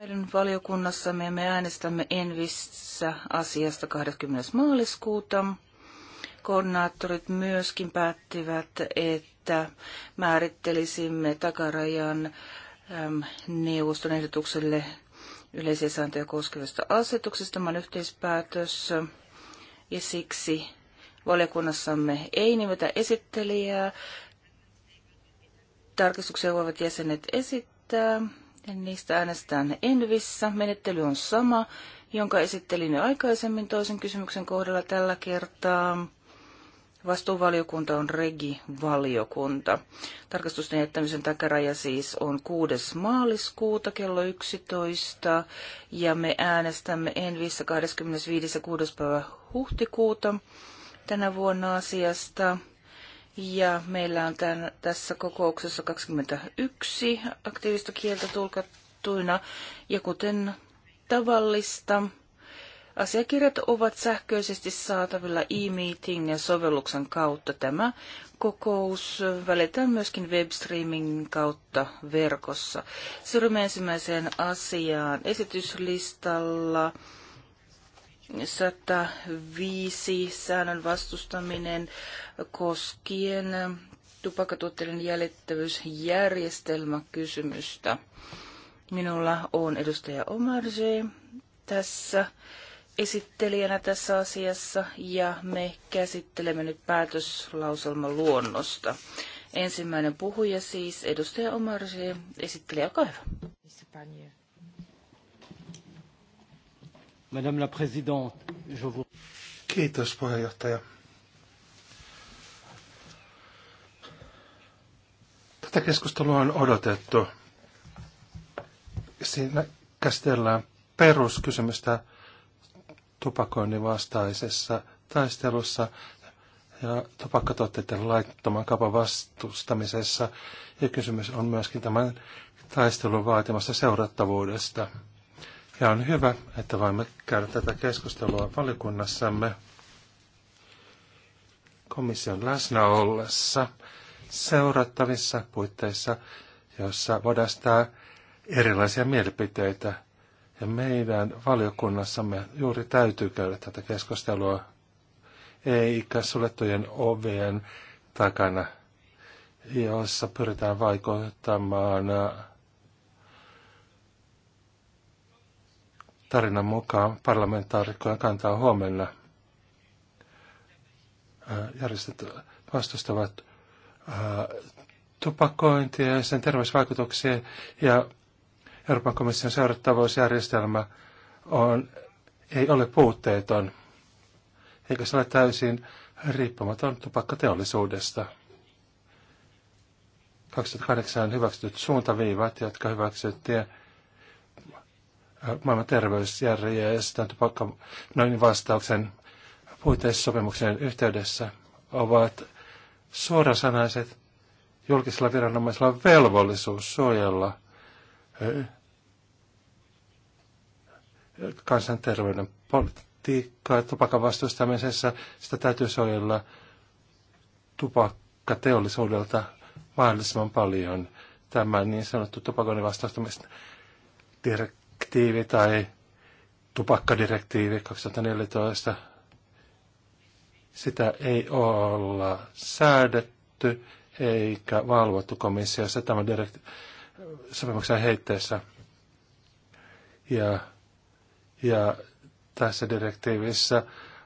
Meidän valiokunnassamme me äänestämme Envissä asiasta 20. maaliskuuta. Koordinaattorit myöskin päättivät, että määrittelisimme takarajan neuvoston ehdotukselle yleisiä sääntöjä koskevasta asetuksesta. Tämä on yhteispäätös ja siksi valiokunnassamme ei nimetä esittelijää. Tarkistuksia voivat jäsenet esittää Niistä äänestetään Envissä. Menettely on sama, jonka esittelin jo aikaisemmin toisen kysymyksen kohdalla tällä kertaa. Vastuuvaliokunta on Regi-valiokunta. Tarkastusten jättämisen takaraja siis on 6. maaliskuuta kello 11 ja me äänestämme Envissä 25. 6. päivä huhtikuuta tänä vuonna asiasta. Ja meillä on tämän, tässä kokouksessa 21 aktiivista kieltä tulkattuina. Ja kuten tavallista, asiakirjat ovat sähköisesti saatavilla e-meeting ja sovelluksen kautta. Tämä kokous välitään myöskin webstreamingin kautta verkossa. Siirrymme ensimmäiseen asiaan esityslistalla. 105 säännön vastustaminen koskien tupakatuotteiden jäljittävyysjärjestelmäkysymystä. Minulla on edustaja J. tässä esittelijänä tässä asiassa ja me käsittelemme nyt päätöslauselman luonnosta. Ensimmäinen puhuja siis edustaja J. esittelijä, olkaa hyvä. Mr. Madame la Présidente, je vous... Kiitos puheenjohtaja. Tätä keskustelua on odotettu. Siinä käsitellään peruskysymystä tupakoinnin vastaisessa taistelussa ja tupakkatuotteiden laittoman kaupan vastustamisessa. Ja kysymys on myöskin tämän taistelun vaatimasta seurattavuudesta. Ja on hyvä, että voimme käydä tätä keskustelua valiokunnassamme komission läsnä ollessa seurattavissa puitteissa, jossa vodastaa erilaisia mielipiteitä. Ja meidän valiokunnassamme juuri täytyy käydä tätä keskustelua, eikä suljettujen ovien takana, jossa pyritään vaikuttamaan tarinan mukaan parlamentaarikkojen kantaa huomenna. Järjestöt vastustavat tupakointia ja sen terveysvaikutuksia ja Euroopan komission seurattavuusjärjestelmä on, ei ole puutteeton, eikä se ole täysin riippumaton tupakkateollisuudesta. 2008 hyväksytyt suuntaviivat, jotka hyväksyttiin maailman terveysjärjestön noin vastauksen puitteissopimuksen yhteydessä ovat suorasanaiset julkisella viranomaisella on velvollisuus suojella kansanterveyden politiikkaa tupakan vastustamisessa. Sitä täytyy suojella tupakkateollisuudelta mahdollisimman paljon. Tämä niin sanottu tupakoinnin vastustamista direktiivi tai tupakkadirektiivi 2014, sitä ei olla säädetty eikä valvottu komissiossa tämän direkti- sopimuksen heitteessä. Ja, ja tässä direktiivissä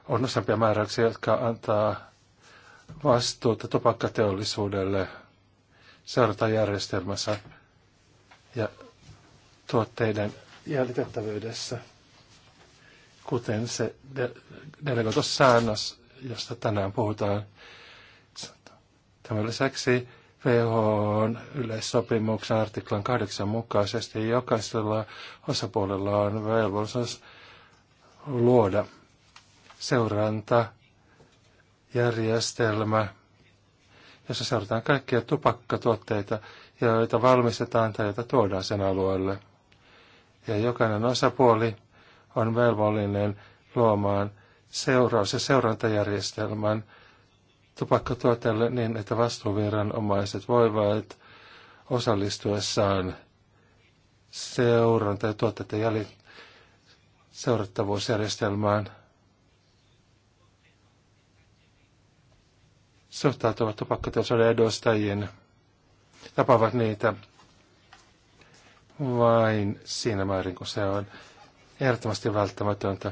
on useampia määräyksiä, jotka antaa vastuuta tupakkateollisuudelle seurantajärjestelmässä ja tuotteiden jäljitettävyydessä, kuten se säännös josta tänään puhutaan. Tämän lisäksi on yleissopimuksen artiklan 8 mukaisesti jokaisella osapuolella on velvollisuus luoda seuranta, järjestelmä, jossa seurataan kaikkia tupakkatuotteita, joita valmistetaan tai joita tuodaan sen alueelle ja jokainen osapuoli on velvollinen luomaan seuraus- ja seurantajärjestelmän tupakkatuotteelle niin, että vastuuviranomaiset voivat osallistuessaan seuranta- ja tuotteiden jäljit- seurattavuusjärjestelmään suhtautuvat tupakkateollisuuden edustajien, tapaavat niitä vain siinä määrin, kun se on ehdottomasti välttämätöntä.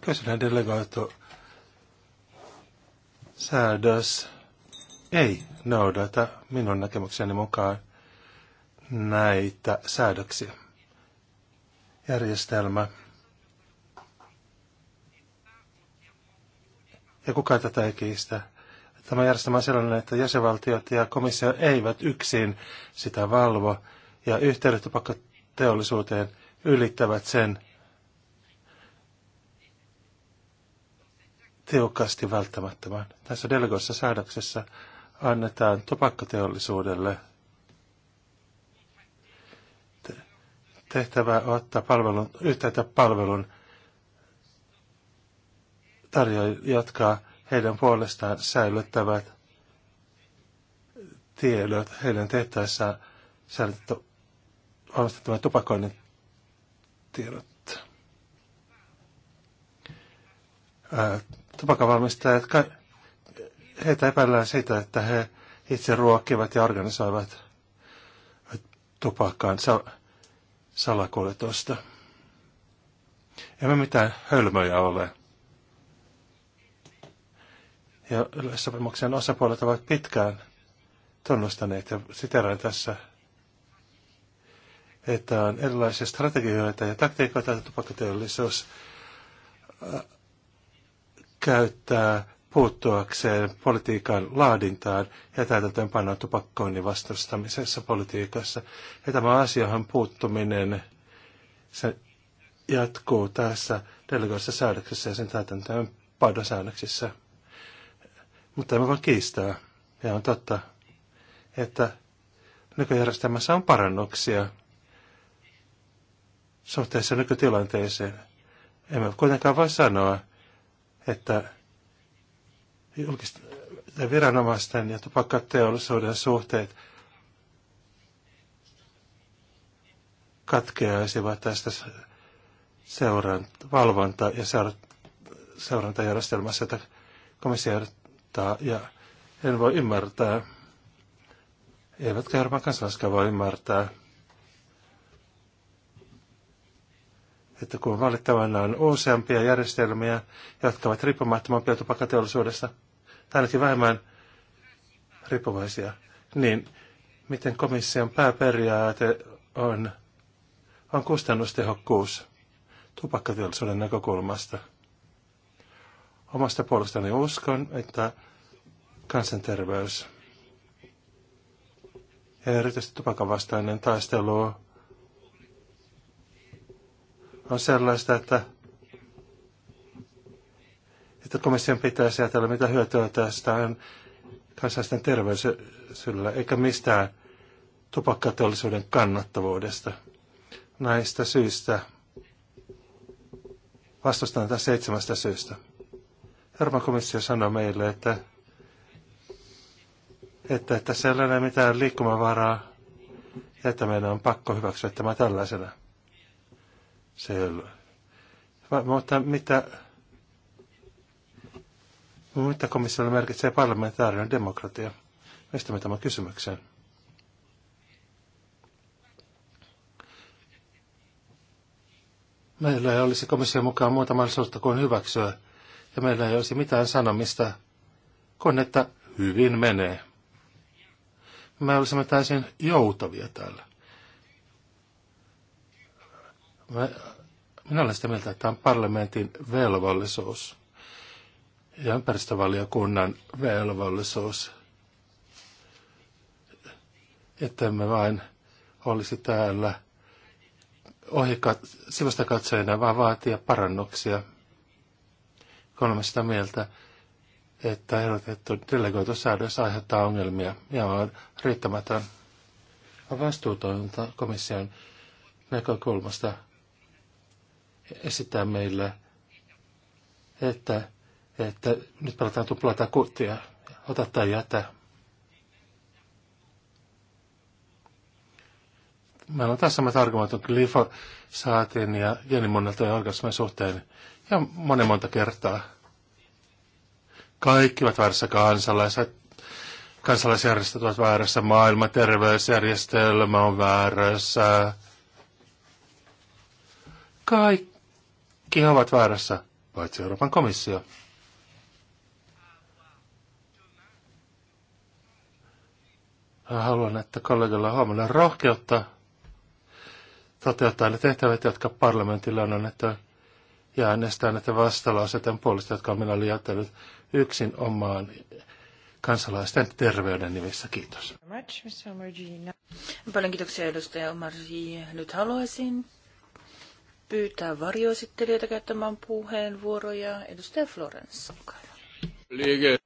Kysynnän delegaatio säädös ei noudata minun näkemykseni mukaan näitä säädöksiä. Järjestelmä. Ja kukaan tätä ei kiistä. Tämä järjestelmä on sellainen, että jäsenvaltiot ja komissio eivät yksin sitä valvo ja yhteydet teollisuuteen ylittävät sen tiukasti välttämättömän. Tässä delegoissa säädöksessä annetaan tupakkateollisuudelle tehtävä ottaa palvelun, yhteyttä palvelun tarjoajia, jotka heidän puolestaan säilyttävät tiedot heidän tehtäessään säilyttävät valmistettava tupakoinnin tiedot. tupakavalmistajat, heitä epäillään siitä, että he itse ruokkivat ja organisoivat tupakkaan sal- salakuljetusta. Emme mitään hölmöjä ole. Ja yleissopimuksen osapuolet ovat pitkään tunnustaneet ja siterään tässä – että on erilaisia strategioita ja taktiikoita, että tupakkateollisuus äh, käyttää puuttuakseen politiikan laadintaan ja täytäntöönpanon tupakkoinnin vastustamisessa politiikassa. Ja tämä asiahan puuttuminen se jatkuu tässä delegoissa säädöksessä ja sen täytäntöönpanosäännöksissä. Mutta emme voi kiistää. Ja on totta, että nykyjärjestelmässä on parannuksia – suhteessa nykytilanteeseen. Emme kuitenkaan voi sanoa, että julkisten viranomaisten ja tupakkateollisuuden suhteet katkeaisivat tästä seuranta, valvonta- ja seurantajärjestelmässä, jota komissio ehdottaa, ja en voi ymmärtää, eivätkä Euroopan kansalaiskaan voi ymmärtää, että kun valittavana on useampia järjestelmiä, jotka ovat riippumattomampia tupakkateollisuudesta, tai ainakin vähemmän riippuvaisia, niin miten komission pääperiaate on, on kustannustehokkuus tupakkateollisuuden näkökulmasta? Omasta puolestani uskon, että kansanterveys ja erityisesti tupakan vastainen taistelu on sellaista, että, että komission pitäisi ajatella, mitä hyötyä tästä on kansalaisten terveysyllä, eikä mistään tupakkateollisuuden kannattavuudesta. Näistä syistä vastustan tätä seitsemästä syystä. Euroopan komissio sanoi meille, että, että että ei ole mitään liikkumavaraa ja että meidän on pakko hyväksyä tämä tällaisena. Se Va, mutta mitä, mitä komissiolla merkitsee parlamentaarinen demokratia? Estämme tämän kysymyksen. Meillä ei olisi komission mukaan muuta mahdollisuutta kuin hyväksyä, ja meillä ei olisi mitään sanomista, kun että hyvin menee. Me olisimme täysin joutavia täällä. Minä olen sitä mieltä, että tämä on parlamentin velvollisuus ja ympäristövaliokunnan velvollisuus, että me vain olisi täällä ohikat- sivusta katsojana, vaan vaatia parannuksia. Olemme sitä mieltä, että ehdotettu delegoitu säädös aiheuttaa ongelmia ja on riittämätön vastuutointa komission näkökulmasta – esittää meille, että, että nyt palataan tuplata kurttia, ota tai jätä. Meillä on tässä samat argumentit saatiin ja geenimuunneltujen orgasmin suhteen ja monen monta kertaa. Kaikki ovat väärässä kansalaiset, kansalaisjärjestöt ovat väärässä, maailman terveysjärjestelmä on väärässä. Kaikki kaikki ovat vaarassa, paitsi Euroopan komissio. Haluan, että kollegalla on huomenna rohkeutta toteuttaa ne tehtävät, jotka parlamentilla on annettu ja äänestää näitä vastalauseiden puolesta, jotka minä olen jättänyt yksin omaan kansalaisten terveyden nimissä. Kiitos. Paljon kiitoksia edustaja Omarji. Nyt haluaisin pyytää varjoesittelijöitä käyttämään puheenvuoroja. Edustaja Florence, olkaa Liike.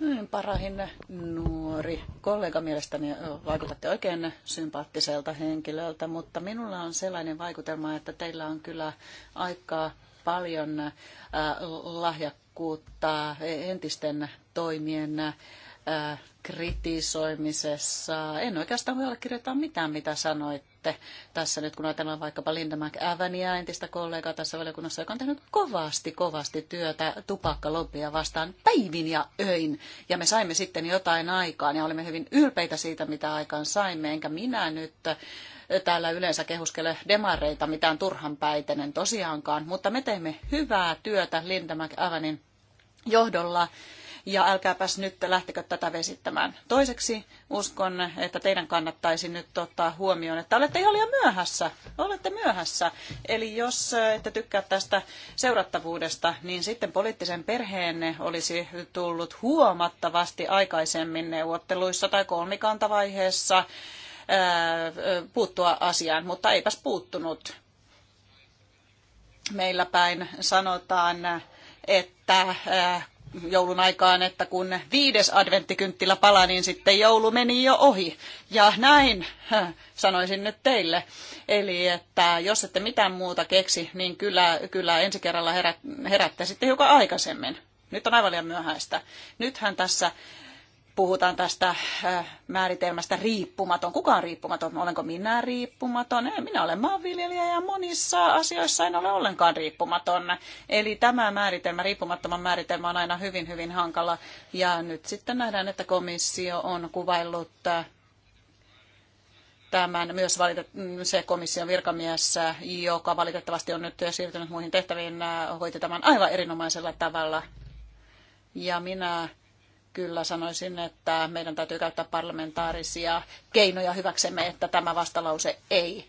Noin parahin nuori kollega mielestäni vaikutatte oikein sympaattiselta henkilöltä, mutta minulla on sellainen vaikutelma, että teillä on kyllä aika paljon lahjakkuutta entisten toimien kritisoimisessa. En oikeastaan voi allekirjoittaa mitään, mitä sanoitte tässä nyt, kun ajatellaan vaikkapa Linda McAvenia, entistä kollegaa tässä valiokunnassa, joka on tehnyt kovasti, kovasti työtä tupakkalobbia vastaan päivin ja öin. Ja me saimme sitten jotain aikaan ja olimme hyvin ylpeitä siitä, mitä aikaan saimme. Enkä minä nyt täällä yleensä kehuskele demareita mitään turhanpäitenen tosiaankaan, mutta me teimme hyvää työtä Linda McAvenin johdolla ja älkääpäs nyt lähtekö tätä vesittämään. Toiseksi uskon, että teidän kannattaisi nyt ottaa huomioon, että olette ihan liian myöhässä. Olette myöhässä. Eli jos ette tykkää tästä seurattavuudesta, niin sitten poliittisen perheenne olisi tullut huomattavasti aikaisemmin neuvotteluissa tai kolmikantavaiheessa puuttua asiaan, mutta eipäs puuttunut. Meillä päin sanotaan, että joulun aikaan, että kun viides adventtikynttilä palaa, niin sitten joulu meni jo ohi. Ja näin sanoisin nyt teille. Eli että jos ette mitään muuta keksi, niin kyllä, kyllä ensi kerralla herät, herätte sitten hiukan aikaisemmin. Nyt on aivan liian myöhäistä. Nythän tässä puhutaan tästä äh, määritelmästä riippumaton. Kuka on riippumaton? Olenko minä riippumaton? Ei, eh, minä olen maanviljelijä ja monissa asioissa en ole ollenkaan riippumaton. Eli tämä määritelmä, riippumattoman määritelmä on aina hyvin, hyvin hankala. Ja nyt sitten nähdään, että komissio on kuvaillut äh, tämän myös valitet- se komission virkamies, äh, joka valitettavasti on nyt siirtynyt muihin tehtäviin, hoiti tämän aivan erinomaisella tavalla. Ja minä kyllä sanoisin, että meidän täytyy käyttää parlamentaarisia keinoja hyväksemme, että tämä vastalause ei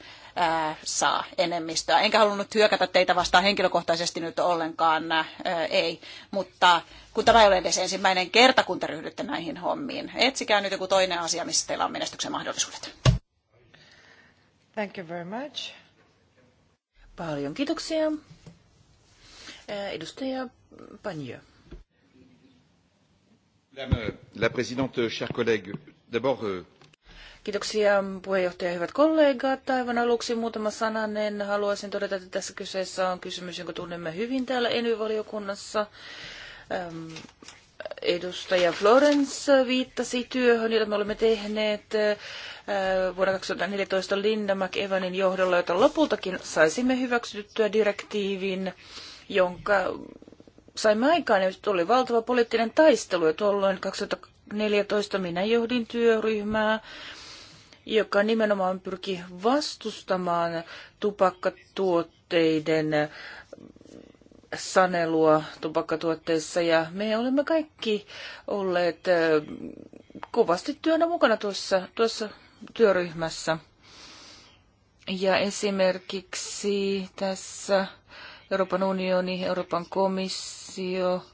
saa enemmistöä. Enkä halunnut hyökätä teitä vastaan henkilökohtaisesti nyt ollenkaan, ää, ei, mutta kun tämä ei ole edes ensimmäinen kerta, kun te ryhdytte näihin hommiin. Etsikää nyt joku toinen asia, missä teillä on menestyksen mahdollisuudet. Thank you very much. Paljon kiitoksia. Edustaja Panjo. Euh, la présidente, euh, chers euh, Kiitoksia puheenjohtaja hyvät kollegat. Aivan aluksi muutama sananen. Haluaisin todeta, että tässä kyseessä on kysymys, jonka tunnemme hyvin täällä ENY-valiokunnassa. Edustaja Florence viittasi työhön, jota me olemme tehneet äh, vuonna 2014 Linda McEvanin johdolla, jota lopultakin saisimme hyväksyttyä direktiivin, jonka saimme aikaan, niin tuli valtava poliittinen taistelu. Ja tuolloin 2014 minä johdin työryhmää, joka nimenomaan pyrki vastustamaan tupakkatuotteiden sanelua tupakkatuotteissa ja me olemme kaikki olleet kovasti työnä mukana tuossa, tuossa työryhmässä. Ja esimerkiksi tässä Euroopan unioni, Euroopan komissio, komissio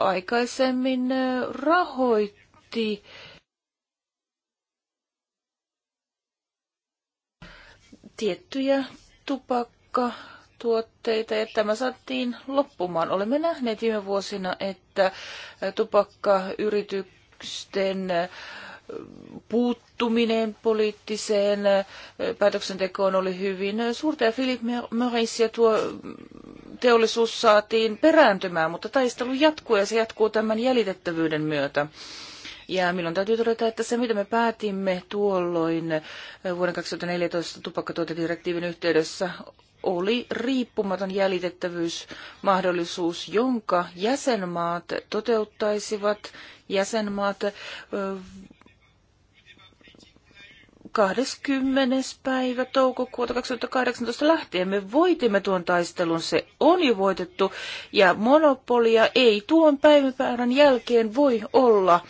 aikaisemmin rahoitti tiettyjä tupakkatuotteita ja tämä saatiin loppumaan. Olemme nähneet viime vuosina, että tupakkayritysten puuttuminen poliittiseen päätöksentekoon oli hyvin suurta. Ja Philip Maurice ja tuo teollisuus saatiin perääntymään, mutta taistelu jatkuu ja se jatkuu tämän jäljitettävyyden myötä. Ja milloin täytyy todeta, että se mitä me päätimme tuolloin eh, vuoden 2014 tupakkatuotedirektiivin yhteydessä oli riippumaton jäljitettävyysmahdollisuus, jonka jäsenmaat toteuttaisivat. Jäsenmaat eh, 20. päivä toukokuuta 2018 lähtien me voitimme tuon taistelun, se on jo voitettu, ja monopolia ei tuon päivän jälkeen voi olla.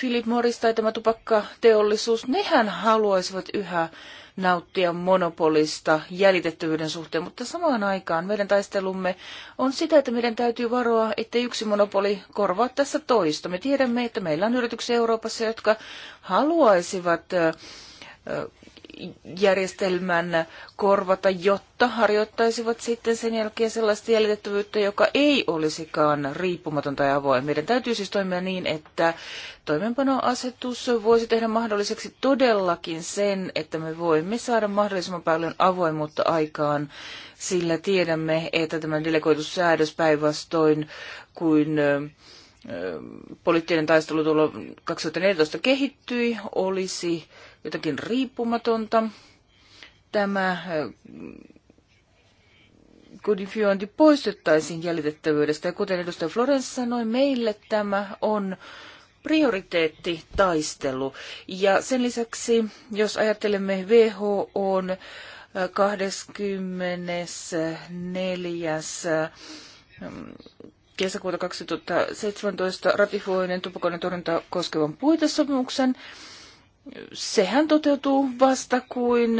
Philip Morris tai tämä tupakkateollisuus, nehän haluaisivat yhä nauttia monopolista jäljitettävyyden suhteen, mutta samaan aikaan meidän taistelumme on sitä, että meidän täytyy varoa, että yksi monopoli korvaa tässä toista. Me tiedämme, että meillä on yrityksiä Euroopassa, jotka haluaisivat järjestelmän korvata, jotta harjoittaisivat sitten sen jälkeen sellaista jäljitettävyyttä, joka ei olisikaan riippumaton tai avoin. Meidän täytyy siis toimia niin, että toimenpanoasetus voisi tehdä mahdolliseksi todellakin sen, että me voimme saada mahdollisimman paljon avoimuutta aikaan, sillä tiedämme, että tämä säädös päinvastoin kuin poliittinen taistelu tuolla 2014 kehittyi, olisi jotakin riippumatonta. Tämä äh, kodifiointi poistettaisiin jäljitettävyydestä. Ja kuten edustaja Florence sanoi, meille tämä on prioriteettitaistelu. Ja sen lisäksi, jos ajattelemme on 24. Äh, ähm, kesäkuuta 2017 ratifioinen tupakoinnin torjuntaa koskevan puitesopimuksen, sehän toteutuu vasta kuin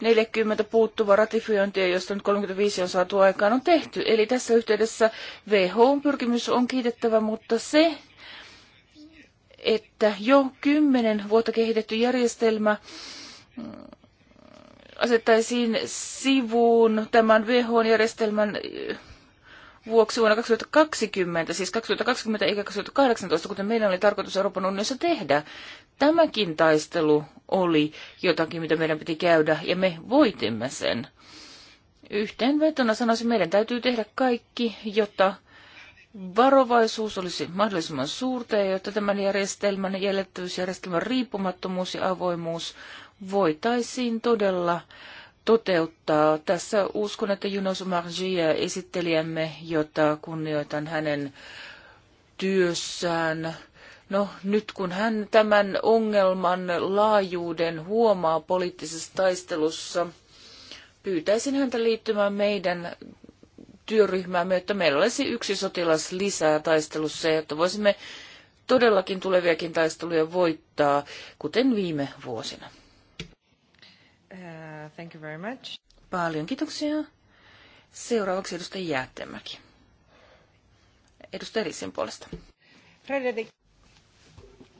40 puuttuva ratifiointia, josta nyt 35 on saatu aikaan, on tehty. Eli tässä yhteydessä who pyrkimys on kiitettävä, mutta se, että jo kymmenen vuotta kehitetty järjestelmä mm, asettaisiin sivuun tämän who järjestelmän vuoksi vuonna 2020, siis 2020 eikä 2018, kuten meidän oli tarkoitus Euroopan unionissa tehdä. Tämäkin taistelu oli jotakin, mitä meidän piti käydä, ja me voitimme sen. Yhteenvetona sanoisin, meidän täytyy tehdä kaikki, jotta varovaisuus olisi mahdollisimman suurta, ja jotta tämän järjestelmän, jäljettävyysjärjestelmän riippumattomuus ja avoimuus voitaisiin todella toteuttaa. Tässä uskon, että Junos Margia esittelijämme, jota kunnioitan hänen työssään. No nyt kun hän tämän ongelman laajuuden huomaa poliittisessa taistelussa, pyytäisin häntä liittymään meidän työryhmäämme, että meillä olisi yksi sotilas lisää taistelussa, jotta voisimme todellakin tuleviakin taisteluja voittaa, kuten viime vuosina thank you very much. Paljon kiitoksia. Seuraavaksi edustaja Jäätemäki. Edustaja Rissin puolesta. Frederik.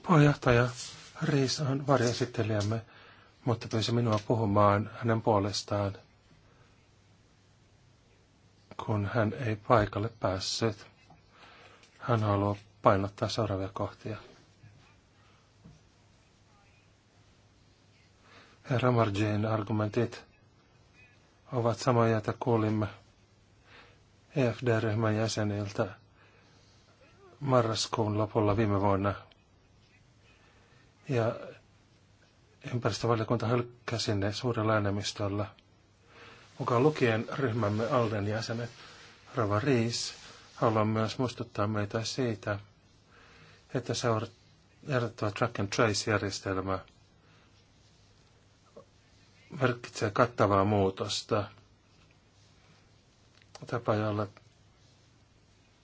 Puheenjohtaja Riis on varjoesittelijämme, mutta pyysi minua puhumaan hänen puolestaan, kun hän ei paikalle päässyt. Hän haluaa painottaa seuraavia kohtia. Ramarjeen argumentit ovat samoja, joita kuulimme EFD-ryhmän jäseniltä marraskuun lopulla viime vuonna. Ja ympäristövaliokunta hylkäsi ne suurella enemmistöllä. Mukaan lukien ryhmämme Alden jäsenet Rava Riis, haluan myös muistuttaa meitä siitä, että seurattava track and trace järjestelmä merkitsee kattavaa muutosta. Tapa, jolla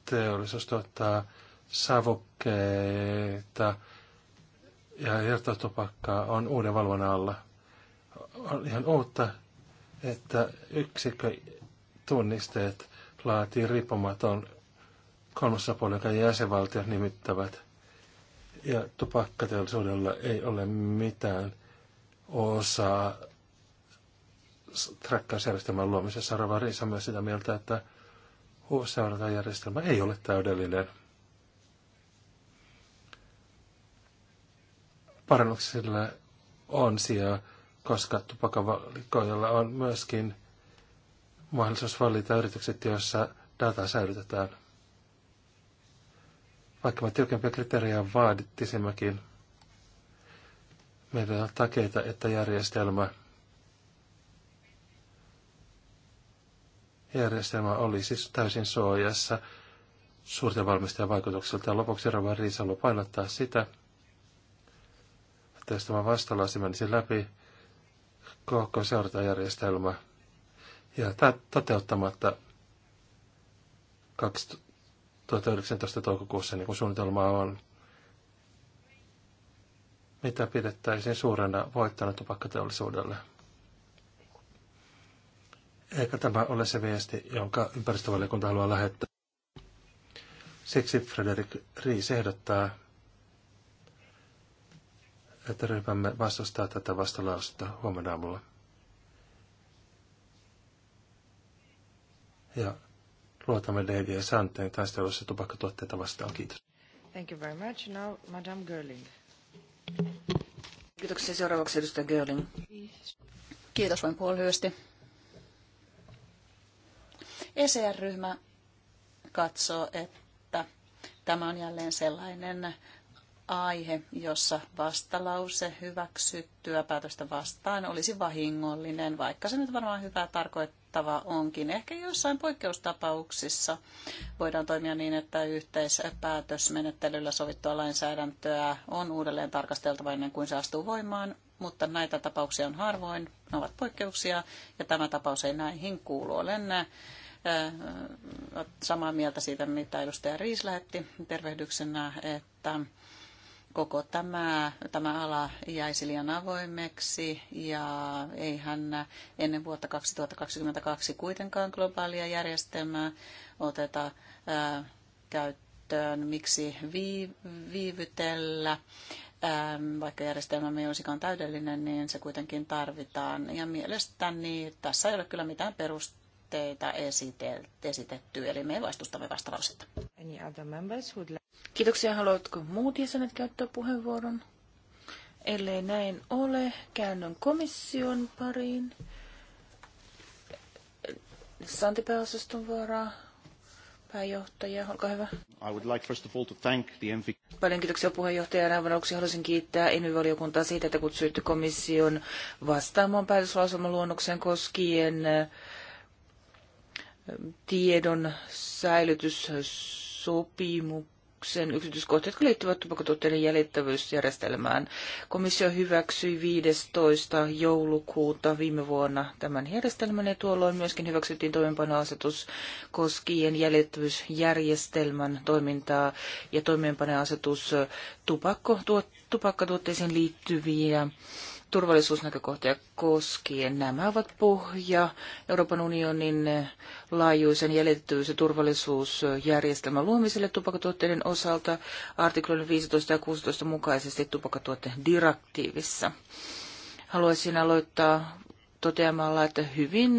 teollisuus tuottaa savukkeita ja irtotupakkaa on uuden valvon alla. On ihan uutta, että yksikkö tunnisteet laatii riippumaton kolmassa puolella jonka jäsenvaltiot nimittävät. Ja tupakkateollisuudella ei ole mitään osaa trakkausjärjestelmän luomisessa Rava Riisa myös sitä mieltä, että järjestelmä ei ole täydellinen. Parannuksille on sijaa, koska tupakavalikoilla on myöskin mahdollisuus valita yritykset, joissa dataa säilytetään. Vaikka me tiukempia kriteerejä vaadittisimmekin, meillä on takeita, että järjestelmä – järjestelmä oli siis täysin suojassa suurten valmistajan vaikutukselta. Lopuksi Rava Riisa haluaa painottaa sitä, että jos tämä vastalasi menisi läpi, koko seurantajärjestelmä ja tämä toteuttamatta 2019 toukokuussa, niin kuin suunnitelma on, mitä pidettäisiin suurena voittana tupakkateollisuudelle. Eikä tämä ole se viesti, jonka ympäristövaliokunta haluaa lähettää. Siksi Frederik Riis ehdottaa, että ryhmämme vastustaa tätä vastalausetta huomenna aamulla. Ja luotamme Lady ja Santeen taistelussa tupakkatuotteita vastaan. Kiitos. Thank you very much. Now, Madame Gerling. Kiitoksia. Seuraavaksi edustaja Görling. Kiitos vain puolhyösti ECR-ryhmä katsoo, että tämä on jälleen sellainen aihe, jossa vastalause hyväksyttyä päätöstä vastaan olisi vahingollinen, vaikka se nyt varmaan hyvää tarkoittava onkin. Ehkä joissain poikkeustapauksissa voidaan toimia niin, että yhteispäätösmenettelyllä sovittua lainsäädäntöä on uudelleen tarkasteltava ennen kuin se astuu voimaan, mutta näitä tapauksia on harvoin, ne ovat poikkeuksia, ja tämä tapaus ei näihin kuulu. Olen samaa mieltä siitä, mitä edustaja Riis lähetti tervehdyksenä, että koko tämä, tämä ala jäisi liian avoimeksi ja eihän ennen vuotta 2022 kuitenkaan globaalia järjestelmää oteta ää, käyttöön. Miksi vii, viivytellä? Ää, vaikka järjestelmämme ei olisikaan täydellinen, niin se kuitenkin tarvitaan. Ja mielestäni tässä ei ole kyllä mitään perustaa aloitteita esitetty, eli me vastustamme vastalausetta. Kiitoksia. Haluatko muut jäsenet käyttää puheenvuoron? Ellei näin ole, käännön komission pariin. Santi pääosaston vaaraa pääjohtaja, olkaa hyvä. I would like first of all to thank the MV... Paljon kiitoksia puheenjohtaja. Aivan aluksi haluaisin kiittää ENY-valiokuntaa siitä, että kutsuitte komission vastaamaan päätöslauselman luonnokseen koskien tiedon säilytyssopimuksen yksityiskohtia, jotka liittyvät tupakotuotteiden jäljittävyysjärjestelmään. Komissio hyväksyi 15. joulukuuta viime vuonna tämän järjestelmän ja tuolloin myöskin hyväksyttiin toimeenpanoasetus koskien jäljittävyysjärjestelmän toimintaa ja toimeenpanoasetus tupakkatuotteisiin liittyviä turvallisuusnäkökohtia koskien. Nämä ovat pohja Euroopan unionin laajuisen jäljitettävyys- ja turvallisuusjärjestelmän luomiselle tupakatuotteiden osalta artikloiden 15 ja 16 mukaisesti direktiivissä. Haluaisin aloittaa toteamalla, että hyvin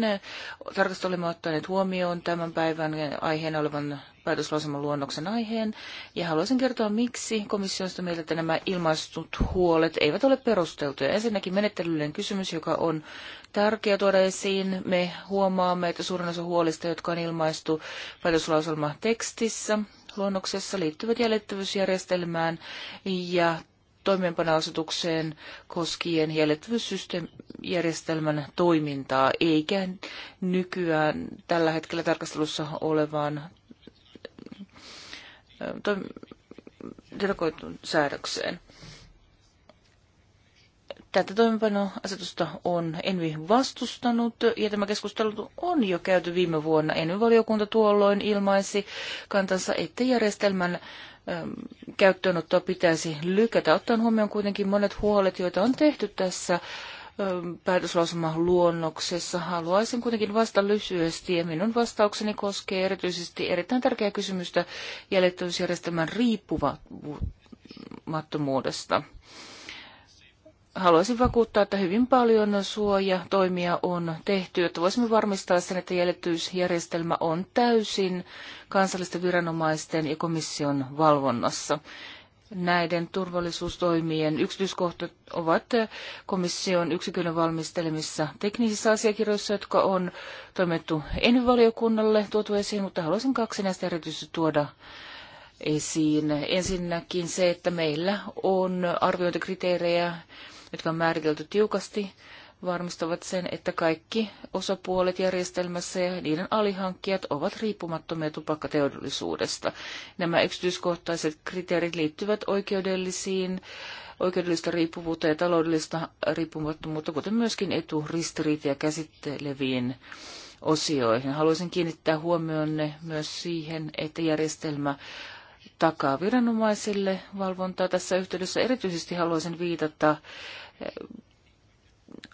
tarkasti olemme ottaneet huomioon tämän päivän aiheena olevan päätöslauselman luonnoksen aiheen. Ja haluaisin kertoa, miksi komissiosta mieltä, että nämä ilmaistut huolet eivät ole perusteltuja. Ensinnäkin menettelyllinen kysymys, joka on tärkeä tuoda esiin. Me huomaamme, että suurin osa huolista, jotka on ilmaistu päätöslauselma tekstissä, luonnoksessa liittyvät jäljittävyysjärjestelmään ja toimeenpanoasetukseen koskien jäljittävyysjärjestelmän toimintaa, eikä nykyään tällä hetkellä tarkastelussa olevaan delegoituun säädökseen. Tätä toimeenpanoasetusta on Envi vastustanut ja tämä keskustelu on jo käyty viime vuonna. Envi-valiokunta tuolloin ilmaisi kantansa, että järjestelmän käyttöönottoa pitäisi lykätä, ottaen huomioon kuitenkin monet huolet, joita on tehty tässä luonnoksessa Haluaisin kuitenkin vastata lyhyesti ja minun vastaukseni koskee erityisesti erittäin tärkeää kysymystä jäljittämisjärjestelmän riippumattomuudesta haluaisin vakuuttaa, että hyvin paljon suojatoimia on tehty, että voisimme varmistaa sen, että jäljitysjärjestelmä on täysin kansallisten viranomaisten ja komission valvonnassa. Näiden turvallisuustoimien yksityiskohtat ovat komission yksikön valmistelemissa teknisissä asiakirjoissa, jotka on toimittu ENY-valiokunnalle tuotu esiin, mutta haluaisin kaksi näistä erityisesti tuoda esiin. Ensinnäkin se, että meillä on arviointikriteerejä jotka on määritelty tiukasti, varmistavat sen, että kaikki osapuolet järjestelmässä ja niiden alihankkijat ovat riippumattomia tupakkateollisuudesta. Nämä yksityiskohtaiset kriteerit liittyvät oikeudellisiin, oikeudellista riippuvuutta ja taloudellista riippumattomuutta, kuten myöskin eturistiriitiä käsitteleviin osioihin. Haluaisin kiinnittää huomionne myös siihen, että järjestelmä takaa viranomaisille valvontaa. Tässä yhteydessä erityisesti haluaisin viitata eh,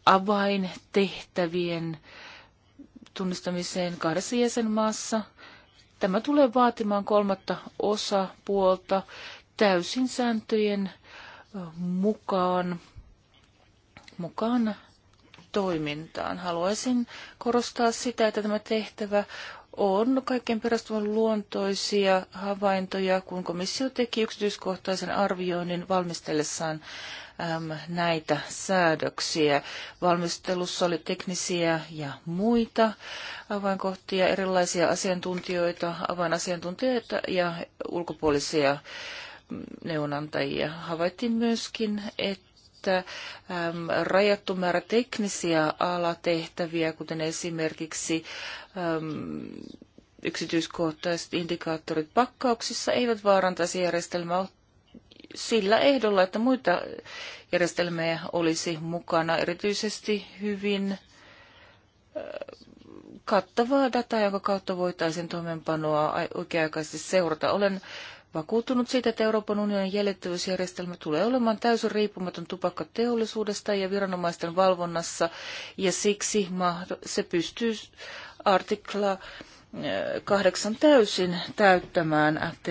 avaintehtävien tunnistamiseen kahdessa jäsenmaassa. Tämä tulee vaatimaan kolmatta osapuolta täysin sääntöjen eh, mukaan, mukaan toimintaan. Haluaisin korostaa sitä, että tämä tehtävä on kaikkein perustuvan luontoisia havaintoja, kun komissio teki yksityiskohtaisen arvioinnin valmistellessaan äm, näitä säädöksiä. Valmistelussa oli teknisiä ja muita avainkohtia, erilaisia asiantuntijoita, avainasiantuntijoita ja ulkopuolisia mm, neuvonantajia. Havaittiin myöskin, että rajattu määrä teknisiä alatehtäviä, kuten esimerkiksi yksityiskohtaiset indikaattorit pakkauksissa, eivät vaarantaisi järjestelmää sillä ehdolla, että muita järjestelmiä olisi mukana, erityisesti hyvin kattavaa dataa, jonka kautta voitaisiin toimeenpanoa oikea-aikaisesti seurata. Olen vakuuttunut siitä, että Euroopan unionin jäljittävyysjärjestelmä tulee olemaan täysin riippumaton tupakkateollisuudesta ja viranomaisten valvonnassa, ja siksi se pystyy artikla äh, kahdeksan täysin täyttämään FT,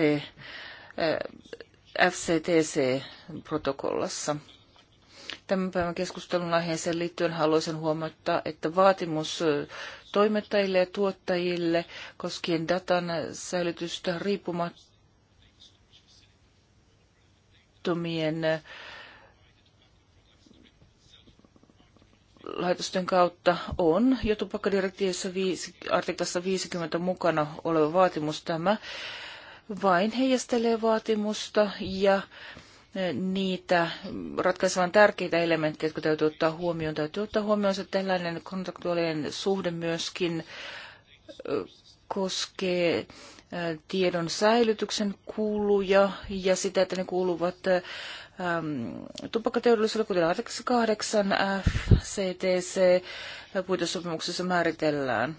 äh, FCTC-protokollassa. Tämän päivän keskustelun aiheeseen liittyen haluaisin huomauttaa, että vaatimus äh, toimittajille ja tuottajille koskien datan säilytystä riippumatta laittomien laitosten kautta on jo tupakkadirektiivissä artiklassa 50 mukana oleva vaatimus tämä vain heijastelee vaatimusta ja e, niitä ratkaisevan tärkeitä elementtejä, jotka täytyy ottaa huomioon. Täytyy ottaa huomioon, että tällainen kontraktuaalinen suhde myöskin e, koskee tiedon säilytyksen kuluja ja sitä, että ne kuuluvat tupakkateollisuudelle, kuten artikassa 8 FCTC puitesopimuksessa määritellään.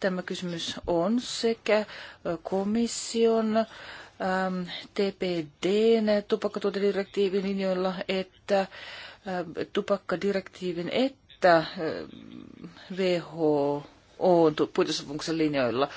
Tämä kysymys on sekä komission TPDn tupakkatuotedirektiivin linjoilla että tupakkadirektiivin että WHO puitesopimuksen linjoilla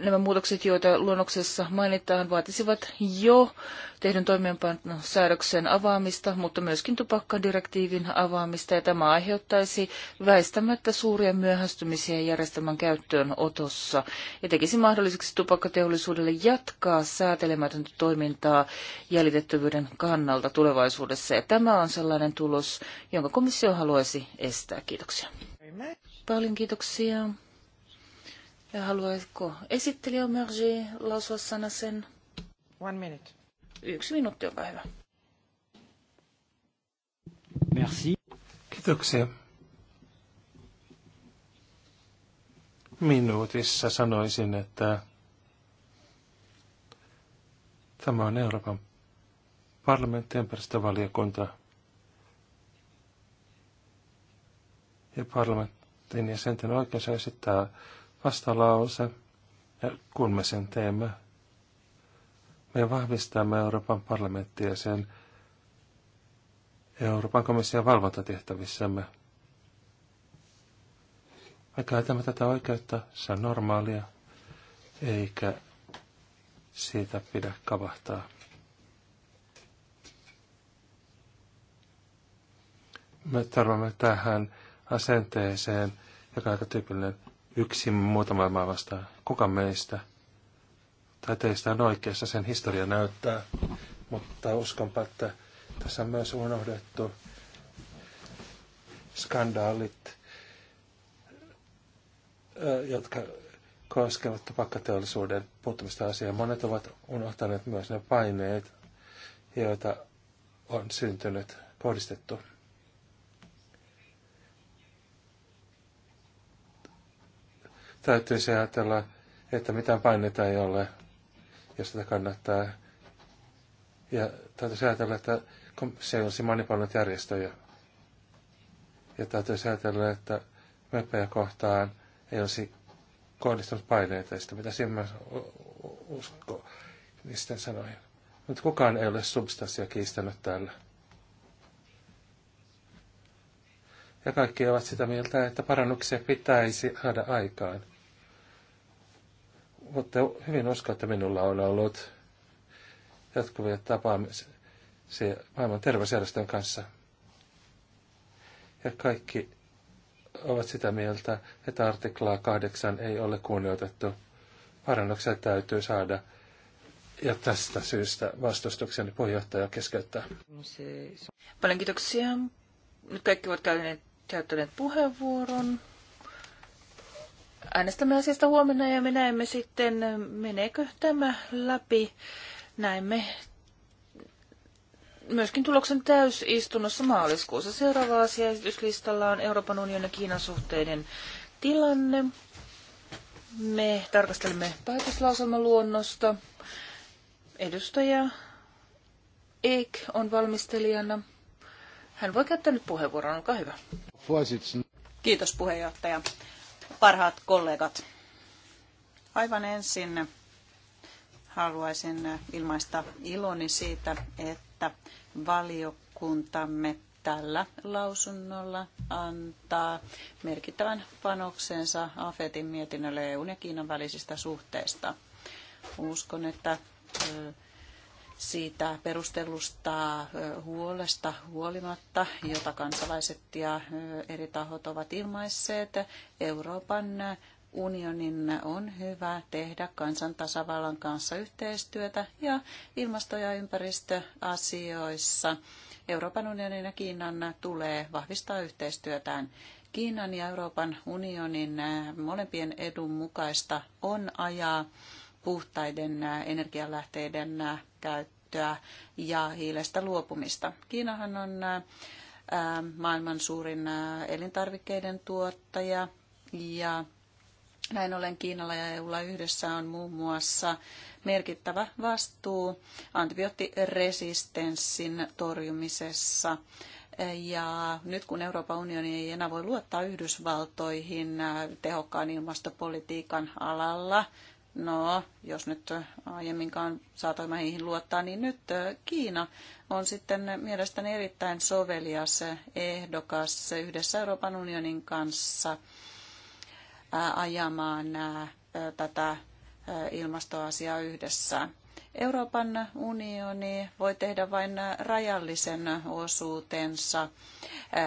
nämä muutokset, joita luonnoksessa mainitaan, vaatisivat jo tehdyn toimeenpanosäädöksen avaamista, mutta myöskin tupakkadirektiivin avaamista, ja tämä aiheuttaisi väistämättä suuria myöhästymisiä järjestelmän käyttöön otossa, ja tekisi mahdolliseksi tupakkateollisuudelle jatkaa säätelemätöntä toimintaa jäljitettävyyden kannalta tulevaisuudessa, ja tämä on sellainen tulos, jonka komissio haluaisi estää. Kiitoksia. Paljon kiitoksia. Ja haluaisiko esittelijä Omerji lausua sana sen? One minute. Yksi minuutti, olkaa hyvä. Merci. Kiitoksia. Minuutissa sanoisin, että tämä on Euroopan parlamentin ympäristövaliokunta ja parlamentin jäsenten oikeus esittää vastalause. Ja kun me sen teemme, me vahvistamme Euroopan parlamenttia sen Euroopan komission valvontatehtävissämme. Me käytämme tätä oikeutta, se on normaalia, eikä siitä pidä kavahtaa. Me törmäämme tähän asenteeseen, joka on aika tyypillinen yksin muuta maailmaa vastaan. Kuka meistä tai teistä on oikeassa, sen historia näyttää. Mutta uskonpa, että tässä on myös unohdettu skandaalit, jotka koskevat tupakkateollisuuden puuttumista asiaan. Monet ovat unohtaneet myös ne paineet, joita on syntynyt, kohdistettu täytyisi ajatella, että mitään paineita ei ole, jos sitä kannattaa. Ja täytyisi ajatella, että se olisi manipuloinut järjestöjä. Ja täytyisi ajatella, että meppejä kohtaan ei olisi kohdistunut paineita, ja sitä mitä silmässä usko, niistä sanoin. Mutta kukaan ei ole substanssia kiistänyt täällä. Ja kaikki ovat sitä mieltä, että parannuksia pitäisi saada aikaan. Mutta hyvin uskon, että minulla on ollut jatkuvia tapaamisia maailman terveysjärjestön kanssa. Ja kaikki ovat sitä mieltä, että artiklaa kahdeksan ei ole kunnioitettu. Parannuksia täytyy saada. Ja tästä syystä vastustukseni puheenjohtaja keskeyttää. Paljon kiitoksia. Nyt kaikki ovat käyttäneet puheenvuoron. Äänestämme asiasta huomenna ja me näemme sitten, meneekö tämä läpi. Näemme myöskin tuloksen täysistunnossa maaliskuussa. Seuraava asia esityslistalla on Euroopan unionin ja Kiinan suhteiden tilanne. Me tarkastelemme luonnosta Edustaja Eik on valmistelijana. Hän voi käyttää nyt puheenvuoron, olkaa hyvä. Kiitos puheenjohtaja. Parhaat kollegat, aivan ensin haluaisin ilmaista iloni siitä, että valiokuntamme tällä lausunnolla antaa merkittävän panoksensa AFETin mietinnölle EUn ja Kiinan välisistä suhteista. Uskon, että siitä perustellusta huolesta huolimatta, jota kansalaiset ja eri tahot ovat ilmaisseet, Euroopan unionin on hyvä tehdä kansantasavallan kanssa yhteistyötä ja ilmasto- ja ympäristöasioissa. Euroopan unionin ja Kiinan tulee vahvistaa yhteistyötään. Kiinan ja Euroopan unionin molempien edun mukaista on ajaa puhtaiden energialähteiden käyttöä ja hiilestä luopumista. Kiinahan on maailman suurin elintarvikkeiden tuottaja ja näin ollen Kiinalla ja EUlla yhdessä on muun muassa merkittävä vastuu antibioottiresistenssin torjumisessa. Ja nyt kun Euroopan unioni ei enää voi luottaa Yhdysvaltoihin tehokkaan ilmastopolitiikan alalla, No, jos nyt äh, aiemminkaan saatoin meihin luottaa, niin nyt äh, Kiina on sitten mielestäni erittäin sovelias ehdokas yhdessä Euroopan unionin kanssa äh, ajamaan tätä ilmastoasiaa yhdessä. Euroopan unioni voi tehdä vain rajallisen osuutensa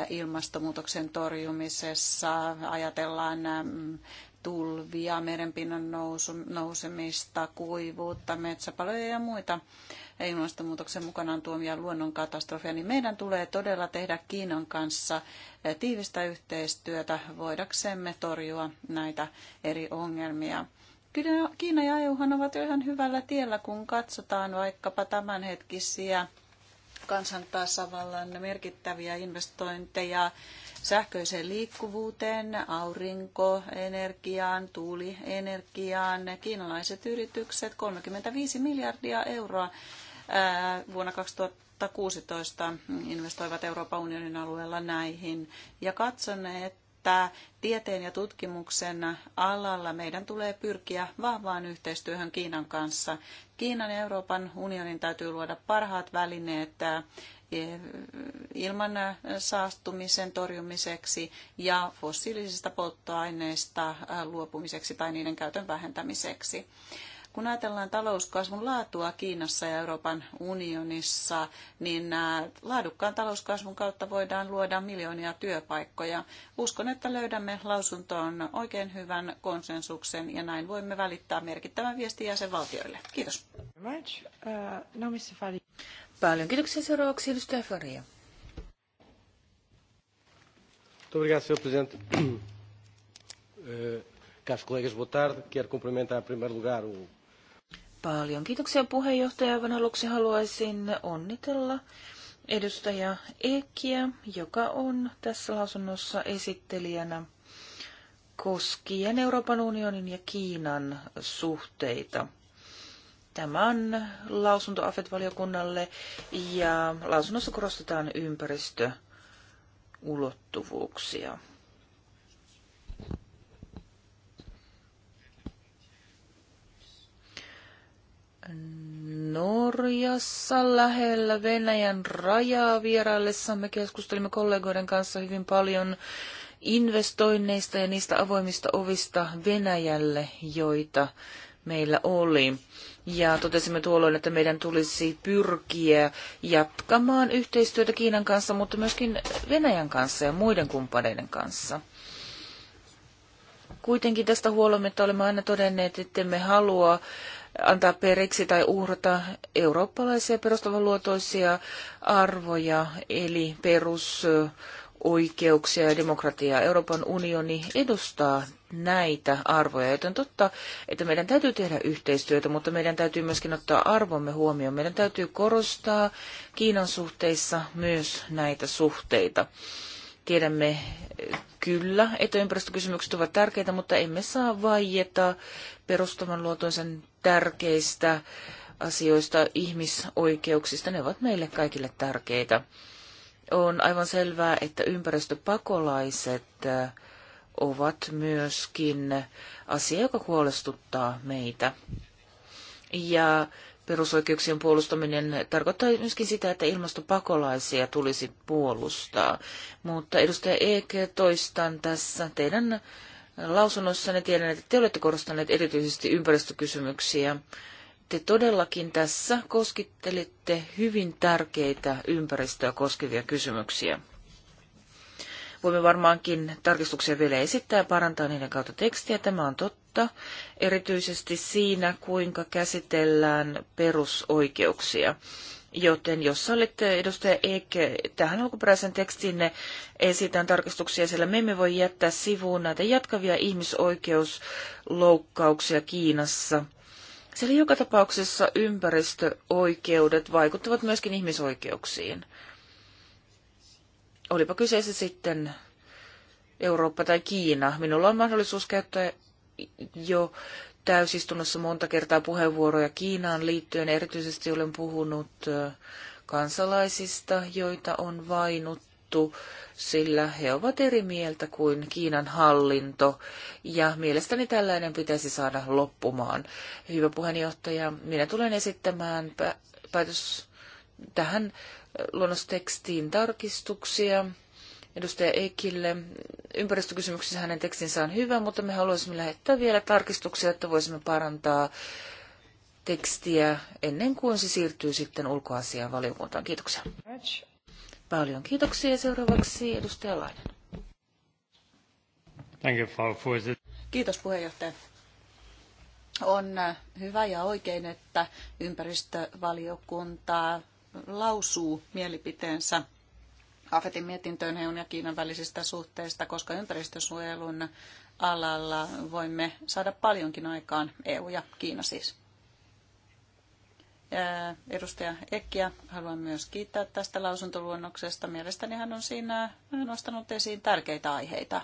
ilmastonmuutoksen torjumisessa. Ajatellaan mm, tulvia, merenpinnan nousu, nousemista, kuivuutta, metsäpaloja ja muita ilmastonmuutoksen mukanaan tuomia luonnonkatastrofeja, niin meidän tulee todella tehdä Kiinan kanssa tiivistä yhteistyötä voidaksemme torjua näitä eri ongelmia. Kyllä Kiina ja EUhan ovat jo ihan hyvällä tiellä, kun katsotaan vaikkapa tämänhetkisiä kansantasavallan merkittäviä investointeja sähköiseen liikkuvuuteen, aurinkoenergiaan, tuulienergiaan. Kiinalaiset yritykset 35 miljardia euroa vuonna 2016 investoivat Euroopan unionin alueella näihin. Ja katson, että tieteen ja tutkimuksen alalla meidän tulee pyrkiä vahvaan yhteistyöhön Kiinan kanssa. Kiinan ja Euroopan unionin täytyy luoda parhaat välineet ilman saastumisen torjumiseksi ja fossiilisista polttoaineista luopumiseksi tai niiden käytön vähentämiseksi. Kun ajatellaan talouskasvun laatua Kiinassa ja Euroopan unionissa, niin laadukkaan talouskasvun kautta voidaan luoda miljoonia työpaikkoja. Uskon, että löydämme lausuntoon oikein hyvän konsensuksen ja näin voimme välittää merkittävän viestin jäsenvaltioille. Kiitos. Paljon kiitoksia seuraavaksi edustaja Faria. Eh, Paljon kiitoksia puheenjohtaja. Aivan aluksi haluaisin onnitella edustaja Ekiä, joka on tässä lausunnossa esittelijänä koskien Euroopan unionin ja Kiinan suhteita. Tämä on lausunto AFET-valiokunnalle ja lausunnossa korostetaan ympäristöulottuvuuksia. Norjassa lähellä Venäjän rajaa vieraillessamme keskustelimme kollegoiden kanssa hyvin paljon investoinneista ja niistä avoimista ovista Venäjälle, joita meillä oli. Ja totesimme tuolloin, että meidän tulisi pyrkiä jatkamaan yhteistyötä Kiinan kanssa, mutta myöskin Venäjän kanssa ja muiden kumppaneiden kanssa. Kuitenkin tästä huolimatta olemme aina todenneet, että me halua antaa periksi tai uhrata eurooppalaisia perustavanluotoisia arvoja, eli perusoikeuksia ja demokratiaa. Euroopan unioni edustaa näitä arvoja. Joten totta, että meidän täytyy tehdä yhteistyötä, mutta meidän täytyy myöskin ottaa arvomme huomioon. Meidän täytyy korostaa Kiinan suhteissa myös näitä suhteita. Tiedämme kyllä, että ympäristökysymykset ovat tärkeitä, mutta emme saa vaieta perustavanluotoisen tärkeistä asioista, ihmisoikeuksista. Ne ovat meille kaikille tärkeitä. On aivan selvää, että ympäristöpakolaiset äh, ovat myöskin asia, joka huolestuttaa meitä. Ja perusoikeuksien puolustaminen tarkoittaa myöskin sitä, että ilmastopakolaisia tulisi puolustaa. Mutta edustaja Eke, toistan tässä teidän lausunnossanne. Tiedän, että te olette korostaneet erityisesti ympäristökysymyksiä. Te todellakin tässä koskittelitte hyvin tärkeitä ympäristöä koskevia kysymyksiä. Voimme varmaankin tarkistuksia vielä esittää ja parantaa niiden kautta tekstiä. Tämä on totta, erityisesti siinä, kuinka käsitellään perusoikeuksia. Joten jos sallitte, edustaja Eek, tähän alkuperäisen tekstinne esitän tarkistuksia, sillä me emme voi jättää sivuun näitä jatkavia ihmisoikeusloukkauksia Kiinassa. Sillä joka tapauksessa ympäristöoikeudet vaikuttavat myöskin ihmisoikeuksiin olipa kyseessä sitten Eurooppa tai Kiina. Minulla on mahdollisuus käyttää jo täysistunnossa monta kertaa puheenvuoroja Kiinaan liittyen. Erityisesti olen puhunut kansalaisista, joita on vainuttu, sillä he ovat eri mieltä kuin Kiinan hallinto, ja mielestäni tällainen pitäisi saada loppumaan. Hyvä puheenjohtaja, minä tulen esittämään päätös tähän luonnostekstiin tarkistuksia. Edustaja Ekille. Ympäristökysymyksissä hänen tekstinsä on hyvä, mutta me haluaisimme lähettää vielä tarkistuksia, että voisimme parantaa tekstiä ennen kuin se siirtyy sitten ulkoasiaan valiokuntaan. Kiitoksia. Paljon kiitoksia. Seuraavaksi edustaja Lainen. Kiitos puheenjohtaja. On äh, hyvä ja oikein, että ympäristövaliokuntaa lausuu mielipiteensä Afetin mietintöön EUn ja Kiinan välisistä suhteista, koska ympäristösuojelun alalla voimme saada paljonkin aikaan EU ja Kiina siis. Edustaja Ekkiä haluan myös kiittää tästä lausuntoluonnoksesta. Mielestäni hän on siinä nostanut esiin tärkeitä aiheita,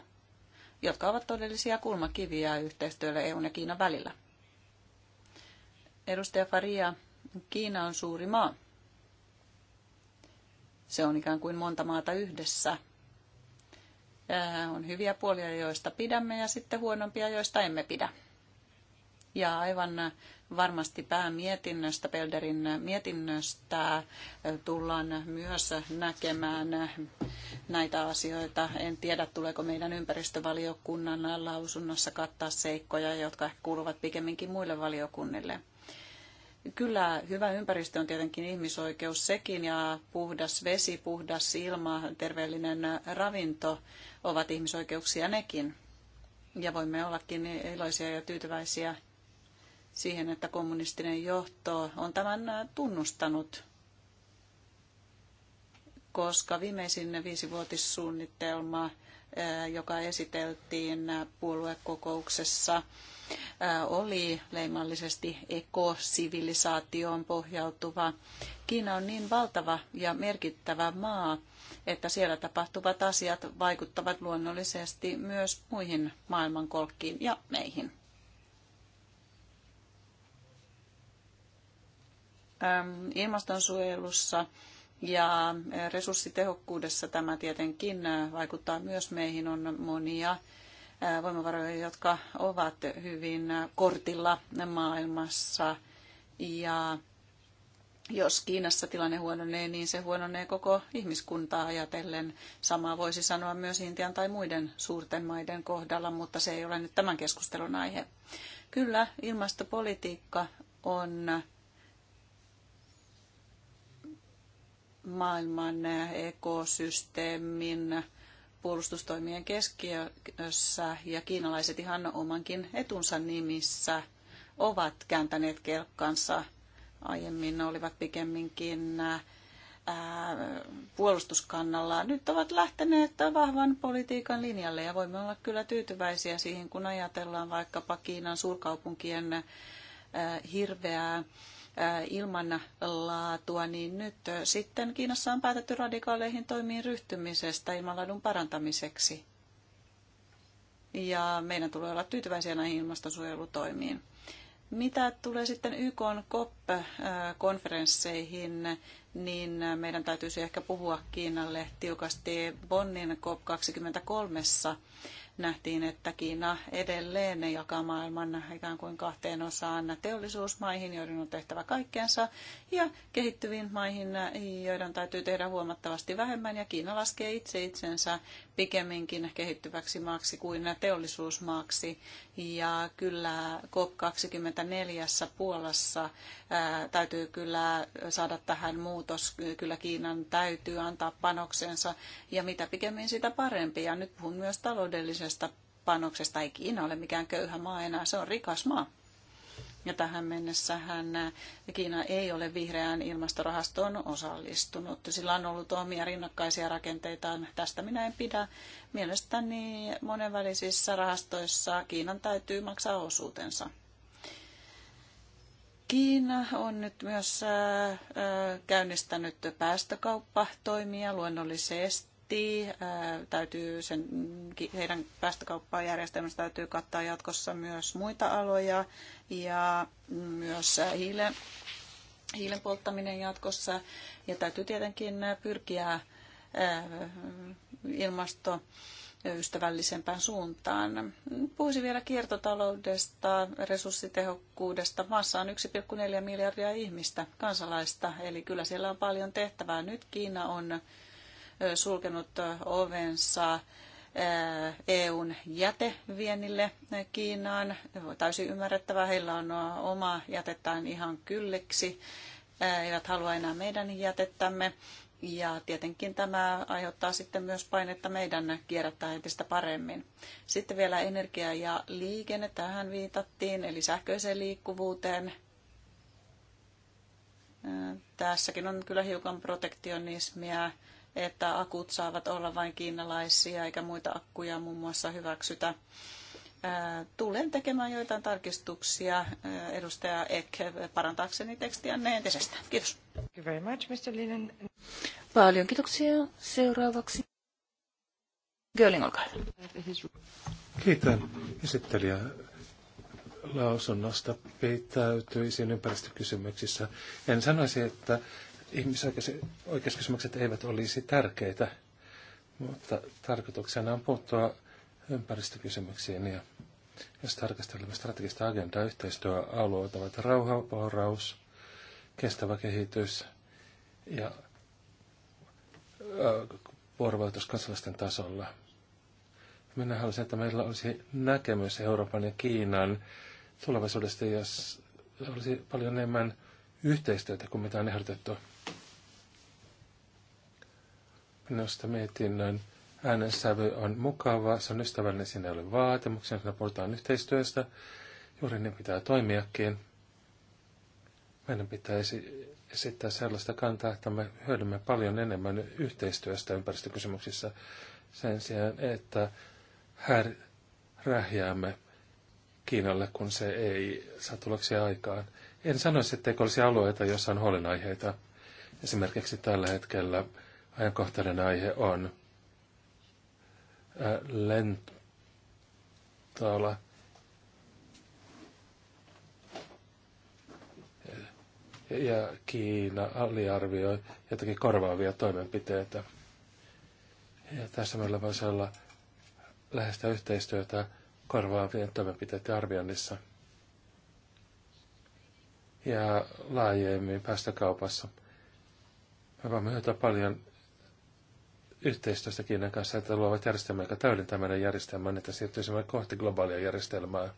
jotka ovat todellisia kulmakiviä yhteistyölle EUn ja Kiinan välillä. Edustaja Faria, Kiina on suuri maa se on ikään kuin monta maata yhdessä. On hyviä puolia, joista pidämme, ja sitten huonompia, joista emme pidä. Ja aivan varmasti päämietinnöstä, Pelderin mietinnöstä tullaan myös näkemään näitä asioita. En tiedä, tuleeko meidän ympäristövaliokunnan lausunnossa kattaa seikkoja, jotka kuuluvat pikemminkin muille valiokunnille. Kyllä, hyvä ympäristö on tietenkin ihmisoikeus sekin ja puhdas vesi, puhdas ilma, terveellinen ravinto ovat ihmisoikeuksia nekin. Ja voimme ollakin iloisia ja tyytyväisiä siihen, että kommunistinen johto on tämän tunnustanut, koska viimeisin viisivuotissuunnitelma, eh, joka esiteltiin puoluekokouksessa, oli leimallisesti ekosivilisaatioon pohjautuva. Kiina on niin valtava ja merkittävä maa, että siellä tapahtuvat asiat vaikuttavat luonnollisesti myös muihin maailmankolkkiin ja meihin. Ilmastonsuojelussa ja resurssitehokkuudessa tämä tietenkin vaikuttaa myös meihin. On monia voimavaroja, jotka ovat hyvin kortilla maailmassa. Ja jos Kiinassa tilanne huononee, niin se huononee koko ihmiskuntaa ajatellen. Samaa voisi sanoa myös Intian tai muiden suurten maiden kohdalla, mutta se ei ole nyt tämän keskustelun aihe. Kyllä, ilmastopolitiikka on maailman ekosysteemin puolustustoimien keskiössä ja kiinalaiset ihan omankin etunsa nimissä ovat kääntäneet kelkkansa. Aiemmin ne olivat pikemminkin puolustuskannalla. Nyt ovat lähteneet vahvan politiikan linjalle ja voimme olla kyllä tyytyväisiä siihen, kun ajatellaan vaikkapa Kiinan suurkaupunkien hirveää Äh, laatua, niin nyt äh, sitten Kiinassa on päätetty radikaaleihin toimiin ryhtymisestä ilmanlaadun parantamiseksi. Ja meidän tulee olla tyytyväisiä näihin ilmastonsuojelutoimiin. Mitä tulee sitten YK COP-konferensseihin, niin meidän täytyisi ehkä puhua Kiinalle tiukasti Bonnin COP23 nähtiin, että Kiina edelleen ne jakaa maailman ikään kuin kahteen osaan teollisuusmaihin, joiden on tehtävä kaikkeensa, ja kehittyviin maihin, joiden täytyy tehdä huomattavasti vähemmän, ja Kiina laskee itse itsensä pikemminkin kehittyväksi maaksi kuin teollisuusmaaksi. Ja kyllä COP24 Puolassa ää, täytyy kyllä saada tähän muutos. Kyllä Kiinan täytyy antaa panoksensa, ja mitä pikemmin sitä parempi. Ja nyt puhun myös taloudellisesti julkisesta panoksesta ei Kiina ole mikään köyhä maa enää, se on rikas maa. Ja tähän mennessähän Kiina ei ole vihreään ilmastorahastoon osallistunut. Sillä on ollut omia rinnakkaisia rakenteita. Tästä minä en pidä. Mielestäni monenvälisissä rahastoissa Kiinan täytyy maksaa osuutensa. Kiina on nyt myös äh, käynnistänyt päästökauppatoimia luonnollisesti miettii. Täytyy sen, heidän päästökauppajärjestelmänsä täytyy kattaa jatkossa myös muita aloja ja myös hiilen, hiilen polttaminen jatkossa. Ja täytyy tietenkin pyrkiä ilmasto ystävällisempään suuntaan. Puhuisin vielä kiertotaloudesta, resurssitehokkuudesta. Maassa on 1,4 miljardia ihmistä, kansalaista, eli kyllä siellä on paljon tehtävää. Nyt Kiina on sulkenut ovensa EUn jäteviennille Kiinaan. Täysin ymmärrettävää, heillä on oma jätettään ihan kylliksi, eivät halua enää meidän jätettämme. Ja tietenkin tämä aiheuttaa sitten myös painetta meidän kierrättää entistä paremmin. Sitten vielä energia ja liikenne, tähän viitattiin, eli sähköiseen liikkuvuuteen. Tässäkin on kyllä hiukan protektionismia että akut saavat olla vain kiinalaisia eikä muita akkuja muun muassa hyväksytä. Tulen tekemään joitain tarkistuksia edustaja Ek parantaakseni tekstiänne entisestä. Kiitos. Thank you very much, Mr. Linen. Paljon kiitoksia. Seuraavaksi Görling, olkaa hyvä. Kiitän esittelijä lausunnosta pitäytyisin ympäristökysymyksissä. En sanoisi, että ihmisoikeuskysymykset eivät olisi tärkeitä, mutta tarkoituksena on puuttua ympäristökysymyksiin. Ja jos tarkastelemme strategista agendaa, yhteistyöalueet ovat rauha, vauraus, kestävä kehitys ja äh, vuorovaikutus kansalaisten tasolla. Minä haluaisin, että meillä olisi näkemys Euroopan ja Kiinan tulevaisuudesta, jos olisi paljon enemmän yhteistyötä kuin mitä on ehdotettu. Minusta mietinnön äänensävy on mukava, se on ystävällinen, siinä ei ole vaatimuksia, siinä puhutaan yhteistyöstä. Juuri niin pitää toimiakin. Meidän pitäisi esittää sellaista kantaa, että me hyödymme paljon enemmän yhteistyöstä ympäristökysymyksissä sen sijaan, että här rähjäämme Kiinalle, kun se ei saa tuloksia aikaan. En sanoisi, että olisi alueita, joissa on huolenaiheita. Esimerkiksi tällä hetkellä ajankohtainen aihe on äh, lentola. Ja Kiina aliarvioi jotakin korvaavia toimenpiteitä. Ja tässä meillä voisi olla läheistä yhteistyötä korvaavien toimenpiteiden arvioinnissa ja laajemmin päästökaupassa. Me voimme hyötyä paljon yhteistyöstä Kiinan kanssa, että luovat järjestelmää, joka täydentää meidän järjestelmään, niin että siirtyisimme kohti globaalia järjestelmää.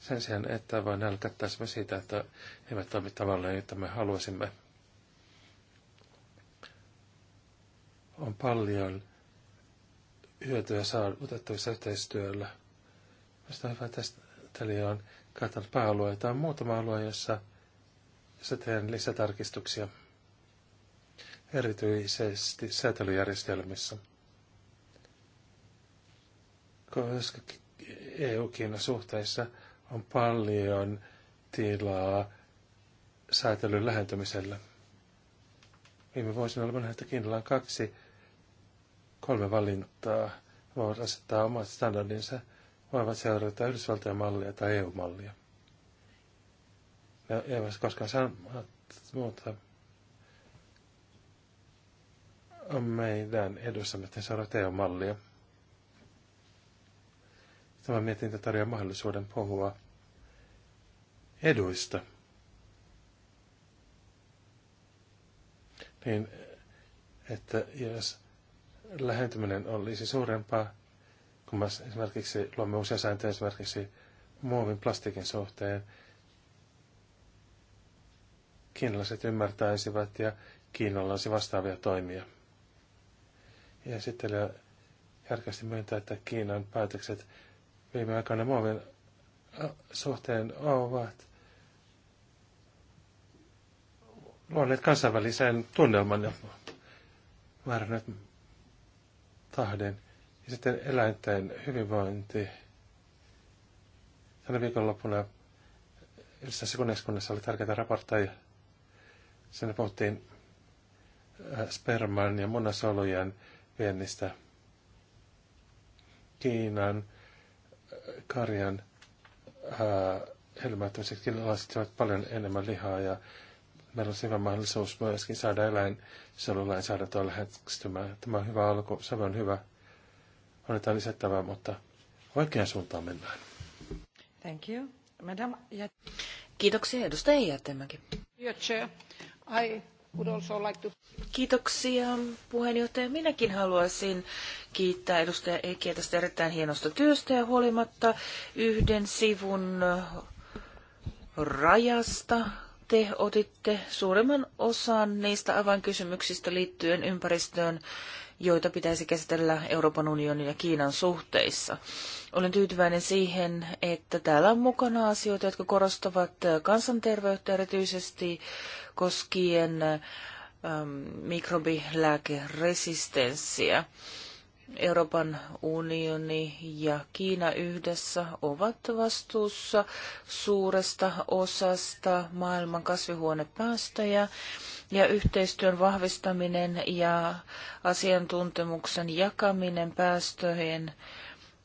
Sen sijaan, että vain nälkättäisimme siitä, että eivät toimi tavalla, jota me haluaisimme. On paljon hyötyä saavutettavissa yhteistyöllä. Minusta on hyvä tästä on katsonut pääalueita. On muutama alue, jossa, jossa teen lisätarkistuksia erityisesti säätelyjärjestelmissä. Koska EU-Kiinan suhteissa on paljon tilaa säätelyn lähentymiselle. Viime vuosina olemme nähneet, että Kiinalla on kaksi, kolme valintaa. Voivat asettaa omat standardinsa, voivat seurata Yhdysvaltojen mallia tai EU-mallia. Ne eivät koskaan saa mutta meidän edussamme saada mallia. Tämä mietintä tarjoaa mahdollisuuden puhua eduista. Niin, että jos lähentyminen olisi suurempaa, kun me esimerkiksi luomme uusia sääntöjä esimerkiksi muovin plastikin suhteen, kiinalaiset ymmärtäisivät ja Kiinalla vastaavia toimia. Ja sitten järkeästi myöntää, että Kiinan päätökset viime aikoina muovin äh, suhteen ovat luoneet kansainvälisen tunnelman ja määränneet tahden. Ja sitten eläinten hyvinvointi. Tänä viikonloppuna yhdessä sekunnassa oli tärkeitä raportteja. sen puhuttiin äh, sperman ja munasolujen viennistä. Kiinan karjan äh, helmäyttämiseksi laskivat paljon enemmän lihaa ja meillä on hyvä mahdollisuus myöskin saada eläinsuojelulainsäädäntöä lähestymään. Tämä on hyvä alku, se on hyvä. On jotain lisättävää, mutta oikeaan suuntaan mennään. Thank you. Madam, ja... Kiitoksia edustaja Jätemäki. Your chair. I Kiitoksia puheenjohtaja. Minäkin haluaisin kiittää edustaja Ekiä tästä erittäin hienosta työstä ja huolimatta yhden sivun rajasta te otitte suurimman osan niistä avainkysymyksistä liittyen ympäristöön, joita pitäisi käsitellä Euroopan unionin ja Kiinan suhteissa. Olen tyytyväinen siihen, että täällä on mukana asioita, jotka korostavat kansanterveyttä erityisesti koskien ähm, mikrobilääkeresistenssiä. Euroopan unioni ja Kiina yhdessä ovat vastuussa suuresta osasta maailman kasvihuonepäästöjä ja yhteistyön vahvistaminen ja asiantuntemuksen jakaminen päästöjen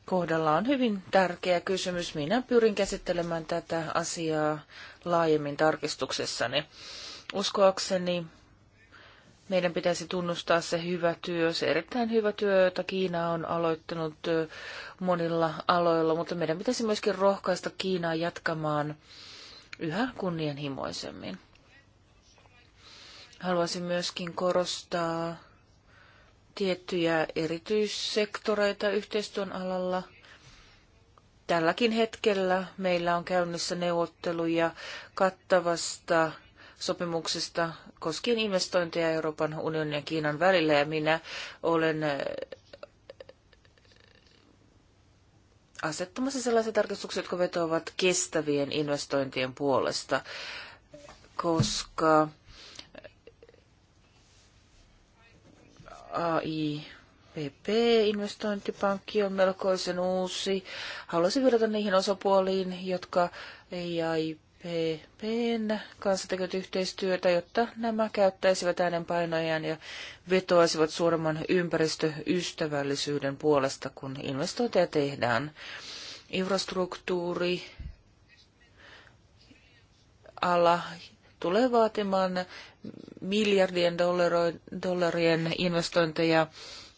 kohdalla on hyvin tärkeä kysymys. Minä pyrin käsittelemään tätä asiaa laajemmin tarkistuksessani. Uskoakseni meidän pitäisi tunnustaa se hyvä työ, se erittäin hyvä työ, jota Kiina on aloittanut monilla aloilla, mutta meidän pitäisi myöskin rohkaista Kiinaa jatkamaan yhä kunnianhimoisemmin. Haluaisin myöskin korostaa tiettyjä erityissektoreita yhteistyön alalla. Tälläkin hetkellä meillä on käynnissä neuvotteluja kattavasta sopimuksesta koskien investointeja Euroopan unionin ja Kiinan välillä ja minä olen eh, asettamassa sellaisia tarkistuksia, jotka vetoavat kestävien investointien puolesta, koska aipp investointipankki on melkoisen uusi. Haluaisin vedota niihin osapuoliin, jotka ei PPn kanssa tekevät yhteistyötä, jotta nämä käyttäisivät äänenpainojaan ja vetoaisivat suuremman ympäristöystävällisyyden puolesta, kun investointeja tehdään. Infrastruktuuri ala tulee vaatimaan miljardien dollarien investointeja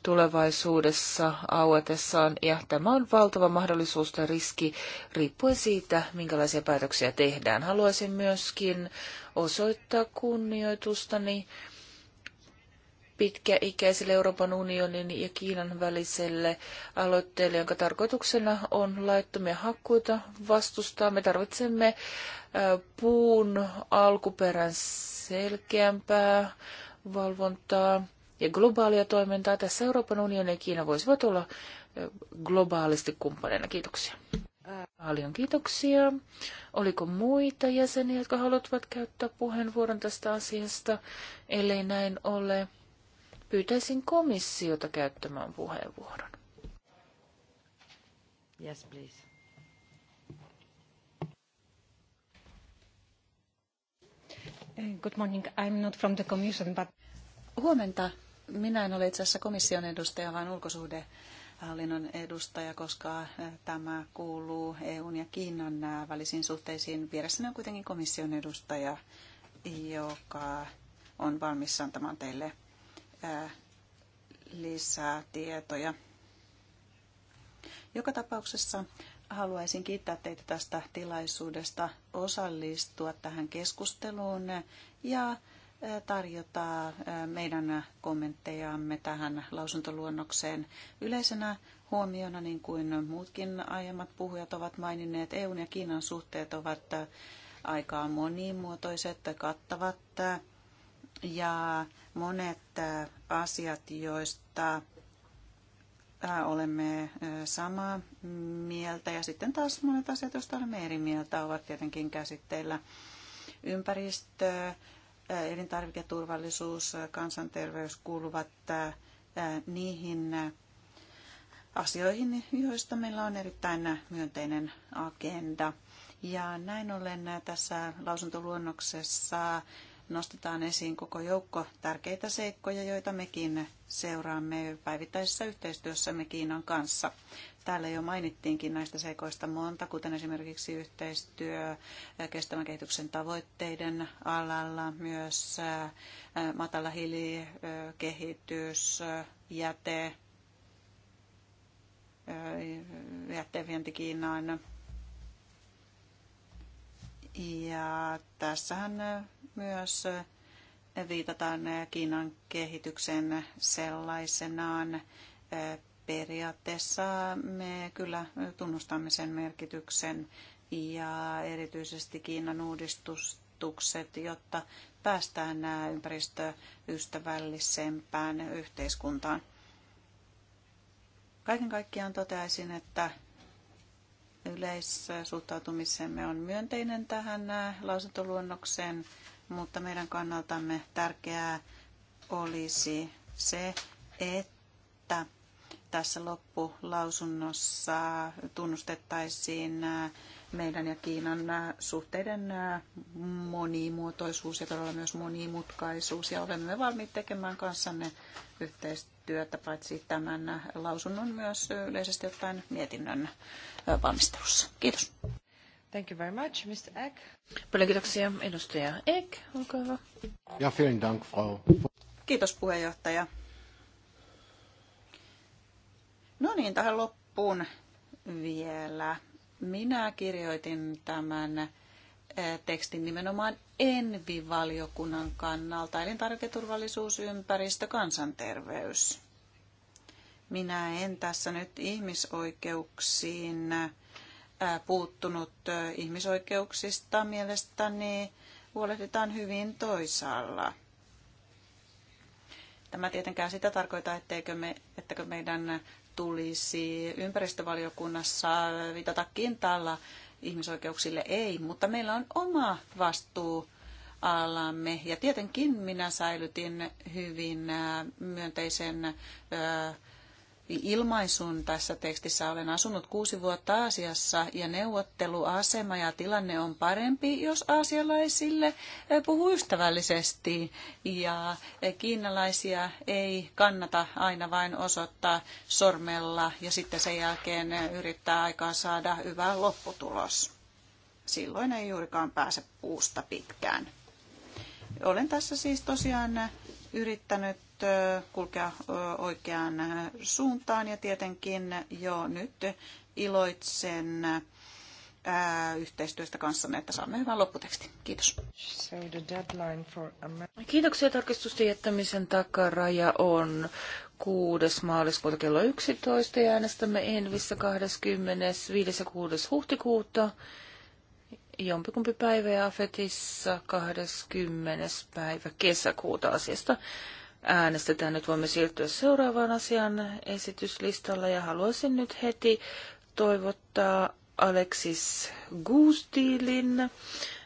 tulevaisuudessa auetessaan, ja tämä on valtava mahdollisuus tai riski riippuen siitä, minkälaisia päätöksiä tehdään. Haluaisin myöskin osoittaa kunnioitustani pitkäikäiselle Euroopan unionin ja Kiinan väliselle aloitteelle, jonka tarkoituksena on laittomia hakkuita vastustaa. Me tarvitsemme puun alkuperän selkeämpää valvontaa ja globaalia toimintaa. Tässä Euroopan unioni ja Kiina voisivat olla globaalisti kumppaneina. Kiitoksia. Paljon kiitoksia. Oliko muita jäseniä, jotka haluavat käyttää puheenvuoron tästä asiasta? Ellei näin ole, pyytäisin komissiota käyttämään puheenvuoron. Yes, please. Good morning. I'm not from the commission, but... Huomenta. Minä en ole itse asiassa komission edustaja, vaan ulkosuhde hallinnon edustaja, koska tämä kuuluu EUn ja Kiinan välisiin suhteisiin. Vieressäni on kuitenkin komission edustaja, joka on valmis antamaan teille lisää tietoja. Joka tapauksessa haluaisin kiittää teitä tästä tilaisuudesta osallistua tähän keskusteluun ja tarjota meidän kommenttejamme tähän lausuntoluonnokseen yleisenä huomiona, niin kuin muutkin aiemmat puhujat ovat maininneet. EUn ja Kiinan suhteet ovat aika monimuotoiset, kattavat ja monet asiat, joista olemme samaa mieltä ja sitten taas monet asiat, joista olemme eri mieltä, ovat tietenkin käsitteillä ympäristö, elintarviketurvallisuus, kansanterveys kuuluvat niihin asioihin, joista meillä on erittäin myönteinen agenda. Ja näin ollen tässä lausuntoluonnoksessa nostetaan esiin koko joukko tärkeitä seikkoja, joita mekin seuraamme päivittäisessä yhteistyössämme Kiinan kanssa. Täällä jo mainittiinkin näistä seikoista monta, kuten esimerkiksi yhteistyö kestävän kehityksen tavoitteiden alalla, myös matala hiilikehitys, jäte, jätteenvienti Kiinaan. Ja tässähän myös viitataan Kiinan kehityksen sellaisenaan. Periaatteessa me kyllä tunnustamme sen merkityksen ja erityisesti Kiinan uudistustukset, jotta päästään nämä ympäristöystävällisempään yhteiskuntaan. Kaiken kaikkiaan toteaisin, että yleissuhtautumisemme on myönteinen tähän lausuntoluonnokseen mutta meidän kannaltamme tärkeää olisi se, että tässä loppulausunnossa tunnustettaisiin meidän ja Kiinan suhteiden monimuotoisuus ja todella myös monimutkaisuus. Ja olemme valmiit tekemään kanssanne yhteistyötä paitsi tämän lausunnon myös yleisesti ottaen mietinnön valmistelussa. Kiitos. Thank you very much, Mr. Eck. Paljon kiitoksia, edustaja Eck. Olkaa hyvä. Ja vielen dank, Frau. Kiitos puheenjohtaja. No niin, tähän loppuun vielä. Minä kirjoitin tämän eh, tekstin nimenomaan ENVI-valiokunnan kannalta, elintarviketurvallisuus, ympäristö, kansanterveys. Minä en tässä nyt ihmisoikeuksiin puuttunut ihmisoikeuksista mielestäni huolehditaan hyvin toisaalla. Tämä tietenkään sitä tarkoita, etteikö me, ettäkö meidän tulisi ympäristövaliokunnassa vitata kintaalla ihmisoikeuksille ei, mutta meillä on oma vastuu alamme. Ja tietenkin minä säilytin hyvin myönteisen ilmaisun tässä tekstissä. Olen asunut kuusi vuotta Aasiassa ja neuvotteluasema ja tilanne on parempi, jos aasialaisille eh, puhuu ystävällisesti ja eh, kiinalaisia ei kannata aina vain osoittaa sormella ja sitten sen jälkeen eh, yrittää aikaa saada hyvä lopputulos. Silloin ei juurikaan pääse puusta pitkään. Olen tässä siis tosiaan yrittänyt kulkea oikeaan suuntaan ja tietenkin jo nyt iloitsen yhteistyöstä kanssanne, että saamme hyvän lopputekstin. Kiitos. Kiitoksia. Tarkistusten jättämisen takaraja on 6. maaliskuuta kello 11 ja äänestämme Envissä 25. ja 6. huhtikuuta jompikumpi päivä ja Afetissa 20. päivä kesäkuuta asiasta äänestetään. Nyt voimme siirtyä seuraavaan asian esityslistalla ja haluaisin nyt heti toivottaa Alexis Gustilin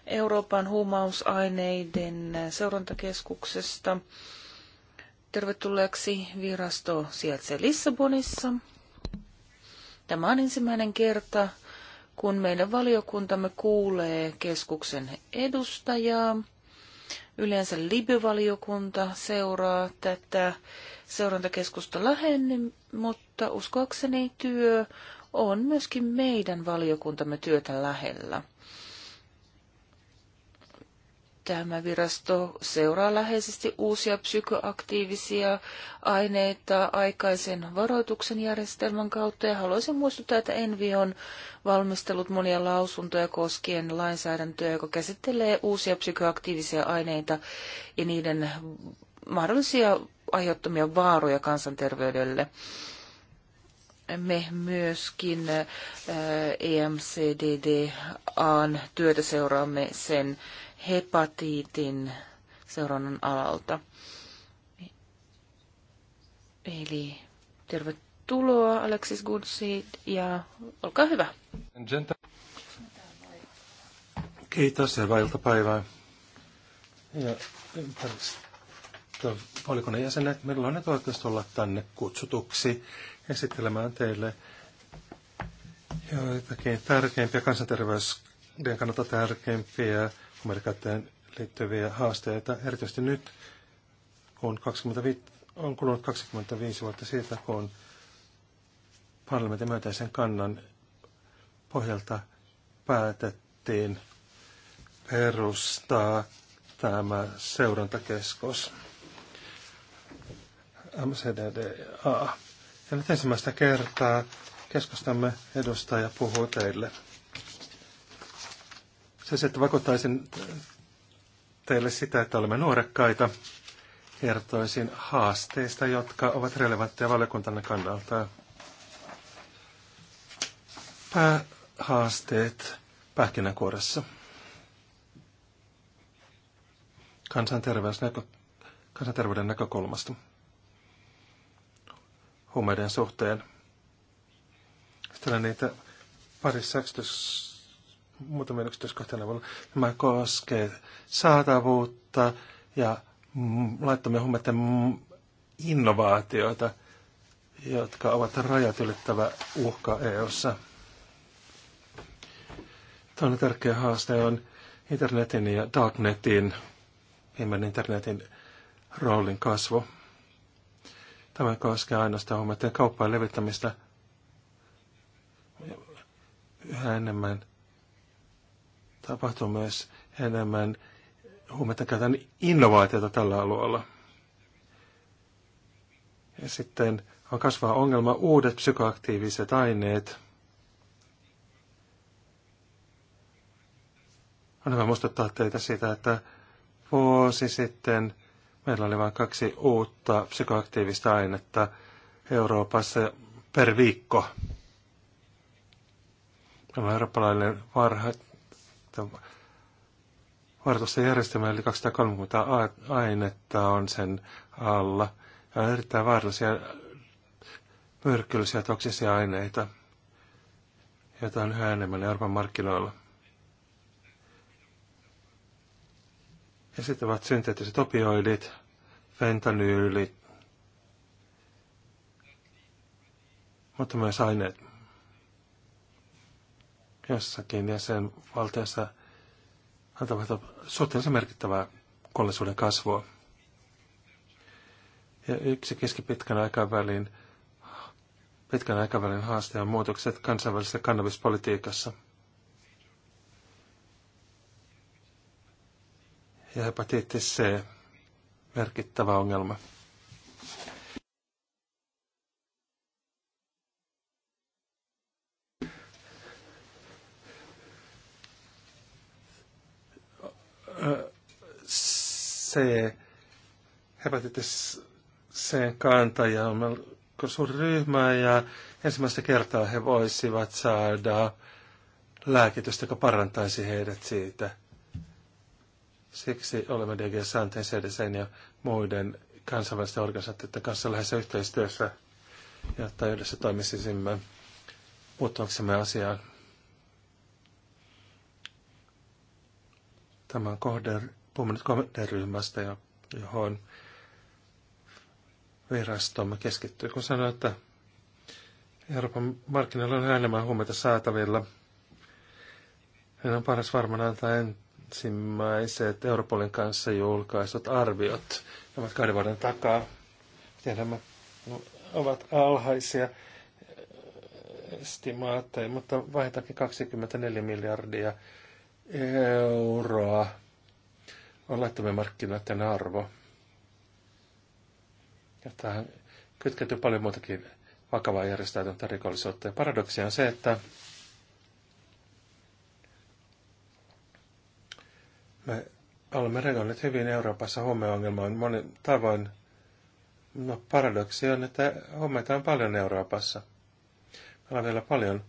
Euroopan huumausaineiden seurantakeskuksesta. Tervetulleeksi virasto sijaitsee Lissabonissa. Tämä on ensimmäinen kerta, kun meidän valiokuntamme kuulee keskuksen edustajaa. Yleensä Libyvaliokunta seuraa tätä seurantakeskusta lähemmin, mutta uskoakseni työ on myöskin meidän valiokuntamme työtä lähellä. Tämä virasto seuraa läheisesti uusia psykoaktiivisia aineita aikaisen varoituksen järjestelmän kautta ja haluaisin muistuttaa, että Envi on valmistellut monia lausuntoja koskien lainsäädäntöä, joka käsittelee uusia psykoaktiivisia aineita ja niiden mahdollisia aiheuttamia vaaroja kansanterveydelle. Me myöskin äh, EMCDDAn työtä seuraamme sen äh, hepatiitin seurannan alalta. Eli tervetuloa Alexis Goodseed ja olkaa hyvä. Kiitos ja hyvää iltapäivää. Ja ympäristövalikunnan jäsenet, meillä on nyt oikeus olla tänne kutsutuksi esittelemään teille joitakin tärkeimpiä kansanterveyden kannalta tärkeimpiä markkinoiden liittyviä haasteita, erityisesti nyt, kun 25, on kulunut 25 vuotta siitä, kun parlamentin myönteisen kannan pohjalta päätettiin perustaa tämä seurantakeskus MCDDA. Ja nyt ensimmäistä kertaa keskustamme edustaja puhuu teille. Se, että vakuuttaisin teille sitä, että olemme nuorekkaita, kertoisin haasteista, jotka ovat relevantteja valiokuntanne kannalta. Päähaasteet pähkinäkuoressa. Kansanterveysnäkö, kansanterveyden näkökulmasta huumeiden suhteen. Sitten niitä parissa muutamia yksityiskohtia avulla. Tämä koskee saatavuutta ja mm, laittomia huumeiden mm, innovaatioita, jotka ovat rajat ylittävä uhka EU:ssa. Toinen tärkeä haaste on internetin ja darknetin, viimeinen internetin roolin kasvu. Tämä koskee ainoastaan huumeiden kauppaa levittämistä yhä enemmän – tapahtuu myös enemmän huumeiden käytön innovaatiota tällä alueella. Ja sitten on kasvaa ongelma uudet psykoaktiiviset aineet. On hyvä muistuttaa teitä siitä, että vuosi sitten meillä oli vain kaksi uutta psykoaktiivista ainetta Euroopassa per viikko. Meillä on eurooppalainen varhainen että varoitusta järjestelmä, eli 230 ainetta on sen alla. Ja on erittäin vaarallisia myrkyllisiä toksisia aineita, joita on yhä enemmän Euroopan markkinoilla. Ja sitten ovat synteettiset opioidit, fentanyylit, mutta myös aineet jossakin jäsenvaltiossa tapahtunut suhteellisen merkittävää kollisuuden kasvua. Ja yksi keskipitkän aikavälin, pitkän aikavälin haaste on muutokset kansainvälisessä kannabispolitiikassa. Ja hepatiitti C, merkittävä ongelma. C, hepatitis C kantaja on melko suuri ryhmä ja ensimmäistä kertaa he voisivat saada lääkitystä, joka parantaisi heidät siitä. Siksi olemme DG Santen, CDC ja muiden kansainvälisten organisaatioiden kanssa lähes yhteistyössä, jotta yhdessä toimisimme puuttuaksemme asiaan. Tämä kohden Puhumme nyt johon virastomme keskittyy. Kun sanoin, että Euroopan markkinoilla on enemmän huumeita saatavilla, niin on paras varmaan antaa ensimmäiset Europolin kanssa julkaisut arviot. Ne ovat kahden vuoden takaa. Tiedämme, ovat alhaisia estimaatteja, mutta vähintäänkin 24 miljardia euroa on laittamme markkinoiden arvo. Ja tähän kytkeytyy paljon muutakin vakavaa järjestäytyntä rikollisuutta. Ja paradoksia on se, että me olemme reagoineet hyvin Euroopassa homeongelmaan monin tavoin. No paradoksi on, että homeita on paljon Euroopassa. Meillä on vielä paljon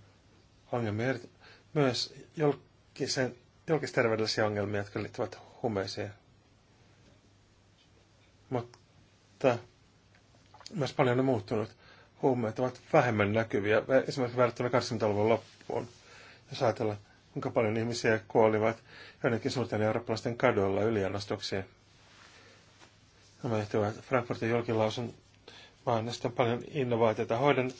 ongelmia, myös julkisen, julkisterveydellisiä ongelmia, jotka liittyvät huumeisiin. Mutta myös paljon on muuttunut. Huumeet ovat vähemmän näkyviä, esimerkiksi verrattuna 80-luvun loppuun. Jos ajatellaan, kuinka paljon ihmisiä kuolivat jonnekin suurten eurooppalaisten kadoilla yliannostuksiin. Nämä johtuvat Frankfurtin julkilausun vaan paljon innovaatioita hoidon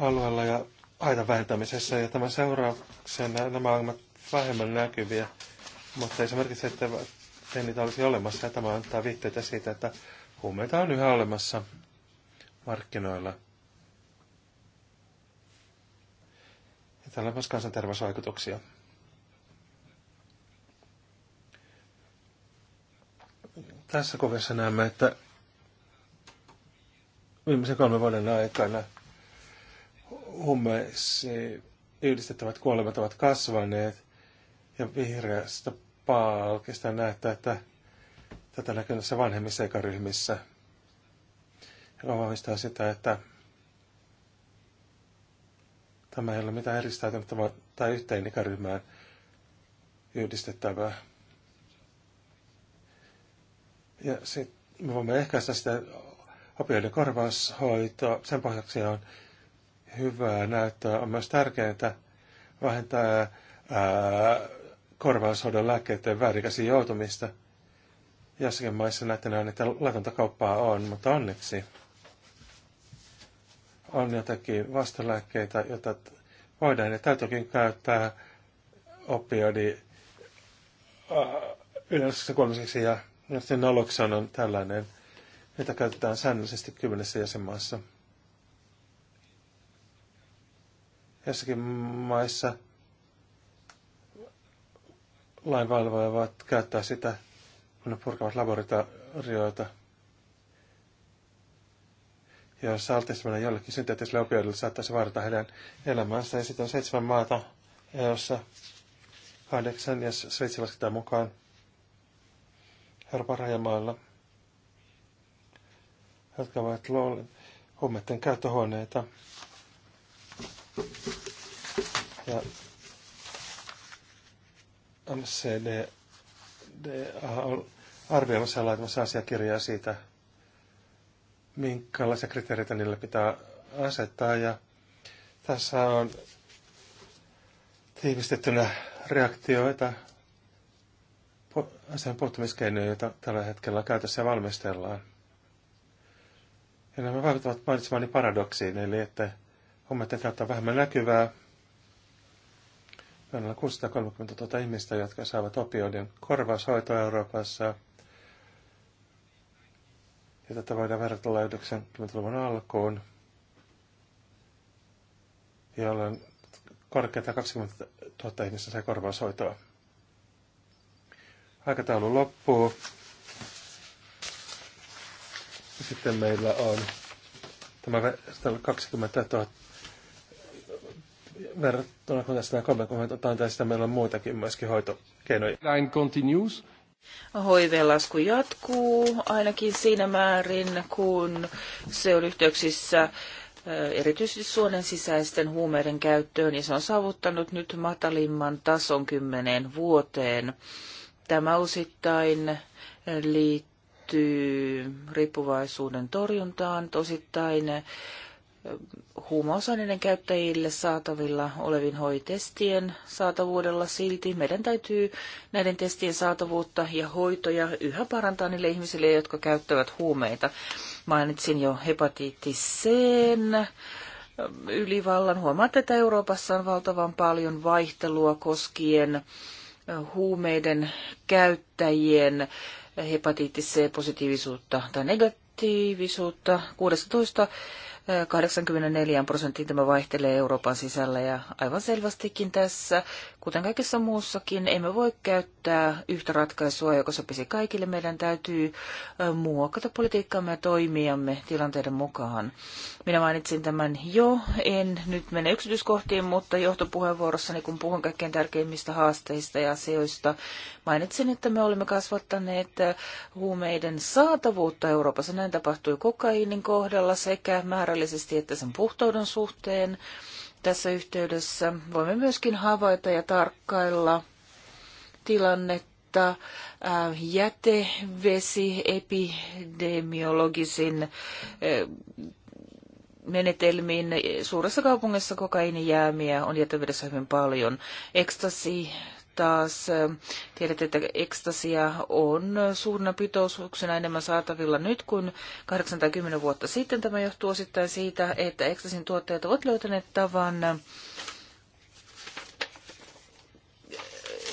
alueella ja haitan vähentämisessä. Ja tämän seurauksena nämä ongelmat vähemmän näkyviä mutta ei se merkitse, että ei niitä olisi olemassa. Ja tämä antaa viitteitä siitä, että huumeita on yhä olemassa markkinoilla. Ja täällä on myös kansanterveysvaikutuksia. Tässä kuvassa näemme, että viimeisen kolmen vuoden aikana hummeisiin yhdistettävät kuolemat ovat kasvaneet ja vihreästä tapaa oikeastaan näyttää, että tätä näkyy vanhemmissa ekaryhmissä, joka vahvistaa sitä, että tämä ei ole mitään eristäytymättä tai yhteen ikäryhmään yhdistettävää. Ja sitten me voimme ehkäistä sitä opioiden korvaushoitoa. Sen pohjaksi on hyvää näyttöä. On myös tärkeää vähentää ää, korvaushoidon lääkkeiden väärikäsiin joutumista. Jossakin maissa näyttää, että laitonta kauppaa on, mutta onneksi on jotakin vastalääkkeitä, joita voidaan ja täytyykin käyttää opioidi äh, yleensä kuolemiseksi ja sen naloksaan on tällainen, jota käytetään säännöllisesti kymmenessä jäsenmaassa. Jossakin maissa – lainvalvoja voivat käyttää sitä, kun ne purkavat laboratorioita. Ja jos altistuminen jollekin synteettiselle opioidille saattaisi vaarata heidän elämänsä. Ja sitten on seitsemän maata, jossa kahdeksan, ja Sveitsi lasketaan mukaan Euroopan rajamailla, jotka ovat huumeiden käyttöhuoneita. Ja MCDA on arvioimassa ja laitamassa asiakirjaa siitä, minkälaisia kriteereitä niille pitää asettaa. Ja tässä on tiivistettynä reaktioita, asian puuttumiskeinoja, joita tällä hetkellä käytössä valmistellaan. Ja nämä vaikuttavat mainitsemani paradoksiin, eli että hommat käyttää vähemmän näkyvää, on noin 630 000 ihmistä, jotka saavat opioidin korvaushoitoa Euroopassa. Ja tätä voidaan verrata 90-luvun alkuun, jolloin korkeita 20 000 ihmistä sai korvaushoitoa. Aikataulu loppuu. Sitten meillä on tämä 20 000 verrattuna kun tässä nämä kolme kohdentaa, tai meillä on muitakin myöskin hoitokeinoja. Line continues. HIV-lasku jatkuu ainakin siinä määrin, kun se on yhteyksissä eh, erityisesti Suomen sisäisten huumeiden käyttöön, ja se on saavuttanut nyt matalimman tason kymmeneen vuoteen. Tämä osittain eh, liittyy riippuvaisuuden torjuntaan, osittain eh, huumausaineiden käyttäjille saatavilla olevin hoitestien saatavuudella silti. Meidän täytyy näiden testien saatavuutta ja hoitoja yhä parantaa niille ihmisille, jotka käyttävät huumeita. Mainitsin jo hepatiitis C ylivallan. Huomaatte, että Euroopassa on valtavan paljon vaihtelua koskien huumeiden käyttäjien hepatiitis C-positiivisuutta tai negatiivisuutta. 16 84 prosenttiin tämä vaihtelee Euroopan sisällä ja aivan selvästikin tässä Kuten kaikessa muussakin, emme voi käyttää yhtä ratkaisua, joka sopisi kaikille. Meidän täytyy muokata politiikkaamme ja toimijamme tilanteiden mukaan. Minä mainitsin tämän jo, en nyt mene yksityiskohtiin, mutta johtopuheenvuorossani, kun puhun kaikkein tärkeimmistä haasteista ja asioista, mainitsin, että me olemme kasvattaneet huumeiden saatavuutta Euroopassa. Näin tapahtui kokaiinin kohdalla sekä määrällisesti että sen puhtauden suhteen. Tässä yhteydessä voimme myöskin havaita ja tarkkailla tilannetta äh, jätevesiepidemiologisin äh, menetelmiin. Suuressa kaupungissa kokainijäämiä on jätevedessä hyvin paljon. Ekstasi taas ähm, tiedät, että ekstasia on suurena pitoisuuksena enemmän saatavilla nyt kuin 8 vuotta sitten. Tämä johtuu osittain siitä, että ekstasin tuottajat ovat löytäneet tavan äh,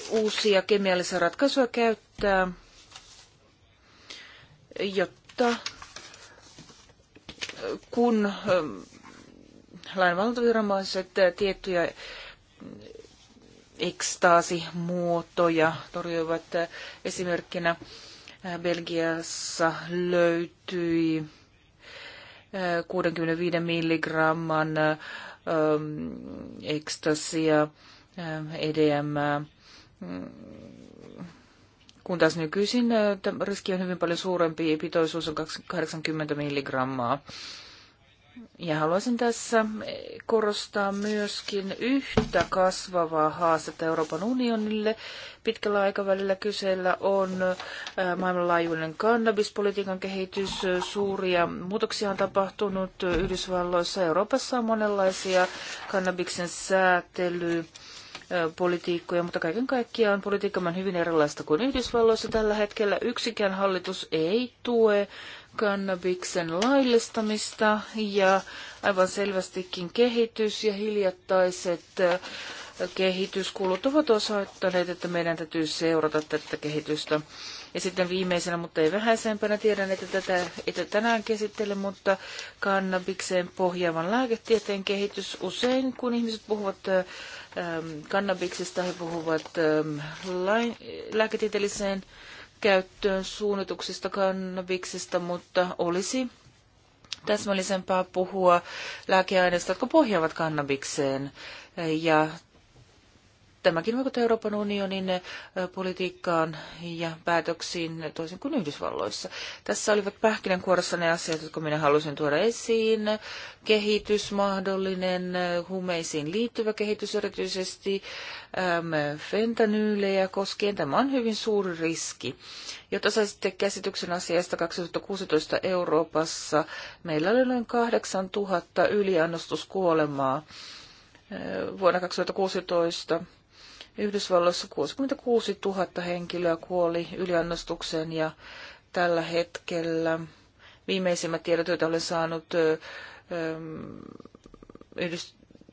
uusia kemiallisia ratkaisuja käyttää, jotta äh, kun ähm, lainvalvontaviranomaiset äh, tiettyjä ekstaasimuotoja torjuivat esimerkkinä. Äh, Belgiassa löytyi 65 äh, milligramman ähm, ekstasia, äh, EDM, mm, kun taas nykyisin riski on hyvin paljon suurempi, pitoisuus on 80 milligrammaa. Ja haluaisin tässä korostaa myöskin yhtä kasvavaa haastetta Euroopan unionille. Pitkällä aikavälillä kyseellä on äh, maailmanlaajuinen kannabispolitiikan kehitys. Suuria muutoksia on tapahtunut Yhdysvalloissa. Euroopassa on monenlaisia kannabiksen säätely äh, politiikkoja, mutta kaiken kaikkiaan politiikkamme on hyvin erilaista kuin Yhdysvalloissa tällä hetkellä. Yksikään hallitus ei tue kannabiksen laillistamista ja aivan selvästikin kehitys ja hiljattaiset äh, kehityskulut ovat osoittaneet, että meidän täytyy seurata tätä kehitystä. Ja sitten viimeisenä, mutta ei vähäisempänä, tiedän, että tätä että tänään käsittele, mutta kannabikseen pohjaavan lääketieteen kehitys. Usein, kun ihmiset puhuvat äh, ähm, kannabiksesta, he puhuvat ähm, lääketieteelliseen käyttöön suunnituksista kannabiksesta, mutta olisi täsmällisempää puhua lääkeaineista, jotka pohjaavat kannabikseen. Ja Tämäkin vaikuttaa Euroopan unionin politiikkaan ja päätöksiin toisin kuin Yhdysvalloissa. Tässä olivat pähkinänkuoressa ne asiat, jotka minä halusin tuoda esiin. Kehitys, mahdollinen humeisiin liittyvä kehitys erityisesti, fentanyylejä koskien. Tämä on hyvin suuri riski. Jotta saisitte käsityksen asiasta 2016 Euroopassa, meillä oli noin 8000 yliannostuskuolemaa vuonna 2016 Yhdysvalloissa 66 000 henkilöä kuoli yliannostukseen ja tällä hetkellä viimeisimmät tiedot, joita olen saanut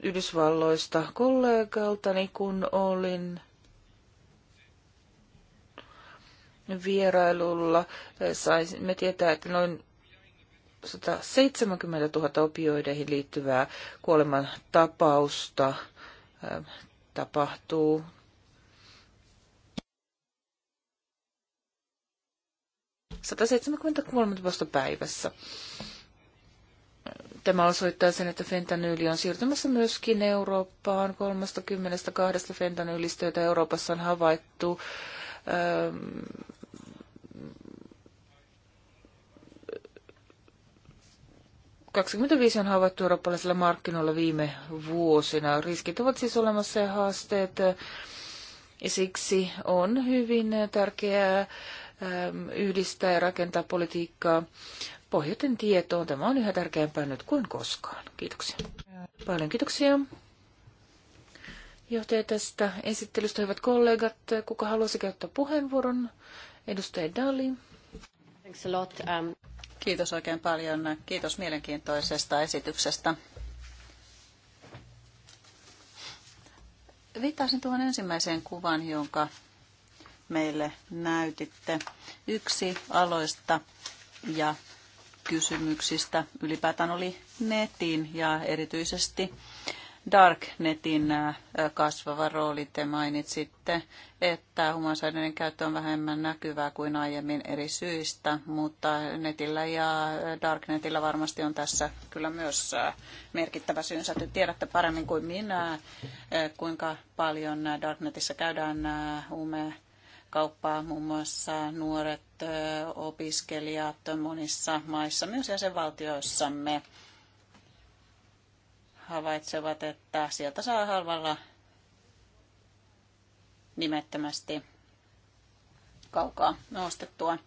Yhdysvalloista kollegaltani, kun olin vierailulla, saimme tietää, että noin 170 000 opioideihin liittyvää kuolemantapausta tapausta tapahtuu kuolemat vasta päivässä. Tämä osoittaa sen, että fentanyyli on siirtymässä myöskin Eurooppaan. 32 fentanyylistä, joita Euroopassa on havaittu, 25 on havaittu eurooppalaisilla markkinoilla viime vuosina. Riskit ovat siis olemassa ja haasteet. Ja siksi on hyvin tärkeää ähm, yhdistää ja rakentaa politiikkaa pohjaten tietoon. Tämä on yhä tärkeämpää nyt kuin koskaan. Kiitoksia. Paljon kiitoksia. Johtaja tästä esittelystä, hyvät kollegat. Kuka haluaisi käyttää puheenvuoron? Edustaja Dali. Thanks a lot. Um... Kiitos oikein paljon. Kiitos mielenkiintoisesta esityksestä. Viittaisin tuohon ensimmäiseen kuvan, jonka meille näytitte. Yksi aloista ja kysymyksistä ylipäätään oli netin ja erityisesti Darknetin äh, kasvava rooli. Te mainitsitte, että huumausaineiden käyttö on vähemmän näkyvää kuin aiemmin eri syistä, mutta netillä ja Darknetillä varmasti on tässä kyllä myös äh, merkittävä syynsä. Te tiedätte paremmin kuin minä, äh, kuinka paljon Darknetissä käydään huume kauppaa muun muassa nuoret opiskelijat monissa maissa, myös jäsenvaltioissamme havaitsevat, että sieltä saa halvalla nimettömästi kaukaa ostettua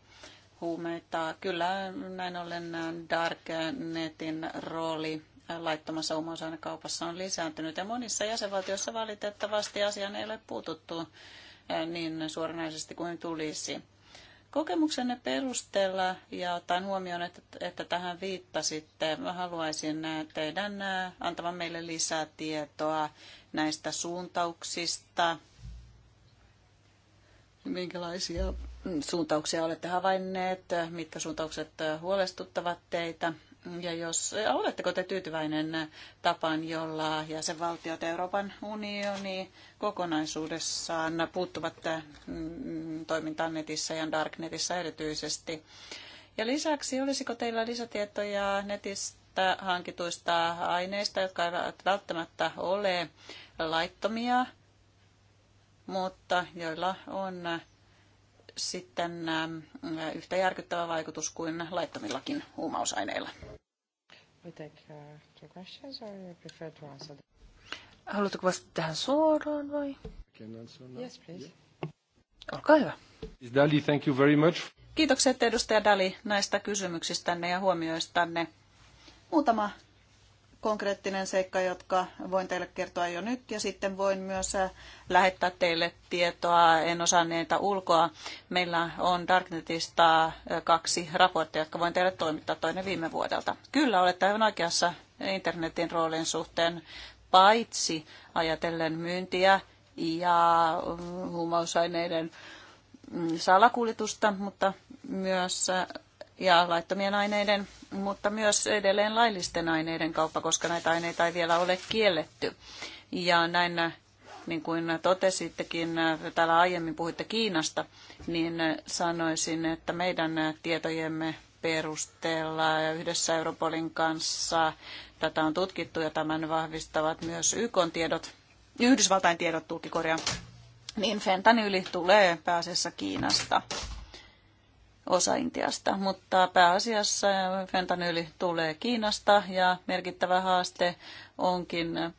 huumeita. Kyllä näin ollen Darknetin rooli laittomassa huumausainekaupassa on lisääntynyt ja monissa jäsenvaltioissa valitettavasti asiaan ei ole puututtu eh, niin suoranaisesti kuin tulisi. Kokemuksenne perusteella ja ottaen huomioon, että, että tähän viittasitte, mä haluaisin äh, teidän äh, antavan meille lisää tietoa näistä suuntauksista. Minkälaisia mm, suuntauksia olette havainneet, mitkä suuntaukset äh, huolestuttavat teitä? Ja jos, oletteko te tyytyväinen tapaan, jolla jäsenvaltiot Euroopan unioni kokonaisuudessaan puuttuvat mm, toimintaan netissä ja darknetissä erityisesti? Ja lisäksi, olisiko teillä lisätietoja netistä hankituista aineista, jotka eivät välttämättä ole laittomia, mutta joilla on sitten äh, yhtä järkyttävä vaikutus kuin laittomillakin huumausaineilla. Uh, haluatko vastata tähän suoraan vai? Yes, Olkaa hyvä. Dali, thank you very much. Kiitokset edustaja Dali näistä kysymyksistänne ja huomioistanne. Muutama konkreettinen seikka, jotka voin teille kertoa jo nyt ja sitten voin myös äh, lähettää teille tietoa, en osanneita ulkoa. Meillä on Darknetista äh, kaksi raporttia, jotka voin teille toimittaa toinen viime vuodelta. Kyllä olette aivan oikeassa internetin roolin suhteen, paitsi ajatellen myyntiä ja äh, huumausaineiden mm, salakuljetusta, mutta myös ja laittomien aineiden, mutta myös edelleen laillisten aineiden kauppa, koska näitä aineita ei vielä ole kielletty. Ja näin, niin kuin totesittekin, täällä aiemmin puhuitte Kiinasta, niin sanoisin, että meidän tietojemme perusteella ja yhdessä Europolin kanssa tätä on tutkittu ja tämän vahvistavat myös YK tiedot, Yhdysvaltain tiedot tulkikorja, niin fentanyli tulee pääasiassa Kiinasta osa Intiasta, mutta pääasiassa fentanyli tulee Kiinasta ja merkittävä haaste onkin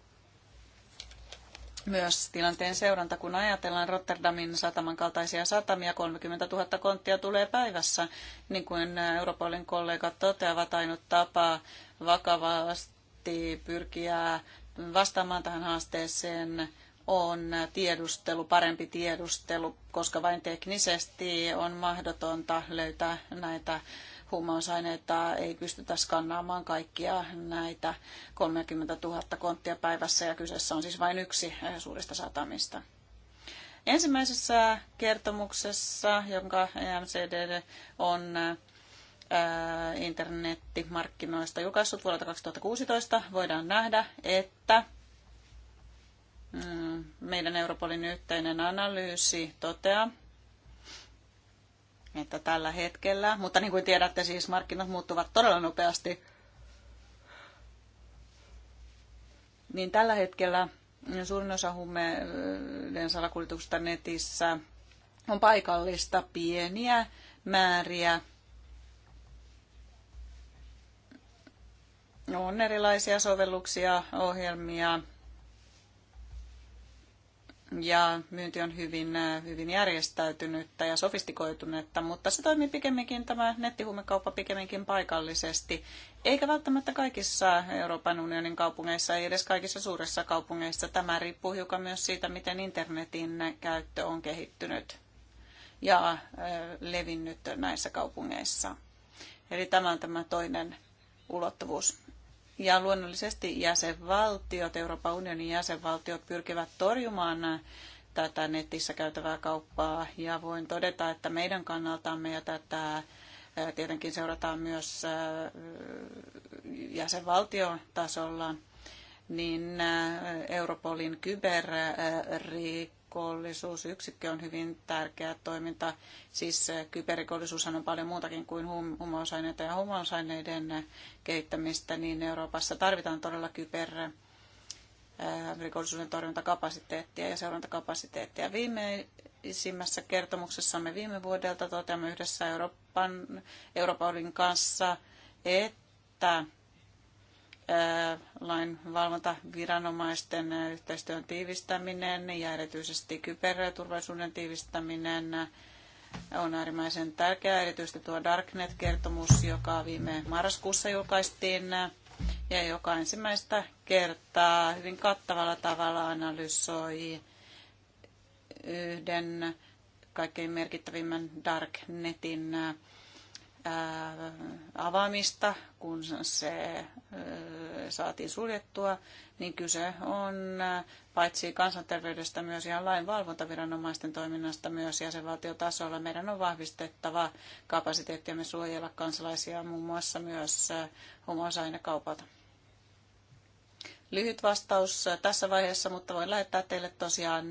myös tilanteen seuranta, kun ajatellaan Rotterdamin sataman kaltaisia satamia, 30 000 konttia tulee päivässä, niin kuin Europolin kollegat toteavat, ainut tapa vakavasti pyrkiä vastaamaan tähän haasteeseen on tiedustelu, parempi tiedustelu, koska vain teknisesti on mahdotonta löytää näitä huumausaineita, ei pystytä skannaamaan kaikkia näitä 30 000 konttia päivässä ja kyseessä on siis vain yksi eh, suurista satamista. Ensimmäisessä kertomuksessa, jonka EMCD on eh, internettimarkkinoista julkaissut vuodelta 2016, voidaan nähdä, että Mm, meidän Europolin yhteinen analyysi toteaa, että tällä hetkellä, mutta niin kuin tiedätte, siis markkinat muuttuvat todella nopeasti, niin tällä hetkellä suurin osa huumeiden salakuljetuksesta netissä on paikallista pieniä määriä. On erilaisia sovelluksia, ohjelmia, ja myynti on hyvin, äh, hyvin järjestäytynyttä ja sofistikoitunutta, mutta se toimii pikemminkin tämä nettihuumekauppa pikemminkin paikallisesti, eikä välttämättä kaikissa Euroopan unionin kaupungeissa, ei edes kaikissa suurissa kaupungeissa. Tämä riippuu hiukan myös siitä, miten internetin käyttö on kehittynyt ja äh, levinnyt näissä kaupungeissa. Eli tämä on tämä toinen ulottuvuus. Ja luonnollisesti jäsenvaltiot, Euroopan unionin jäsenvaltiot pyrkivät torjumaan tätä netissä käytävää kauppaa ja voin todeta, että meidän kannaltamme ja tätä tietenkin seurataan myös jäsenvaltiotasolla, tasolla, niin Europolin kyberriikkoja kyberrikollisuusyksikkö on hyvin tärkeä toiminta. Siis eh, kyberrikollisuushan on paljon muutakin kuin huumausaineita ja huumausaineiden eh, kehittämistä, niin Euroopassa tarvitaan todella kyber eh, rikollisuuden torjuntakapasiteettia ja seurantakapasiteettia. Viimeisimmässä kertomuksessamme viime vuodelta toteamme yhdessä Euroopan, Euroopan kanssa, että lainvalvontaviranomaisten yhteistyön tiivistäminen ja erityisesti kyberturvallisuuden tiivistäminen on äärimmäisen tärkeää. Erityisesti tuo Darknet-kertomus, joka viime marraskuussa julkaistiin ja joka ensimmäistä kertaa hyvin kattavalla tavalla analysoi yhden kaikkein merkittävimmän Darknetin avaamista, kun se saatiin suljettua, niin kyse on paitsi kansanterveydestä myös ihan lainvalvontaviranomaisten toiminnasta myös jäsenvaltiotasolla. Meidän on vahvistettava kapasiteettiamme suojella kansalaisia muun muassa myös huumausainekaupalta. Lyhyt vastaus tässä vaiheessa, mutta voin lähettää teille tosiaan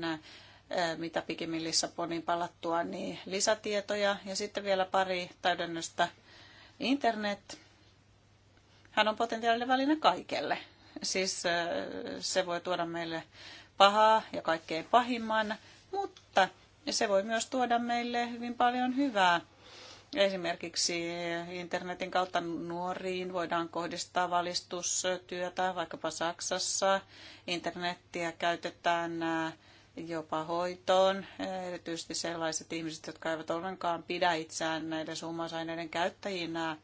mitä pikimmin Lissaboniin palattua, niin lisätietoja ja sitten vielä pari täydennystä. Internet, hän on potentiaalinen väline kaikelle. Siis se voi tuoda meille pahaa ja kaikkein pahimman, mutta se voi myös tuoda meille hyvin paljon hyvää. Esimerkiksi internetin kautta nuoriin voidaan kohdistaa valistustyötä vaikkapa Saksassa. Internettiä käytetään jopa hoitoon, erityisesti sellaiset ihmiset, jotka eivät ollenkaan pidä itseään näiden summausaineiden käyttäjinä,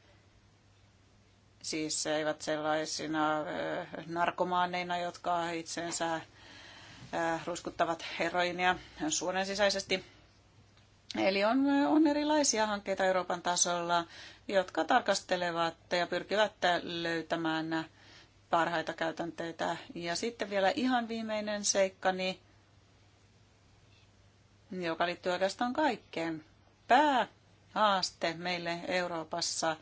siis eivät sellaisina eh, narkomaaneina, jotka itsensä eh, ruskuttavat heroinia suonen sisäisesti. Eli on, on erilaisia hankkeita Euroopan tasolla, jotka tarkastelevat ja pyrkivät löytämään parhaita käytänteitä. Ja sitten vielä ihan viimeinen seikka, niin joka liittyy oikeastaan kaikkeen. Päähaaste meille Euroopassa,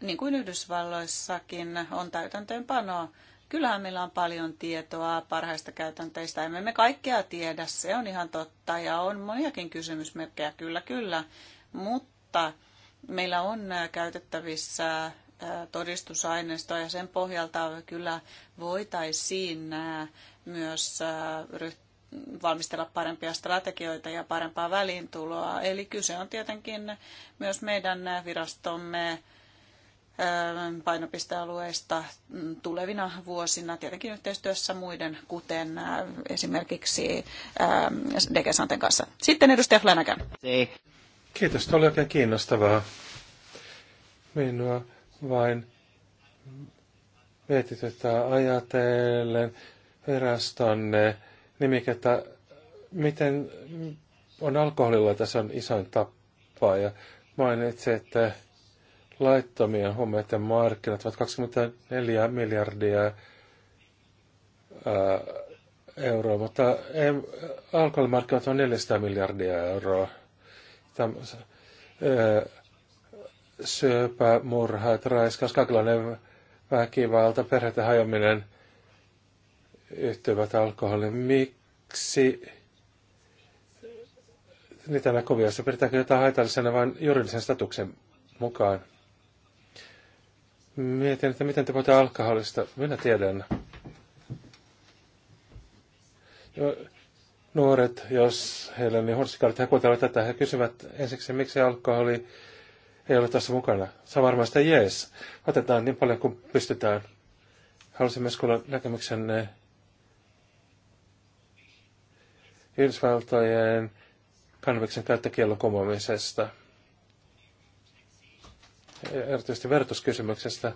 niin kuin Yhdysvalloissakin, on täytäntöönpanoa. Kyllähän meillä on paljon tietoa parhaista käytänteistä. Emme me kaikkea tiedä, se on ihan totta. Ja on moniakin kysymysmerkkejä, kyllä, kyllä. Mutta meillä on käytettävissä todistusaineistoa ja sen pohjalta kyllä voitaisiin myös valmistella parempia strategioita ja parempaa väliintuloa. Eli kyse on tietenkin myös meidän virastomme ähm, painopistealueista tulevina vuosina, tietenkin yhteistyössä muiden, kuten äh, esimerkiksi ähm, Degesanten kanssa. Sitten edustaja Flanagan. Kiitos, oli oikein kiinnostavaa. Minua vain mietityttää ajatellen virastonne että miten on alkoholilla tässä on isoin tappaa. Ja mainitsi, että laittomien huumeiden markkinat ovat 24 miljardia ää, euroa, mutta ei, alkoholimarkkinat on 400 miljardia euroa. Tämä, ää, syöpä, murha, raiskaus, kaikenlainen väkivalta, perheiden hajoaminen – yhtyvät alkoholin. Miksi niitä nämä se Pidetäänkö jotain haitallisena vain juridisen statuksen mukaan? Mietin, että miten te voitte alkoholista. Minä tiedän. Jo, nuoret, jos heillä on niin hurskikaalit, he kuuntelevat tätä, he kysyvät ensiksi, miksi alkoholi ei ole tässä mukana. Se on varmaan sitä jees. Otetaan niin paljon kuin pystytään. Haluaisin myös kuulla näkemyksenne Yhdysvaltojen kannabiksen käyttökiellon kumoamisesta, erityisesti verotuskysymyksestä.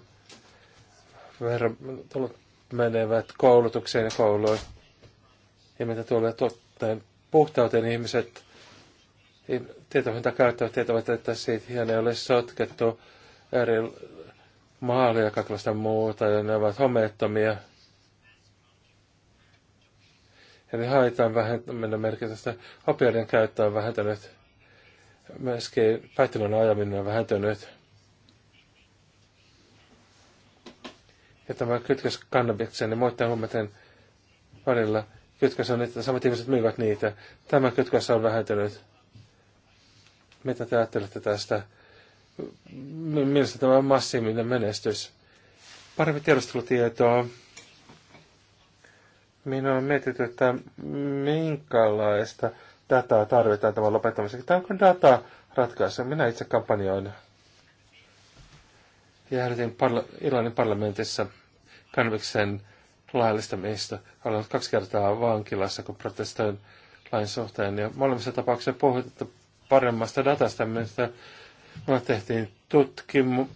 Verotulot menevät koulutukseen ja kouluun. Ja mitä tulee tuotteen puhtauteen, niin ihmiset tietohinta käyttävät tietävät, että siitä ei ole sotkettu eri maalia ja kaikenlaista muuta, ja ne ovat homeettomia – Eli haitaan vähentäminen merkitystä. Opioiden käyttö on vähentänyt. Myöskin päihtelyn ajaminen on vähentynyt. Ja tämä kytkös kannabikseen ja muiden huumeiden välillä kytkös on, että samat ihmiset myyvät niitä. Tämä kytkös on vähentynyt. Mitä te ajattelette tästä? Mielestäni tämä on massiivinen menestys. Parempi tiedostelutietoa. Minua on mietitty, että minkälaista dataa tarvitaan tämän lopettamiseksi. Tämä onko data ratkaisu? Minä itse kampanjoin jäädytin parla- Irlannin parlamentissa kanviksen laillistamista. Olen ollut kaksi kertaa vankilassa, kun protestoin lain suhteen. Ja molemmissa tapauksissa puhuttu paremmasta datasta, mistä me tehtiin tutkimu-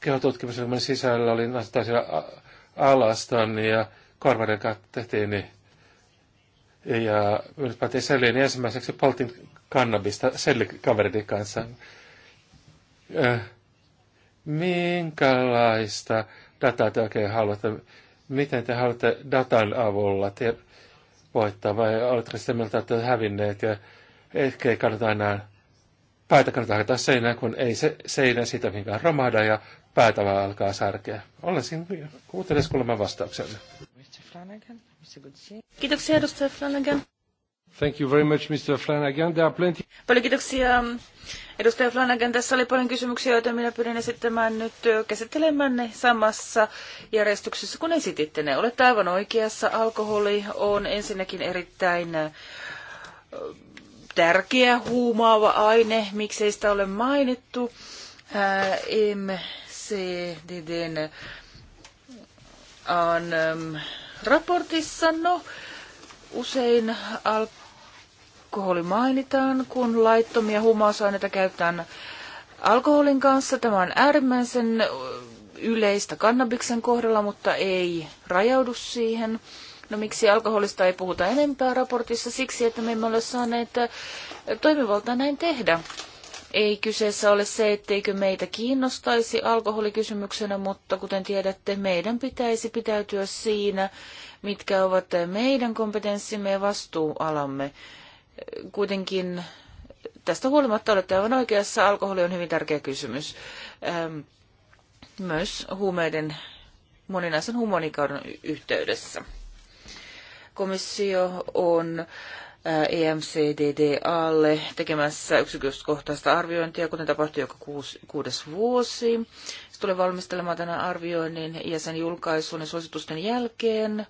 kehotutkimus, jonka sisällä oli naisitaisilla alaston ja Korvaden kanssa tehtiin, niin ja nyt päätin selliin niin ensimmäiseksi poltin kannabista sellikaverin kanssa. Minkälaista dataa te oikein haluatte? Miten te haluatte datan avulla te voittaa? Vai oletteko sitä mieltä, että olette hävinneet ja ehkä ei kannata enää päätä kannata hakata seinään, kun ei se seinä siitä minkään romahda ja päätä vaan alkaa särkeä. Olen siinä kuuntelemaan kuulemma vastauksenne. Flanagan. Kiitoksia, edustaja Flanagan. Thank you very much, Mr. Flanagan. There are plenty... Paljon kiitoksia, um, edustaja Flanagan. Tässä oli paljon kysymyksiä, joita minä pyrin esittämään nyt käsittelemään ne samassa järjestyksessä, kun esititte ne. Olette aivan oikeassa. Alkoholi on ensinnäkin erittäin tärkeä huumaava aine, miksei sitä ole mainittu. MCDDn on raportissa. No, usein alkoholi mainitaan, kun laittomia huumausaineita käytetään alkoholin kanssa. Tämä on äärimmäisen yleistä kannabiksen kohdalla, mutta ei rajaudu siihen. No miksi alkoholista ei puhuta enempää raportissa? Siksi, että me emme ole saaneet toimivaltaa näin tehdä. Ei kyseessä ole se, etteikö meitä kiinnostaisi alkoholikysymyksenä, mutta kuten tiedätte, meidän pitäisi pitäytyä siinä, mitkä ovat meidän kompetenssimme ja vastuualamme. Kuitenkin tästä huolimatta olette aivan oikeassa, alkoholi on hyvin tärkeä kysymys. Ehm, myös huumeiden moninaisen humonikauden yhteydessä. Komissio on EMCDDAlle tekemässä yksityiskohtaista arviointia, kuten tapahtui joka kuusi, kuudes vuosi. Se tulee valmistelemaan tämän arvioinnin ja sen julkaisun ja suositusten jälkeen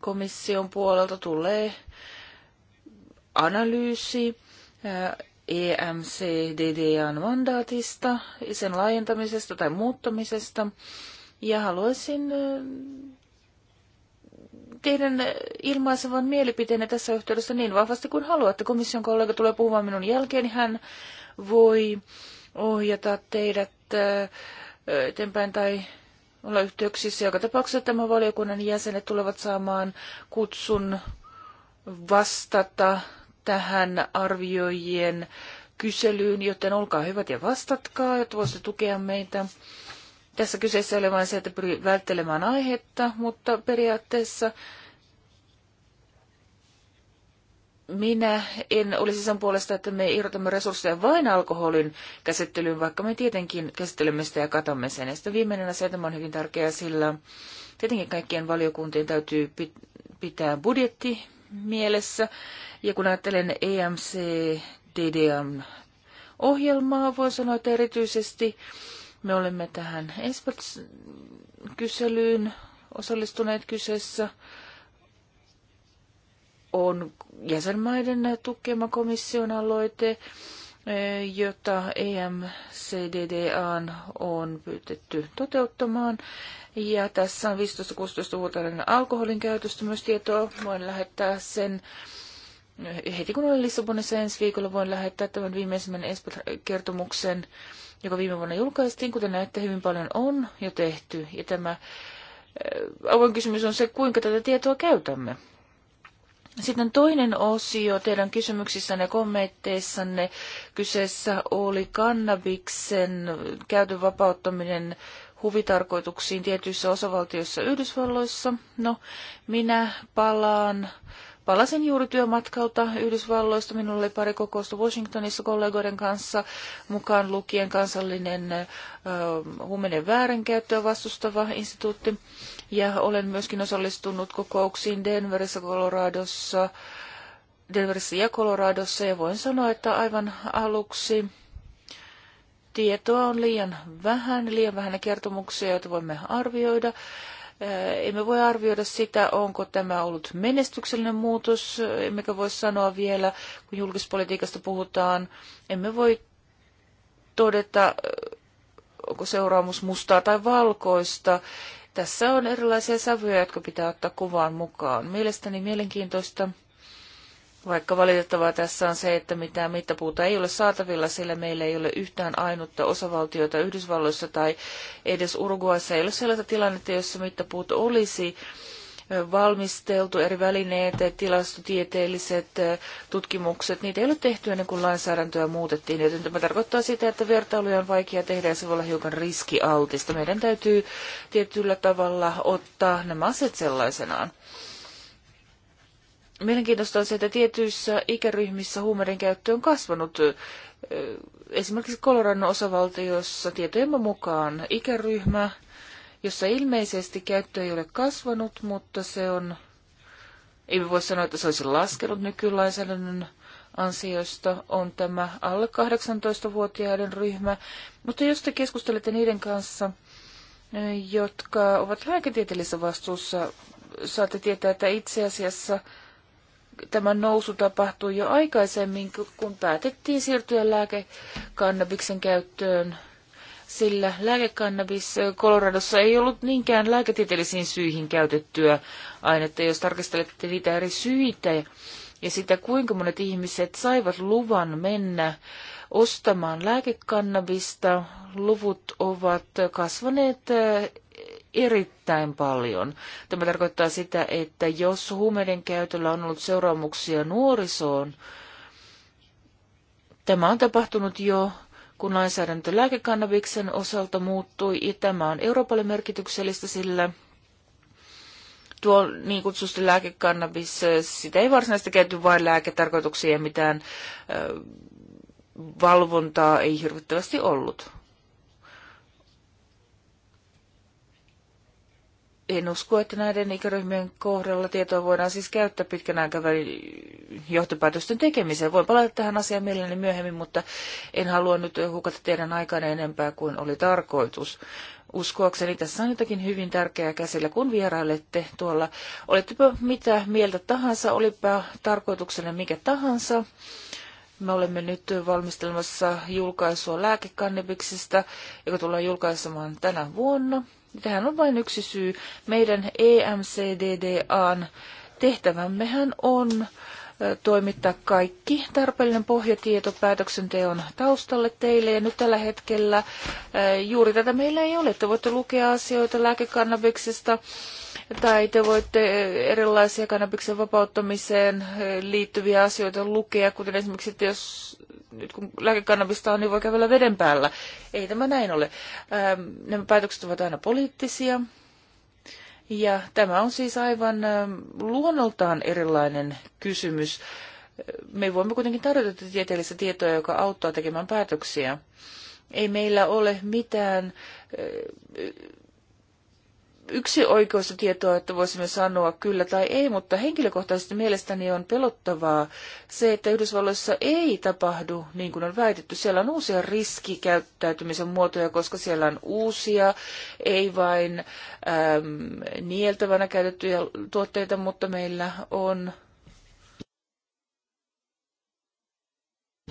komission puolelta tulee analyysi EMCDDAn mandaatista, sen laajentamisesta tai muuttamisesta. Ja haluaisin teidän ilmaisevan mielipiteenne tässä yhteydessä niin vahvasti kuin haluatte. Komission kollega tulee puhumaan minun jälkeeni. Niin hän voi ohjata teidät eteenpäin tai olla yhteyksissä. Joka tapauksessa tämä valiokunnan jäsenet tulevat saamaan kutsun vastata tähän arvioijien kyselyyn, joten olkaa hyvät ja vastatkaa, jotta voisitte tukea meitä. Tässä kyseessä ei ole vain se, että pyri välttelemään aihetta, mutta periaatteessa minä en olisi sen puolesta, että me irrotamme resursseja vain alkoholin käsittelyyn, vaikka me tietenkin käsittelemme sitä ja katamme sen. Ja sitten viimeinen asia, tämä on hyvin tärkeä, sillä tietenkin kaikkien valiokuntien täytyy pitää budjetti mielessä. Ja kun ajattelen EMC DDM ohjelmaa, voin sanoa, että erityisesti me olemme tähän Espels-kyselyyn osallistuneet kyseessä on jäsenmaiden tukema komission aloite, eh, jota EMCDDA on pyytetty toteuttamaan. Ja tässä on 15-16-vuotiaiden alkoholin käytöstä myös tietoa. Voin lähettää sen eh, heti kun olen Lissabonissa ensi viikolla, voin lähettää tämän viimeisimmän kertomuksen joka viime vuonna julkaistiin. Kuten näette, hyvin paljon on jo tehty. Ja tämä äh, avoin kysymys on se, kuinka tätä tietoa käytämme. Sitten toinen osio teidän kysymyksissänne ja kommenteissanne kyseessä oli kannabiksen käytön vapauttaminen huvitarkoituksiin tietyissä osavaltioissa Yhdysvalloissa. No, minä palaan äh, Palasin juuri työmatkalta Yhdysvalloista. Minulla oli pari kokousta Washingtonissa kollegoiden kanssa, mukaan lukien kansallinen äh, huumeiden väärinkäyttöä vastustava instituutti. Ja olen myöskin osallistunut kokouksiin Denverissä, Coloradossa, Denverissä ja Coloradossa. Ja voin sanoa, että aivan aluksi tietoa on liian vähän, liian vähän kertomuksia, joita voimme arvioida. Emme voi arvioida sitä, onko tämä ollut menestyksellinen muutos, emmekä voi sanoa vielä, kun julkispolitiikasta puhutaan. Emme voi todeta, onko seuraamus mustaa tai valkoista. Tässä on erilaisia sävyjä, jotka pitää ottaa kuvaan mukaan. Mielestäni mielenkiintoista vaikka valitettavaa tässä on se, että mitään mittapuuta ei ole saatavilla, sillä meillä ei ole yhtään ainutta osavaltiota Yhdysvalloissa tai edes Uruguayssa. Ei ole sellaista tilannetta, jossa mittapuut olisi valmisteltu, eri välineet, tilastotieteelliset tutkimukset, niitä ei ole tehty ennen kuin lainsäädäntöä muutettiin, joten tämä tarkoittaa sitä, että vertailuja on vaikea tehdä ja se voi olla hiukan riskialtista. Meidän täytyy tietyllä tavalla ottaa nämä asiat sellaisenaan. Mielenkiintoista on se, että tietyissä ikäryhmissä huumeiden käyttö on kasvanut. Esimerkiksi Coloradon osavaltiossa tietojemme mukaan ikäryhmä, jossa ilmeisesti käyttö ei ole kasvanut, mutta se on, ei voi sanoa, että se olisi laskenut nykylainsäädännön ansiosta, on tämä alle 18-vuotiaiden ryhmä. Mutta jos te keskustelette niiden kanssa, jotka ovat lääketieteellisessä vastuussa, saatte tietää, että itse asiassa – tämä nousu tapahtui jo aikaisemmin, kun päätettiin siirtyä lääkekannabiksen käyttöön, sillä lääkekannabis koloradossa ei ollut niinkään lääketieteellisiin syihin käytettyä ainetta. Jos tarkastelette niitä eri syitä ja sitä, kuinka monet ihmiset saivat luvan mennä ostamaan lääkekannabista, luvut ovat kasvaneet erittäin paljon. Tämä tarkoittaa sitä, että jos huumeiden käytöllä on ollut seuraamuksia nuorisoon, tämä on tapahtunut jo kun lainsäädäntö lääkekannabiksen osalta muuttui, ja tämä on Euroopalle merkityksellistä, sillä tuo niin kutsusti lääkekannabis, sitä ei varsinaisesti käyty vain lääketarkoituksia ja mitään ö, valvontaa ei hirvittävästi ollut. en usko, että näiden ikäryhmien kohdalla tietoa voidaan siis käyttää pitkän aikavälin johtopäätösten tekemiseen. Voin palata tähän asiaan mielelläni myöhemmin, mutta en halua nyt hukata teidän aikanne enempää kuin oli tarkoitus. Uskoakseni tässä on jotakin hyvin tärkeää käsillä, kun vierailette tuolla. Olettepa mitä mieltä tahansa, olipa tarkoituksena mikä tahansa. Me olemme nyt valmistelemassa julkaisua lääkekannebiksistä, joka tullaan julkaisemaan tänä vuonna. Tähän on vain yksi syy. Meidän EMCDDAn tehtävämmehän on toimittaa kaikki tarpeellinen pohjatieto päätöksenteon taustalle teille. Ja nyt tällä hetkellä juuri tätä meillä ei ole. Te voitte lukea asioita lääkekannabiksesta tai te voitte erilaisia kannabiksen vapauttamiseen liittyviä asioita lukea, kuten esimerkiksi, että jos nyt kun lääkekannabista on, niin voi kävellä veden päällä. Ei tämä näin ole. Ähm, nämä päätökset ovat aina poliittisia. Ja tämä on siis aivan ähm, luonnoltaan erilainen kysymys. Me voimme kuitenkin tarjota tieteellistä tietoa, joka auttaa tekemään päätöksiä. Ei meillä ole mitään äh, yksi oikeusta tietoa, että voisimme sanoa kyllä tai ei, mutta henkilökohtaisesti mielestäni on pelottavaa se, että Yhdysvalloissa ei tapahdu niin kuin on väitetty. Siellä on uusia riskikäyttäytymisen muotoja, koska siellä on uusia, ei vain äm, nieltävänä käytettyjä tuotteita, mutta meillä on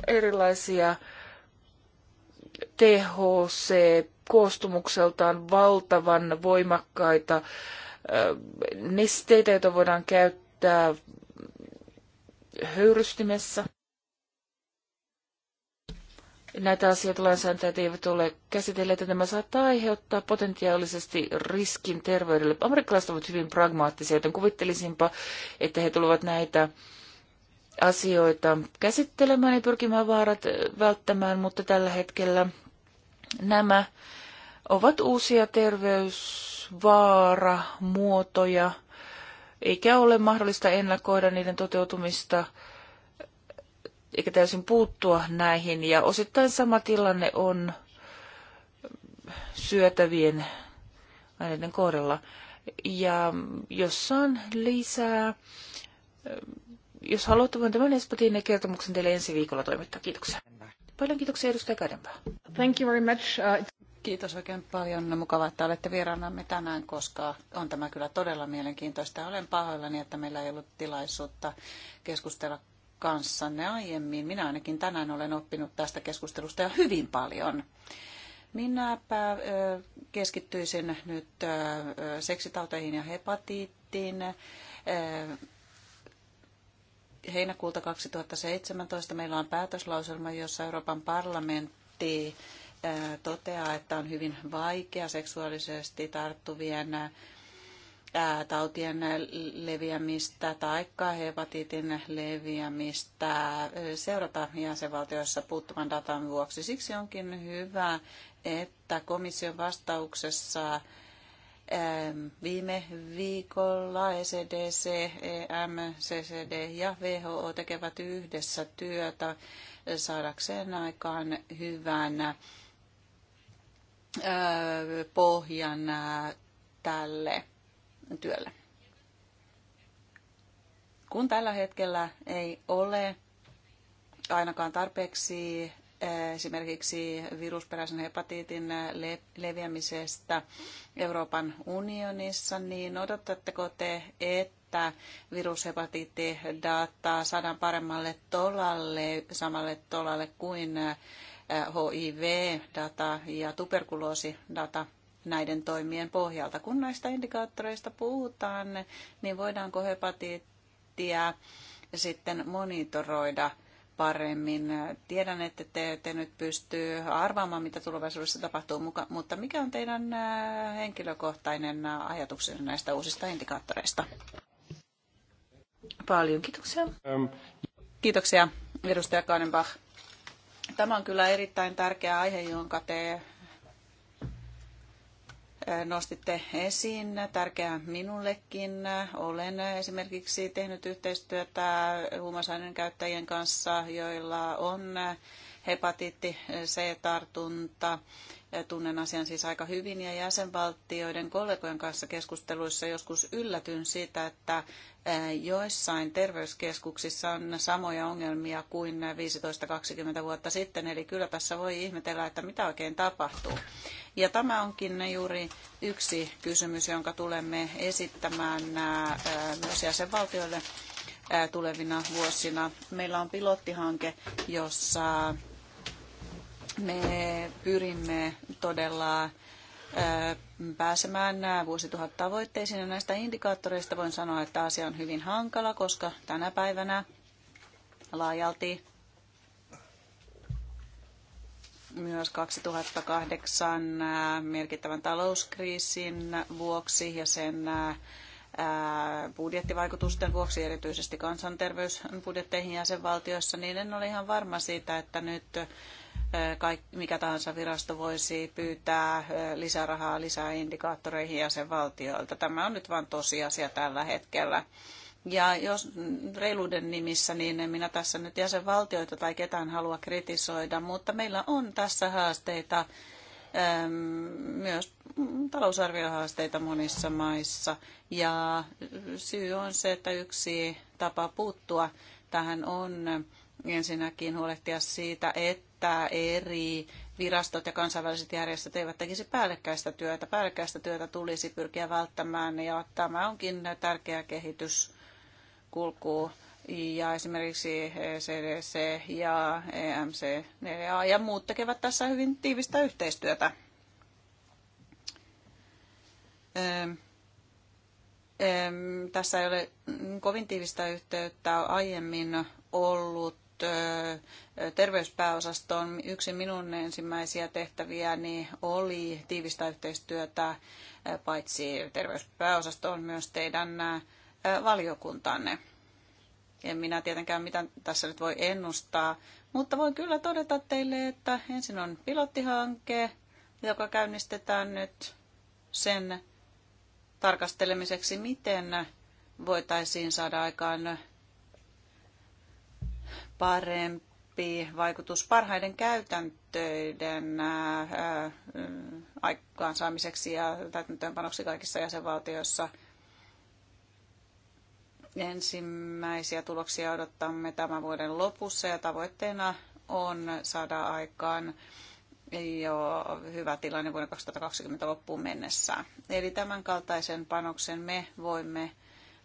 erilaisia THC, koostumukseltaan valtavan voimakkaita nesteitä, joita voidaan käyttää höyrystimessä. Näitä asioita lainsäätäjät eivät ole käsitelleet, ja tämä saattaa aiheuttaa potentiaalisesti riskin terveydelle. Amerikkalaiset ovat hyvin pragmaattisia, joten kuvittelisinpa, että he tulevat näitä asioita käsittelemään ja pyrkimään vaarat välttämään, mutta tällä hetkellä Nämä ovat uusia terveysvaaramuotoja, eikä ole mahdollista ennakoida niiden toteutumista eikä täysin puuttua näihin. Ja osittain sama tilanne on syötävien aineiden kohdalla. Ja jos on lisää, jos haluatte, voin tämän Espatiinne kertomuksen teille ensi viikolla toimittaa. Kiitoksia. Paljon kiitoksia edustaja Kädenpää. Thank you very much. Uh, Kiitos oikein paljon. No, mukavaa, että olette vieraanamme tänään, koska on tämä kyllä todella mielenkiintoista. Olen pahoillani, että meillä ei ollut tilaisuutta keskustella kanssanne aiemmin. Minä ainakin tänään olen oppinut tästä keskustelusta jo hyvin paljon. Minäpä keskittyisin nyt seksitauteihin ja hepatiittiin heinäkuulta 2017 meillä on päätöslauselma, jossa Euroopan parlamentti toteaa, että on hyvin vaikea seksuaalisesti tarttuvien tautien leviämistä tai hepatiitin leviämistä seurata jäsenvaltioissa puuttuvan datan vuoksi. Siksi onkin hyvä, että komission vastauksessa Viime viikolla ECDC, EM, CCD ja WHO tekevät yhdessä työtä saadakseen aikaan hyvän pohjan tälle työlle. Kun tällä hetkellä ei ole ainakaan tarpeeksi esimerkiksi virusperäisen hepatiitin leviämisestä Euroopan unionissa, niin odotatteko te, että virushepatiittidataa saadaan paremmalle tolalle, samalle tolalle kuin HIV-data eh, ja tuberkuloosidata näiden toimien pohjalta. Kun näistä indikaattoreista puhutaan, niin voidaanko hepatiittia sitten monitoroida – paremmin. Tiedän, että te te nyt pystyy arvaamaan, mitä tulevaisuudessa tapahtuu, mutta mikä on teidän äh, henkilökohtainen ajatuksenne näistä uusista indikaattoreista? Paljon kiitoksia. Ähm. Kiitoksia, edustaja Kahnenbach. Tämä on kyllä erittäin tärkeä aihe, jonka te Äh, nostitte esiin. Tärkeää minullekin. Olen esimerkiksi tehnyt yhteistyötä huumausaineiden käyttäjien kanssa, joilla on hepatiitti C-tartunta. Tunnen asian siis aika hyvin ja jäsenvaltioiden kollegojen kanssa keskusteluissa joskus yllätyn siitä, että joissain terveyskeskuksissa on samoja ongelmia kuin 15-20 vuotta sitten. Eli kyllä tässä voi ihmetellä, että mitä oikein tapahtuu. Ja tämä onkin juuri yksi kysymys, jonka tulemme esittämään myös jäsenvaltioille tulevina vuosina. Meillä on pilottihanke, jossa me pyrimme todella pääsemään nämä vuosituhat tavoitteisiin. Ja näistä indikaattoreista voin sanoa, että asia on hyvin hankala, koska tänä päivänä laajalti myös 2008 merkittävän talouskriisin vuoksi ja sen budjettivaikutusten vuoksi, erityisesti kansanterveysbudjetteihin jäsenvaltioissa, niin en ole ihan varma siitä, että nyt mikä tahansa virasto voisi pyytää lisärahaa lisää indikaattoreihin jäsenvaltioilta. Tämä on nyt vain tosiasia tällä hetkellä. Ja jos reiluuden nimissä, niin en minä tässä nyt jäsenvaltioita tai ketään halua kritisoida, mutta meillä on tässä haasteita, myös talousarviohaasteita monissa maissa. Ja syy on se, että yksi tapa puuttua tähän on ensinnäkin huolehtia siitä, että eri virastot ja kansainväliset järjestöt eivät tekisi päällekkäistä työtä. Päällekkäistä työtä tulisi pyrkiä välttämään ja tämä onkin tärkeä kehityskulku. Ja esimerkiksi CDC e ja EMC ja muut tekevät tässä hyvin tiivistä yhteistyötä. Tässä ei ole kovin tiivistä yhteyttä aiemmin ollut terveyspääosastoon. Yksi minun ensimmäisiä tehtäviäni oli tiivistä yhteistyötä paitsi terveyspääosastoon myös teidän valiokuntanne. En minä tietenkään mitä tässä nyt voi ennustaa, mutta voin kyllä todeta teille, että ensin on pilottihanke, joka käynnistetään nyt sen tarkastelemiseksi, miten voitaisiin saada aikaan parempi vaikutus parhaiden käytäntöiden äh, äh, aikaansaamiseksi ja täytäntöönpanoksi kaikissa jäsenvaltioissa. Ensimmäisiä tuloksia odottamme tämän vuoden lopussa ja tavoitteena on saada aikaan jo hyvä tilanne vuoden 2020 loppuun mennessä. Eli tämän kaltaisen panoksen me voimme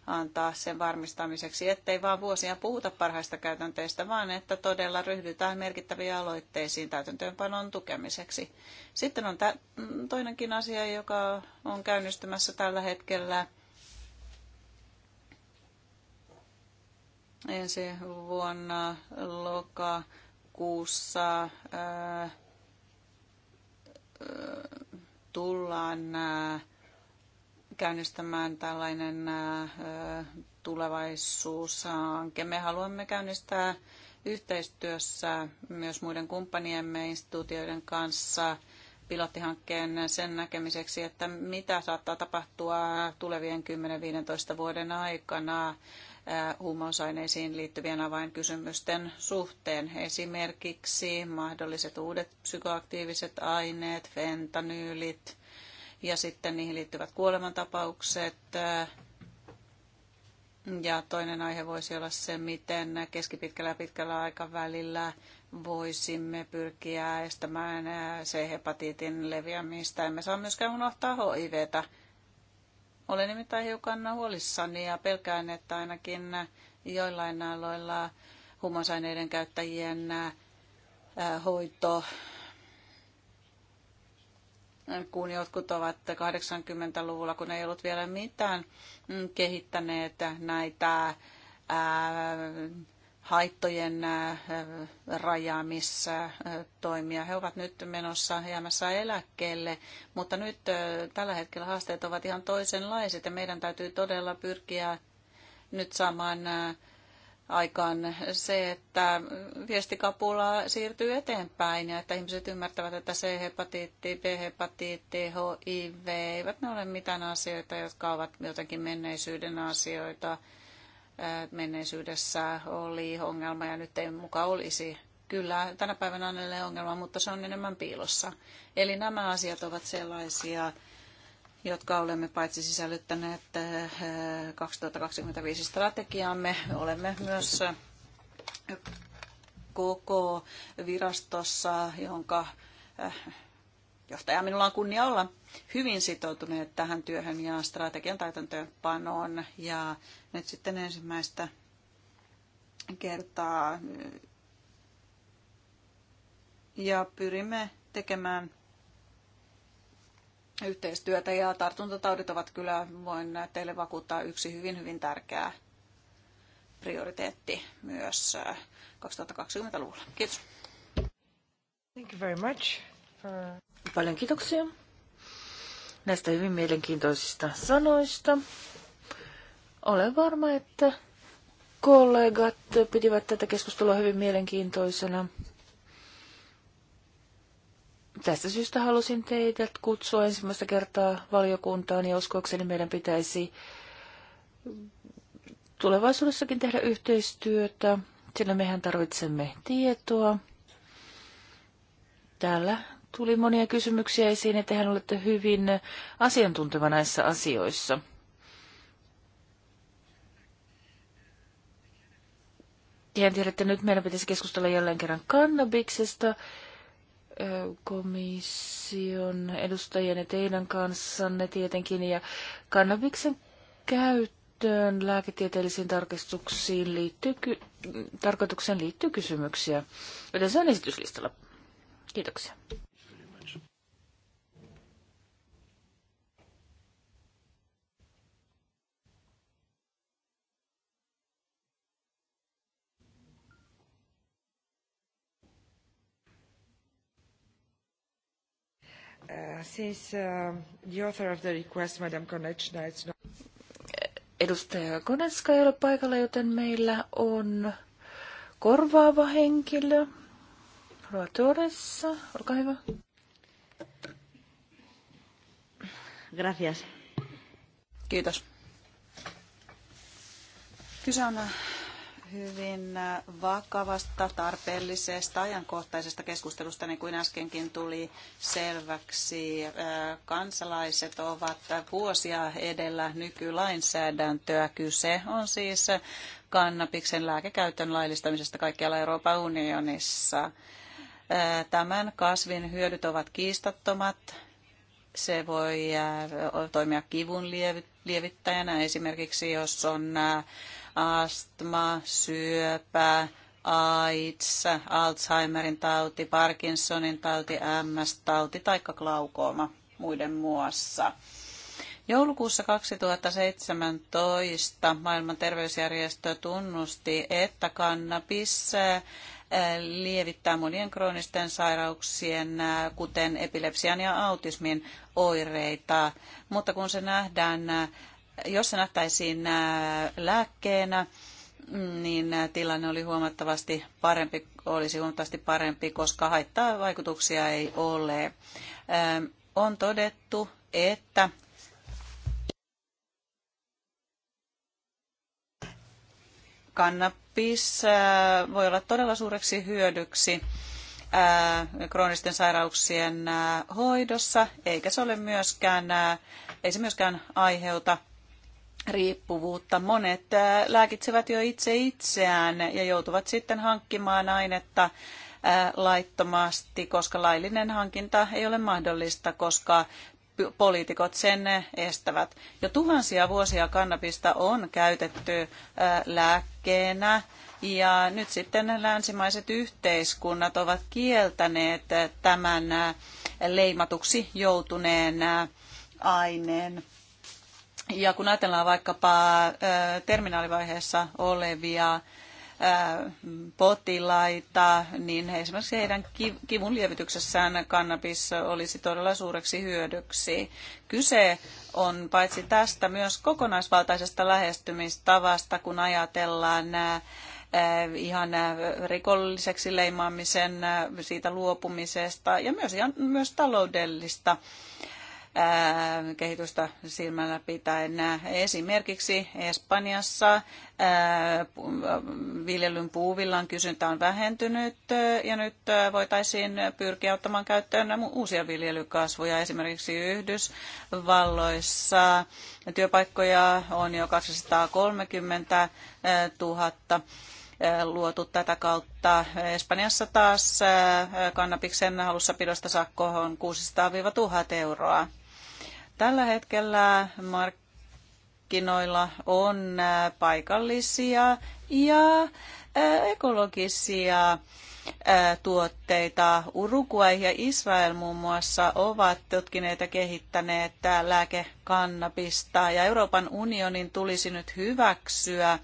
antaa sen varmistamiseksi, ettei vaan vuosia puhuta parhaista käytänteistä, vaan että todella ryhdytään merkittäviin aloitteisiin täytäntöönpanon tukemiseksi. Sitten on mm, toinenkin asia, joka on käynnistymässä tällä hetkellä. Ensi vuonna lokakuussa ää, tullaan ää, käynnistämään tällainen tulevaisuushanke. Me haluamme käynnistää yhteistyössä myös muiden kumppaniemme instituutioiden kanssa pilottihankkeen sen näkemiseksi, että mitä saattaa tapahtua tulevien 10-15 vuoden aikana huumausaineisiin liittyvien avainkysymysten suhteen. Esimerkiksi mahdolliset uudet psykoaktiiviset aineet, fentanyylit, ja sitten niihin liittyvät kuolemantapaukset. Ja toinen aihe voisi olla se, miten keskipitkällä ja pitkällä aikavälillä voisimme pyrkiä estämään C-hepatiitin eh, leviämistä. Emme saa myöskään unohtaa HIVtä. Olen nimittäin hiukan huolissani ja pelkään, että ainakin joillain aloilla huumausaineiden käyttäjien eh, hoito kun jotkut ovat 80-luvulla, kun ei ollut vielä mitään kehittäneet näitä ää, haittojen ää, rajaamistoimia. He ovat nyt menossa jäämässä eläkkeelle, mutta nyt tällä hetkellä haasteet ovat ihan toisenlaiset ja meidän täytyy todella pyrkiä nyt saamaan aikaan se, että viestikapula siirtyy eteenpäin ja että ihmiset ymmärtävät, että C-hepatiitti, B-hepatiitti, HIV, eivät ne ole mitään asioita, jotka ovat jotenkin menneisyyden asioita. Äh, menneisyydessä oli ongelma ja nyt ei mukaan olisi. Kyllä, tänä päivänä on ongelma, mutta se on enemmän piilossa. Eli nämä asiat ovat sellaisia, jotka olemme paitsi sisällyttäneet 2025 eh, strategiaamme, olemme myös koko virastossa, jonka eh, johtaja minulla on kunnia olla hyvin sitoutuneet tähän työhön ja strategian täytäntöönpanoon. Ja nyt sitten ensimmäistä kertaa eh, ja pyrimme tekemään yhteistyötä ja tartuntataudit ovat kyllä, voin teille vakuuttaa, yksi hyvin hyvin tärkeä prioriteetti myös 2020-luvulla. Äh, Kiitos. Thank you very much for... Paljon kiitoksia näistä hyvin mielenkiintoisista sanoista. Olen varma, että kollegat pitivät tätä keskustelua hyvin mielenkiintoisena. Tästä syystä halusin teidät kutsua ensimmäistä kertaa valiokuntaan ja uskoakseni meidän pitäisi tulevaisuudessakin tehdä yhteistyötä, sillä mehän tarvitsemme tietoa. Täällä tuli monia kysymyksiä esiin, että tehän olette hyvin asiantunteva näissä asioissa. Tiedän, tiedätte, nyt meidän pitäisi keskustella jälleen kerran kannabiksesta komission edustajien ja teidän kanssanne tietenkin. Ja kannabiksen käyttöön lääketieteellisiin tarkistuksiin liittyy, tarkoitukseen liittyy kysymyksiä, joten se on esityslistalla. Kiitoksia. Uh, since uh, the author of the request, Konechna, it's not... Edustaja Konecka ei ole paikalla, joten meillä on korvaava henkilö. Roa Torres, olkaa hyvä. Gracias. Kiitos. Kyse on hyvin äh, vakavasta, tarpeellisesta, ajankohtaisesta keskustelusta, niin kuin äskenkin tuli selväksi. Äh, kansalaiset ovat vuosia edellä nykylainsäädäntöä. Kyse on siis kannabiksen lääkekäytön laillistamisesta kaikkialla Euroopan unionissa. Äh, tämän kasvin hyödyt ovat kiistattomat. Se voi toimia kivun lievittäjänä esimerkiksi, jos on astma, syöpä, AIDS, Alzheimerin tauti, Parkinsonin tauti, MS-tauti tai glaukooma muiden muassa. Joulukuussa 2017 maailman terveysjärjestö tunnusti, että kannabis eh, lievittää monien kroonisten sairauksien, eh, kuten epilepsian ja autismin oireita. Mutta kun se nähdään eh, jos se nähtäisiin äh, lääkkeenä, mm, niin äh, tilanne oli huomattavasti parempi, olisi huomattavasti parempi, koska haittaa vaikutuksia ei ole. Ähm, on todettu, että kannabis äh, voi olla todella suureksi hyödyksi kroonisten sairauksien hoidossa, eikä se ole myöskään, ei se myöskään aiheuta riippuvuutta. Monet äh, lääkitsevät jo itse itseään ja joutuvat sitten hankkimaan ainetta äh, laittomasti, koska laillinen hankinta ei ole mahdollista, koska poliitikot sen estävät. Jo tuhansia vuosia kannabista on käytetty äh, lääkkeenä ja nyt sitten länsimaiset yhteiskunnat ovat kieltäneet tämän leimatuksi joutuneen aineen ja kun ajatellaan vaikkapa terminaalivaiheessa olevia potilaita, niin esimerkiksi heidän kivun lievityksessään kannabis olisi todella suureksi hyödyksi. Kyse on paitsi tästä myös kokonaisvaltaisesta lähestymistavasta, kun ajatellaan ihan rikolliseksi leimaamisen, siitä luopumisesta ja myös, ihan, myös taloudellista Ähm, kehitystä silmällä pitäen. Esimerkiksi Espanjassa ähm, viljelyn puuvillan kysyntä on vähentynyt äh, ja nyt äh, voitaisiin pyrkiä ottamaan käyttöön uusia viljelykasvuja. Esimerkiksi Yhdysvalloissa työpaikkoja on jo 230 000 äh, luotu tätä kautta. Espanjassa taas kannabiksen halussapidosta sakko on 600-1000 euroa. Tällä hetkellä markkinoilla on äh, paikallisia ja äh, ekologisia äh, tuotteita. Uruguay ja Israel muun muassa ovat tutkineet ja kehittäneet lääkekannabista ja Euroopan unionin tulisi nyt hyväksyä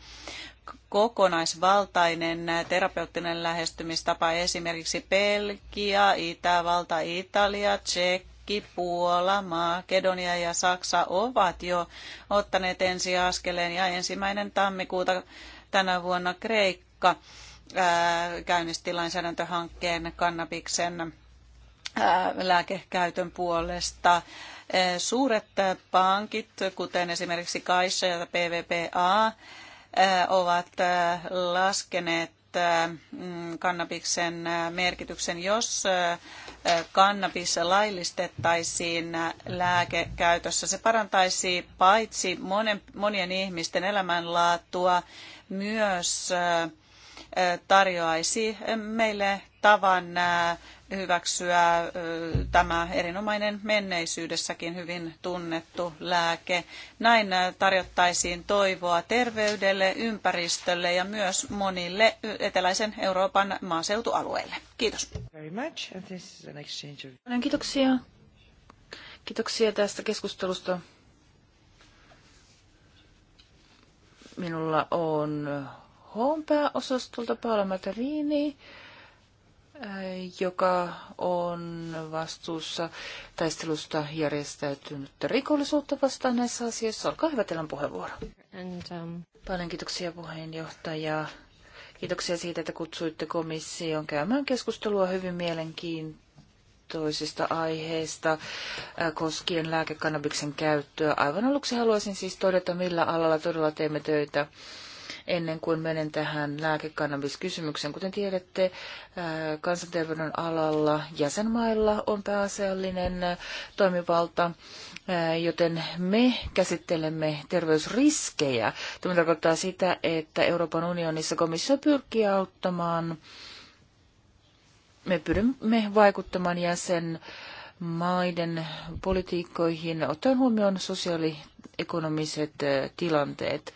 kokonaisvaltainen terapeuttinen lähestymistapa esimerkiksi Belgia, Itävalta, Italia, Tsekki, Turkki, Puola, Makedonia ja Saksa ovat jo ottaneet ensi askeleen ja ensimmäinen tammikuuta tänä vuonna Kreikka käynnisti lainsäädäntöhankkeen kannabiksen lääkekäytön puolesta. Suuret pankit, kuten esimerkiksi Kaissa ja PVPA, ovat laskeneet mm, kannabiksen merkityksen, jos kannabis laillistettaisiin lääkekäytössä. Se parantaisi paitsi monen, monien ihmisten elämänlaatua, myös tarjoaisi meille tavan hyväksyä tämä erinomainen menneisyydessäkin hyvin tunnettu lääke. Näin tarjottaisiin toivoa terveydelle, ympäristölle ja myös monille eteläisen Euroopan maaseutualueille. Kiitos. Kiitoksia. Kiitoksia tästä keskustelusta. Minulla on Home osastolta Paola Materini. Äh, joka on vastuussa taistelusta järjestäytynyttä rikollisuutta vastaan näissä asioissa. Olkaa hyvä, teillä on puheenvuoro. And, um... Paljon kiitoksia puheenjohtaja. Kiitoksia siitä, että kutsuitte komission käymään keskustelua hyvin toisista aiheista äh, koskien lääkekannabiksen käyttöä. Aivan aluksi haluaisin siis todeta, millä alalla todella teemme töitä ennen kuin menen tähän lääkekannabiskysymykseen. Kuten tiedätte, kansanterveyden alalla jäsenmailla on pääasiallinen toimivalta, joten me käsittelemme terveysriskejä. Tämä tarkoittaa sitä, että Euroopan unionissa komissio pyrkii auttamaan me pyrimme vaikuttamaan jäsenmaiden politiikkoihin ottaen huomioon sosiaaliekonomiset tilanteet.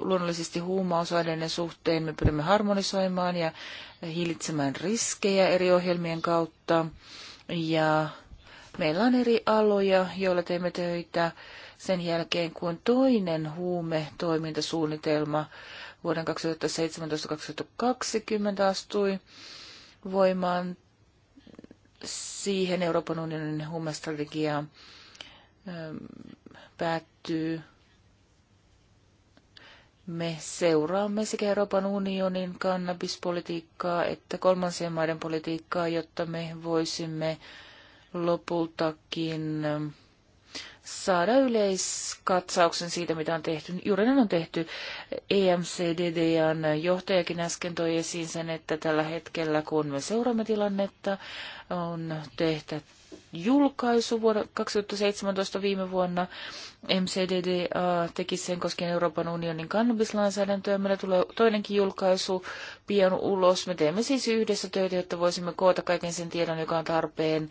Luonnollisesti huumausaineiden suhteen me pyrimme harmonisoimaan ja hillitsemään riskejä eri ohjelmien kautta. Ja meillä on eri aloja, joilla teemme töitä sen jälkeen, kun toinen huume toimintasuunnitelma vuoden 2017-2020 astui voimaan siihen Euroopan unionin huumestrategiaan päättyy me seuraamme sekä Euroopan unionin kannabispolitiikkaa että kolmansien maiden politiikkaa, jotta me voisimme lopultakin saada yleiskatsauksen siitä, mitä on tehty. Juuri on tehty. EMCDDn johtajakin äsken toi esiin sen, että tällä hetkellä, kun me seuraamme tilannetta, on tehtä, julkaisu vuonna 2017 viime vuonna. MCDD äh, teki sen koskien Euroopan unionin kannabislainsäädäntöä. Meillä tulee toinenkin julkaisu pian ulos. Me teemme siis yhdessä töitä, jotta voisimme koota kaiken sen tiedon, joka on tarpeen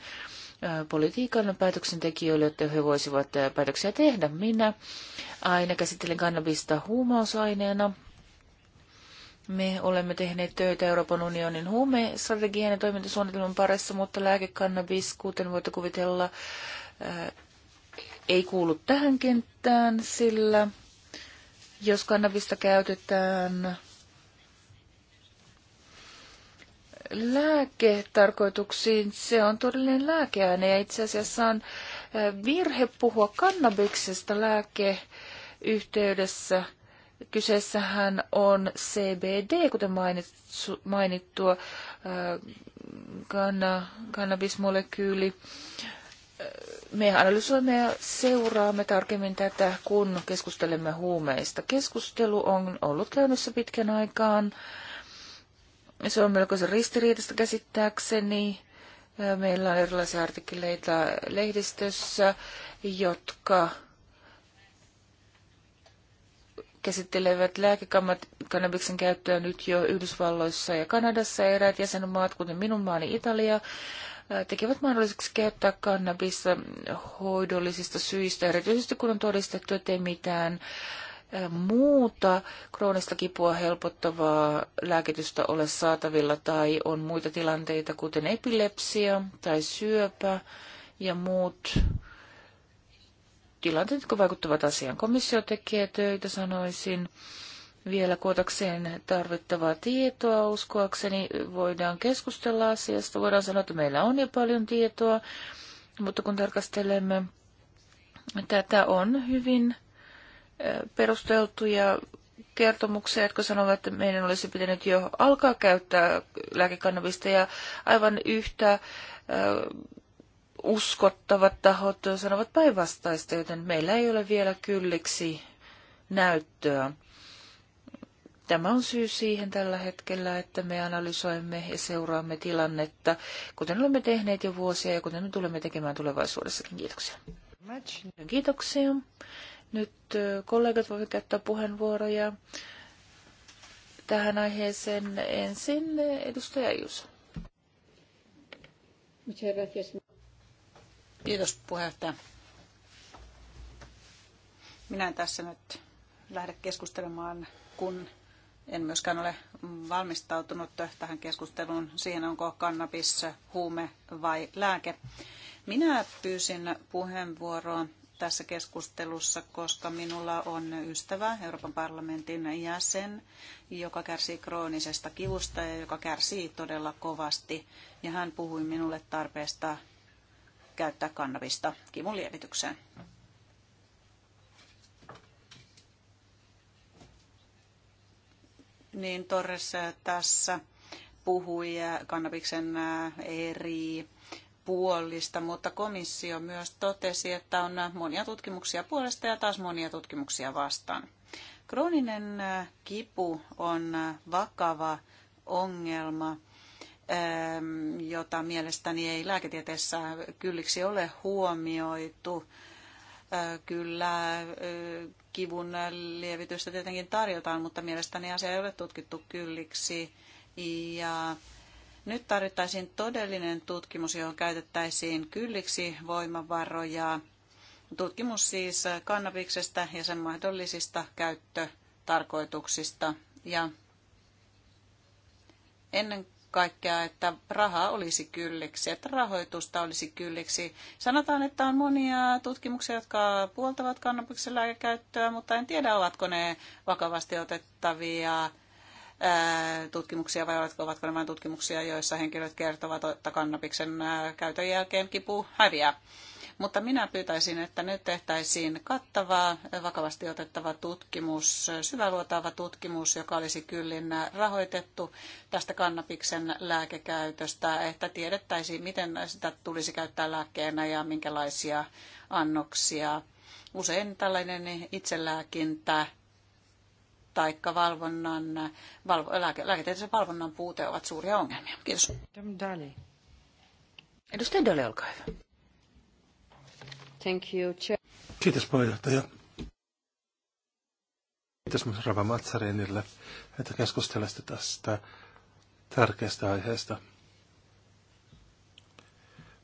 äh, politiikan päätöksentekijöille, jotta he voisivat äh, päätöksiä tehdä. Minä aina käsittelen kannabista huumausaineena. Me olemme tehneet töitä Euroopan unionin huumestrategian ja toimintasuunnitelman parissa, mutta lääkekannabis, kuten voitte kuvitella, äh, ei kuulu tähän kenttään, sillä jos kannabista käytetään lääketarkoituksiin, se on todellinen lääkeaine ja itse asiassa on äh, virhe puhua kannabiksesta lääkeyhteydessä – Kyseessähän on CBD, kuten mainittu mainittua äh, kanna, kannabismolekyyli. Äh, me analysoimme ja seuraamme tarkemmin tätä, kun keskustelemme huumeista. Keskustelu on ollut käynnissä pitkän aikaan. Se on melkoisen ristiriitasta käsittääkseni. Äh, meillä on erilaisia artikkeleita lehdistössä, jotka käsittelevät lääkekammat kannabiksen käyttöä nyt jo Yhdysvalloissa ja Kanadassa. Eräät jäsenmaat, kuten minun maani Italia, tekevät mahdolliseksi käyttää kannabista hoidollisista syistä, erityisesti kun on todistettu, ettei mitään muuta kroonista kipua helpottavaa lääkitystä ole saatavilla tai on muita tilanteita, kuten epilepsia tai syöpä ja muut tilanteet, jotka vaikuttavat asiaan. Komissio tekee töitä, sanoisin, vielä kuotakseen tarvittavaa tietoa. Uskoakseni voidaan keskustella asiasta. Voidaan sanoa, että meillä on jo paljon tietoa, mutta kun tarkastelemme tätä on hyvin perusteltuja kertomuksia, jotka sanovat, että meidän olisi pitänyt jo alkaa käyttää lääkekannabista ja aivan yhtä uskottavat tahot sanovat päinvastaista, joten meillä ei ole vielä kylliksi näyttöä. Tämä on syy siihen tällä hetkellä, että me analysoimme ja seuraamme tilannetta, kuten olemme tehneet jo vuosia ja kuten me tulemme tekemään tulevaisuudessakin. Kiitoksia. Kiitoksia. Nyt kollegat voivat käyttää puheenvuoroja tähän aiheeseen. Ensin edustaja Juuso. Kiitos puheenjohtaja. Minä en tässä nyt lähde keskustelemaan, kun en myöskään ole valmistautunut tähän keskusteluun siihen, onko kannabis huume vai lääke. Minä pyysin puheenvuoroa tässä keskustelussa, koska minulla on ystävä, Euroopan parlamentin jäsen, joka kärsii kroonisesta kivusta ja joka kärsii todella kovasti. Ja hän puhui minulle tarpeesta käyttää kannabista kivun lievitykseen. Niin Torres tässä puhui kannabiksen eri puolista, mutta komissio myös totesi, että on monia tutkimuksia puolesta ja taas monia tutkimuksia vastaan. Krooninen kipu on vakava ongelma Ähm, jota mielestäni ei lääketieteessä kylliksi ole huomioitu. Äh, kyllä äh, kivun lievitystä tietenkin tarjotaan, mutta mielestäni asia ei ole tutkittu kylliksi. Ja nyt tarvittaisiin todellinen tutkimus, johon käytettäisiin kylliksi voimavaroja. Tutkimus siis kannabiksesta ja sen mahdollisista käyttötarkoituksista. Ja ennen kaikkea, että rahaa olisi kylliksi, että rahoitusta olisi kylliksi. Sanotaan, että on monia tutkimuksia, jotka puoltavat kannabiksen lääkekäyttöä, mutta en tiedä, ovatko ne vakavasti otettavia tutkimuksia vai ovatko, ovatko ne vain tutkimuksia, joissa henkilöt kertovat, että kannabiksen käytön jälkeen kipu häviää. Mutta minä pyytäisin, että nyt tehtäisiin kattavaa, vakavasti otettava tutkimus, syväluotaava tutkimus, joka olisi kyllin rahoitettu tästä kannabiksen lääkekäytöstä, että tiedettäisiin, miten sitä tulisi käyttää lääkkeenä ja minkälaisia annoksia. Usein tällainen itselääkintä tai valvonnan, valvo, lääke, lääketieteellisen valvonnan puute ovat suuria ongelmia. Kiitos. Edustaja Dole, olkaa hyvä. Thank you, chair. Kiitos puheenjohtaja. Kiitos myös Rava Matsarinille, että keskustelette tästä tärkeästä aiheesta.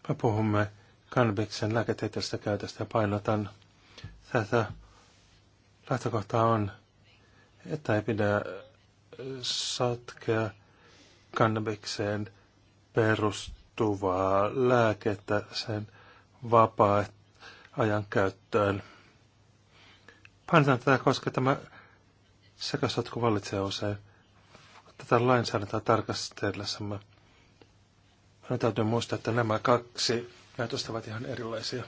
Me puhumme kannabiksen lääketieteellisestä käytöstä ja painotan tätä lähtökohtaa on, että ei pidä sotkea kannabikseen perustuvaa lääkettä sen vapaa, ajankäyttöön. Painetaan tätä, koska tämä sekasotku vallitsee usein. Tätä lainsäädäntöä tarkastellessamme meidän täytyy muistaa, että nämä kaksi näytöstä ovat ihan erilaisia.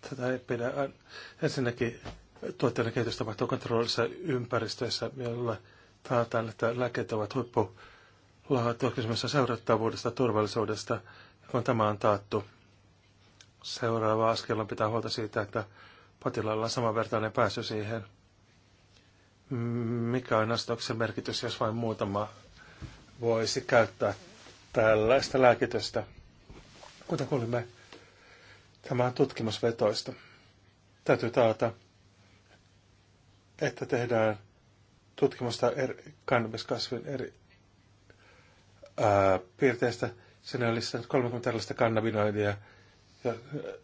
Tätä ei pidä ensinnäkin tuotteiden kehitys tapahtuu kontrollissa ympäristöissä, joilla taataan, että lääkkeet ovat huippulaatua. Kysymys on seurattavuudesta, turvallisuudesta, kun tämä on taattu Seuraava askel on pitää huolta siitä, että potilailla on samanvertainen pääsy siihen. Mikä on astoksen merkitys, jos vain muutama voisi käyttää tällaista lääkitystä? Kuten kuulimme, tämä on tutkimusvetoista. Täytyy taata, että tehdään tutkimusta eri, kannabiskasvin eri ää, piirteistä. Sinne olisi 30 tällaista kannabinoidia, ja eh,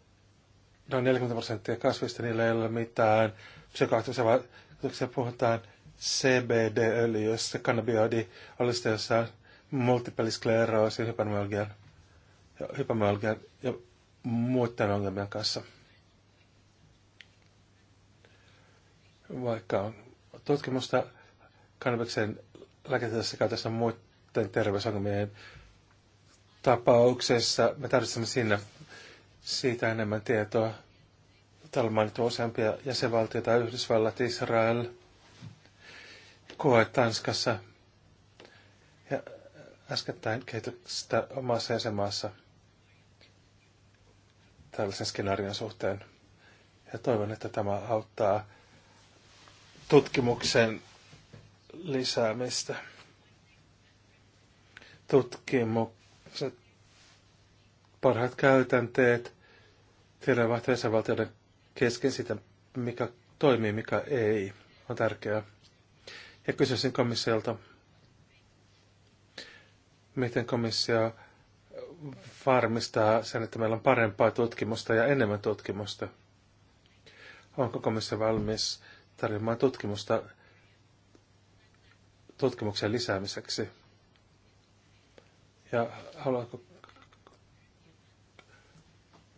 noin 40 prosenttia kasvista, niillä ei ole mitään psykoaktiivisia vaikutuksia. Puhutaan CBD-öljyssä, kannabioidi, olisi jossain multiple skleroosin, hypermyalgian, hypermyalgian ja muiden ongelmien kanssa. Vaikka on tutkimusta kannabiksen lääketieteellisessä käytössä muiden terveysongelmien tapauksessa, me tarvitsemme sinne siitä enemmän tietoa. Täällä on mainittu useampia jäsenvaltioita, Yhdysvallat, Israel, koe Tanskassa ja äskettäin kehityksestä omassa jäsenmaassa tällaisen skenaarion suhteen. Ja toivon, että tämä auttaa tutkimuksen lisäämistä. Tutkimukset parhaat käytänteet, tiedonvaihto vaihtoehtoisen kesken sitä, mikä toimii, mikä ei, on tärkeää. Ja kysyisin komissiolta, miten komissio varmistaa sen, että meillä on parempaa tutkimusta ja enemmän tutkimusta. Onko komissio valmis tarjoamaan tutkimusta tutkimuksen lisäämiseksi? Ja haluaako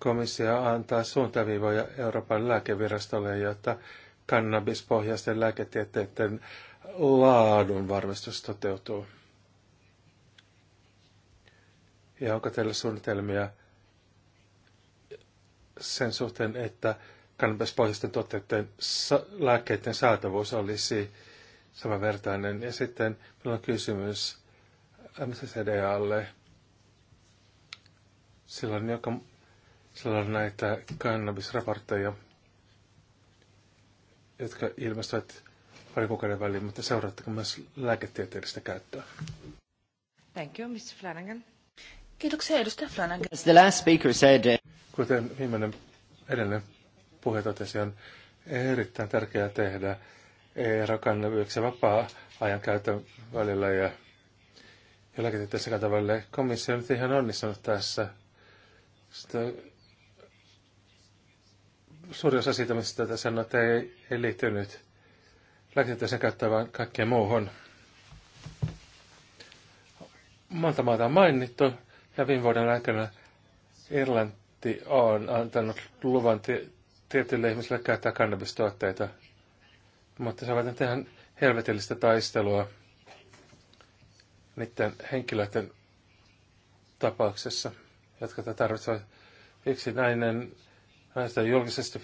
komissio antaa suuntaviivoja Euroopan lääkevirastolle, jotta kannabispohjaisten lääketieteiden laadun varmistus toteutuu. Ja onko teillä suunnitelmia sen suhteen, että kannabispohjaisten tuotteiden lääkkeiden saatavuus olisi samanvertainen? Ja sitten meillä on kysymys MCCDAlle. Silloin joka sellainen näitä kannabisraportteja, jotka ilmestyvät pari kuukauden väliin, mutta seuraatteko myös lääketieteellistä käyttöä? Thank you, Mr. Flanagan. Kiitoksia, edustaja Flanagan. As the last speaker said... Uh, Kuten viimeinen edellinen puhe totesi, on erittäin tärkeää tehdä ero kannabiksen vapaa-ajan käytön välillä ja ja tässä käytön välillä. Komissio on nyt ihan onnistunut tässä. Sitä suuri osa siitä, mistä te sanotte, ei, ei liittynyt lääketieteeseen käyttävään vaan kaikkeen muuhun. Monta maata on mainittu, ja viime vuoden aikana Irlanti on antanut luvan tie- tietyille ihmisille käyttää kannabistuotteita. Mutta se on ihan helvetillistä taistelua niiden henkilöiden tapauksessa, jotka tätä tarvitsevat. Yksi nainen hän julkisesti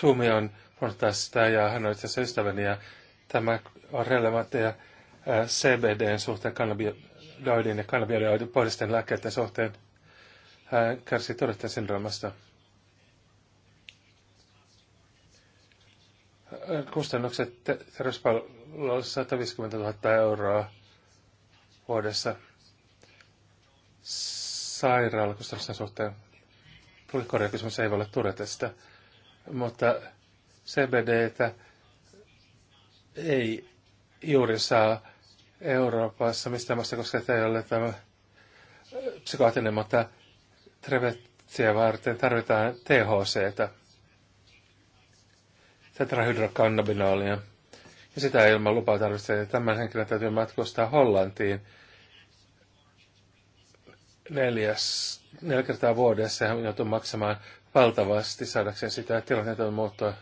tuomion tästä ja hän on itse asiassa ystäväni ja tämä on relevantteja CBDn suhteen, kannabinoidin ja kannabinoidin puolisten lääkkeiden suhteen. Hän kärsii todettajan syndroomasta. Kustannukset terveyspalveluissa 150 000 euroa vuodessa sairaalakustannusten suhteen se ei voi olla Turetesta, mutta CBDtä ei juuri saa Euroopassa mistä maassa, koska se ei ole tämä psykoatinen, mutta trevettiä varten tarvitaan THCtä, tetrahydrokannabinaalia. Ja sitä ilman lupaa tarvitsee. Tämän henkilön täytyy matkustaa Hollantiin neljäs, neljä kertaa vuodessa hän joutuu maksamaan valtavasti saadakseen sitä, että tilanteet muuttua.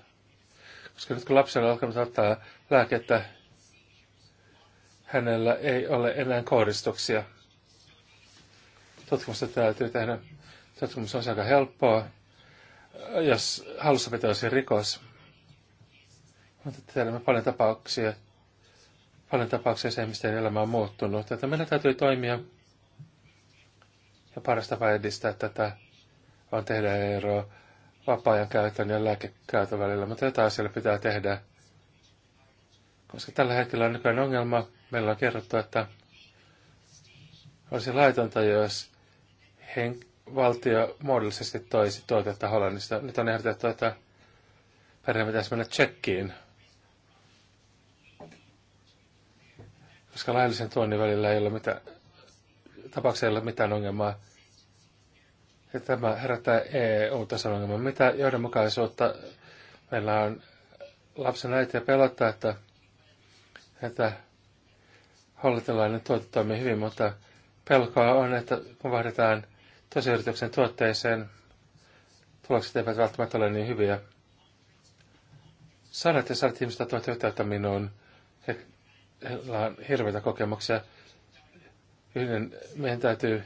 Koska nyt kun lapsella on alkanut ottaa lääkettä, hänellä ei ole enää kohdistuksia. Tutkimusta täytyy tehdä. Tutkimus on aika helppoa, jos pitää olisi rikos. Mutta tiedämme paljon tapauksia, paljon tapauksia se, mistä elämä on muuttunut. Että meillä täytyy toimia ja paras tapa edistää tätä on tehdä ero vapaa-ajan käytön ja lääkekäytön välillä, mutta jotain asialle pitää tehdä. Koska tällä hetkellä on nykyään ongelma. Meillä on kerrottu, että olisi laitonta, jos hen- valtio muodollisesti toisi tuotetta Hollannista. Nyt on ehdotettu, että perheen pitäisi mennä tsekkiin. Koska laillisen tuonnin välillä ei ole mitään, ei ole mitään ongelmaa. Ja tämä herättää eu ta ongelman. Mitä johdonmukaisuutta meillä on lapsen äitiä pelottaa, että, että hallintolainen tuote toimii hyvin, mutta pelkoa on, että kun vaihdetaan tosiyrityksen tuotteeseen, tulokset eivät välttämättä ole niin hyviä. Sanat ja sanat ihmiset ottavat yhteyttä minuun. Heillä on hirveitä kokemuksia. Yhden, meidän täytyy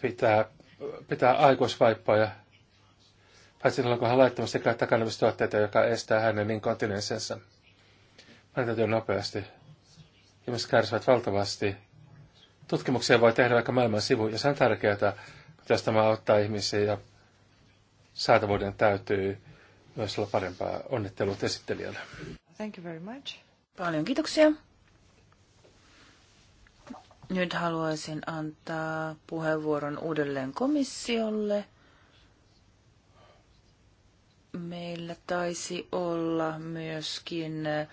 pitää pitää aikuisvaippaa ja paitsi silloin, kun hän laittomasti käy takanavistuotteita, joka estää hänen inkontinenssensa. Hän täytyy nopeasti. Ihmiset kärsivät valtavasti. Tutkimuksia voi tehdä vaikka maailman sivu, ja se on tärkeää, jos tämä auttaa ihmisiä ja saatavuuden täytyy myös olla parempaa. Onnittelut esittelijälle. Thank you very much. Paljon kiitoksia. Nyt haluaisin antaa puheenvuoron uudelleen komissiolle. Meillä taisi olla myöskin eh,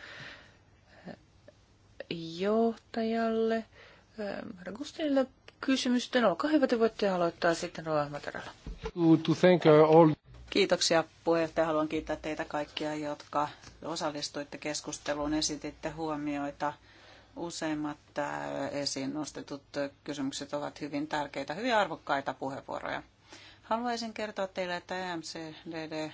johtajalle, eh, Ragustinille kysymysten. Olkaa hyvä, te voitte aloittaa sitten Roa Mataralla. Uh, Kiitoksia puheenjohtaja. Haluan kiittää teitä kaikkia, jotka osallistuitte keskusteluun, esititte huomioita Useimmat äh, esiin nostetut kysymykset ovat hyvin tärkeitä, hyvin arvokkaita puheenvuoroja. Haluaisin kertoa teille, että e MCDDA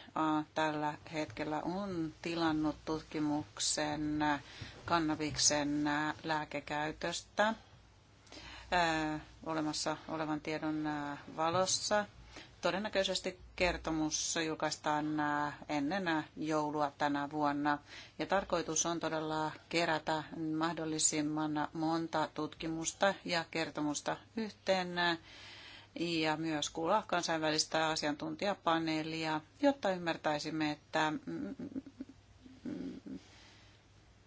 tällä hetkellä on tilannut tutkimuksen äh, kannabiksen äh, lääkekäytöstä olemassa olevan tiedon valossa. Todennäköisesti kertomus julkaistaan äh, ennen joulua tänä vuonna. Ja tarkoitus on todella kerätä mahdollisimman monta tutkimusta ja kertomusta yhteen äh, ja myös kuulla kansainvälistä asiantuntijapaneelia, jotta ymmärtäisimme, että mm, mm,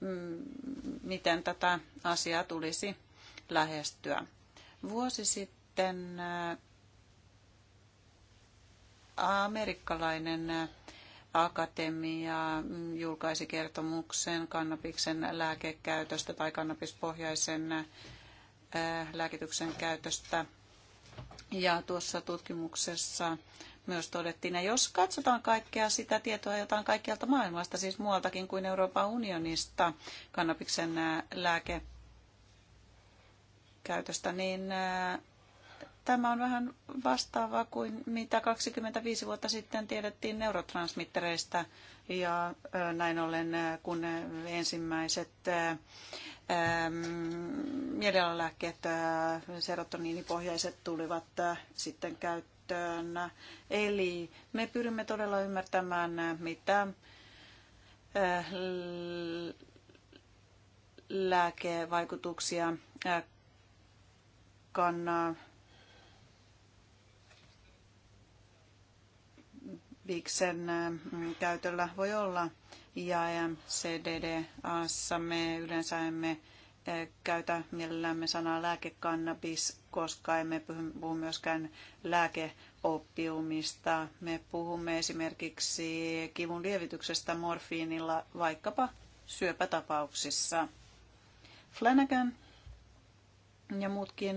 mm, miten tätä asiaa tulisi lähestyä. Vuosi sitten sitten äh, amerikkalainen akatemia mm, julkaisi kertomuksen kannabiksen lääkekäytöstä tai kannabispohjaisen lääkityksen käytöstä. Ja tuossa tutkimuksessa myös todettiin, että jos katsotaan kaikkea sitä tietoa, jota on kaikkialta maailmasta, siis muualtakin kuin Euroopan unionista kannabiksen lääkekäytöstä, niin Tämä on vähän vastaavaa kuin mitä 25 vuotta sitten tiedettiin neurotransmittereista ja näin ollen kun ensimmäiset mielialalääkkeet, serotoniinipohjaiset tulivat sitten käyttöön. Eli me pyrimme todella ymmärtämään, mitä lääkevaikutuksia kannaa Viiksen mm, käytöllä voi olla. Ja e cdd me yleensä emme käytä mielellämme sanaa lääkekannabis, koska emme puhu myöskään lääkeoppiumista. Me puhumme esimerkiksi kivun lievityksestä morfiinilla vaikkapa syöpätapauksissa. Flanagan ja muutkin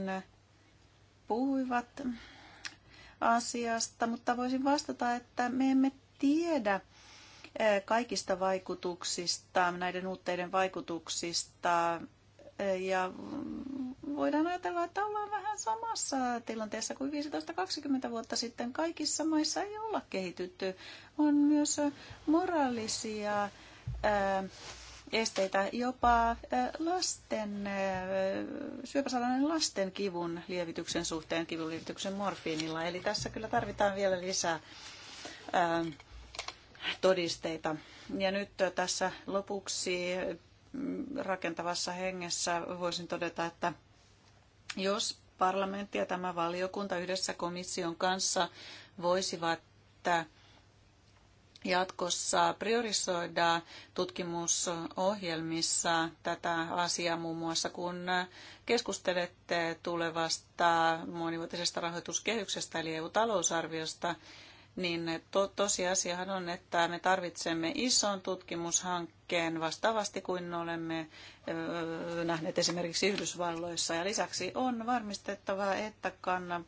puhuivat asiasta, mutta voisin vastata, että me emme tiedä eh, kaikista vaikutuksista, näiden uutteiden vaikutuksista. Eh, ja voidaan ajatella, että ollaan vähän samassa tilanteessa kuin 15-20 vuotta sitten. Kaikissa maissa ei olla kehitytty. On myös moraalisia eh, esteitä jopa lasten, syöpäsalainen lasten kivun lievityksen suhteen, kivun lievityksen morfiinilla. Eli tässä kyllä tarvitaan vielä lisää todisteita. Ja nyt tässä lopuksi mm, rakentavassa hengessä voisin todeta, että jos parlamentti ja tämä valiokunta yhdessä komission kanssa voisivat että jatkossa priorisoida tutkimusohjelmissa tätä asiaa muun muassa, kun keskustelette tulevasta monivuotisesta rahoituskehyksestä eli EU-talousarviosta, niin to, tosiasiahan on, että me tarvitsemme ison tutkimushankkeen vastaavasti kuin olemme öö, nähneet esimerkiksi Yhdysvalloissa. Ja lisäksi on varmistettava, että kannan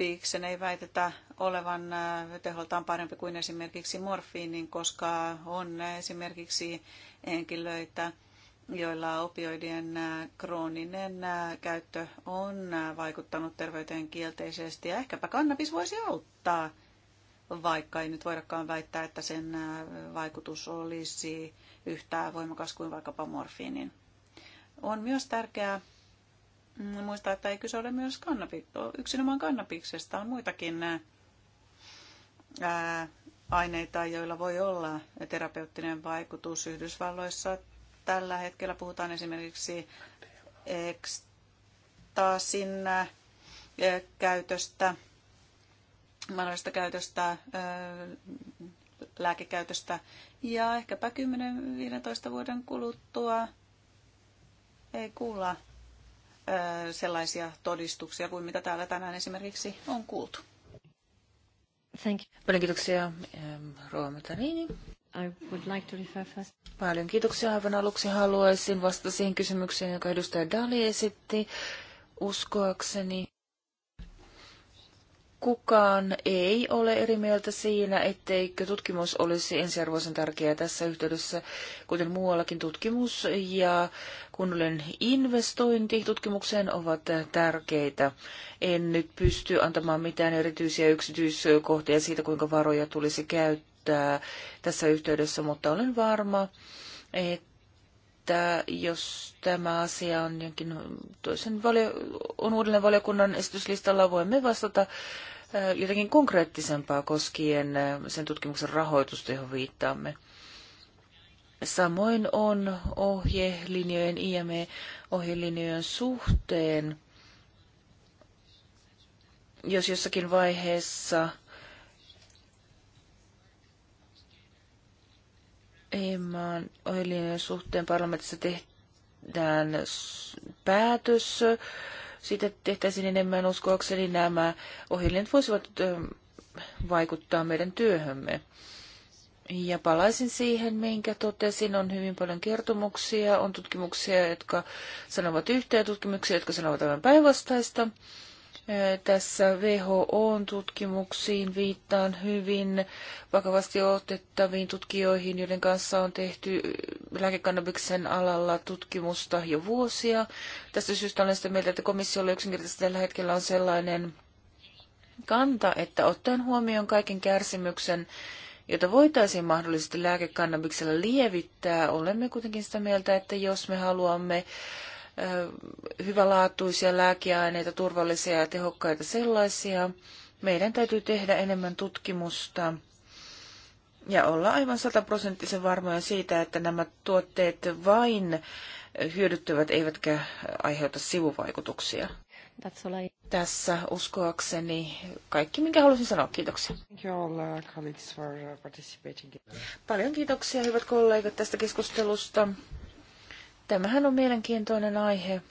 opiiksen ei väitetä olevan äh, teholtaan parempi kuin esimerkiksi morfiinin, koska on esimerkiksi henkilöitä, joilla opioidien äh, krooninen äh, käyttö on vaikuttanut terveyteen kielteisesti. Ja ehkäpä kannabis voisi auttaa, vaikka ei nyt voidakaan väittää, että sen vaikutus olisi yhtä voimakas kuin vaikkapa morfiinin. On myös tärkeää Mm, Muista, että ei kyse ole myös kannabi- yksinomaan kannabiksesta, on muitakin ää, aineita, joilla voi olla terapeuttinen vaikutus. Yhdysvalloissa tällä hetkellä puhutaan esimerkiksi ekstaasin käytöstä, mahdollisesta käytöstä, lääkekäytöstä. Ja ehkäpä 10-15 vuoden kuluttua ei kuulla sellaisia todistuksia kuin mitä täällä tänään esimerkiksi on kuultu. Thank you. Paljon kiitoksia, ähm, Rova Matarini. I would like to refer first. Paljon kiitoksia. Aivan aluksi haluaisin vastata siihen kysymykseen, joka edustaja Dali esitti. Uskoakseni kukaan ei ole eri mieltä siinä, etteikö tutkimus olisi ensiarvoisen tärkeää tässä yhteydessä, kuten muuallakin tutkimus ja kunnollinen investointi tutkimukseen ovat tärkeitä. En nyt pysty antamaan mitään erityisiä yksityiskohtia siitä, kuinka varoja tulisi käyttää tässä yhteydessä, mutta olen varma, että että jos tämä asia on jonkin toisen valio, on uudelleen valiokunnan esityslistalla, voimme vastata äh, jotenkin konkreettisempaa koskien äh, sen tutkimuksen rahoitusta, johon viittaamme. Samoin on ohjelinjojen, IME-ohjelinjojen suhteen, jos jossakin vaiheessa EMAan ohjelijan suhteen parlamentissa tehdään päätös. Siitä tehtäisiin enemmän uskoakseni nämä ohjelijat voisivat vaikuttaa meidän työhömme. Ja palaisin siihen, minkä totesin, on hyvin paljon kertomuksia, on tutkimuksia, jotka sanovat yhtä ja tutkimuksia, jotka sanovat aivan päinvastaista. Tässä WHO-tutkimuksiin viittaan hyvin vakavasti otettaviin tutkijoihin, joiden kanssa on tehty lääkekannabiksen alalla tutkimusta jo vuosia. Tästä syystä olen sitä mieltä, että komissiolla yksinkertaisesti tällä hetkellä on sellainen kanta, että ottaen huomioon kaiken kärsimyksen, jota voitaisiin mahdollisesti lääkekannabiksella lievittää, olemme kuitenkin sitä mieltä, että jos me haluamme hyvälaatuisia lääkeaineita, turvallisia ja tehokkaita sellaisia. Meidän täytyy tehdä enemmän tutkimusta ja olla aivan sataprosenttisen varmoja siitä, että nämä tuotteet vain hyödyttävät eivätkä aiheuta sivuvaikutuksia. Tässä uskoakseni kaikki, minkä halusin sanoa. Kiitoksia. Uh, uh, Paljon kiitoksia, hyvät kollegat, tästä keskustelusta. Tämähän on mielenkiintoinen aihe.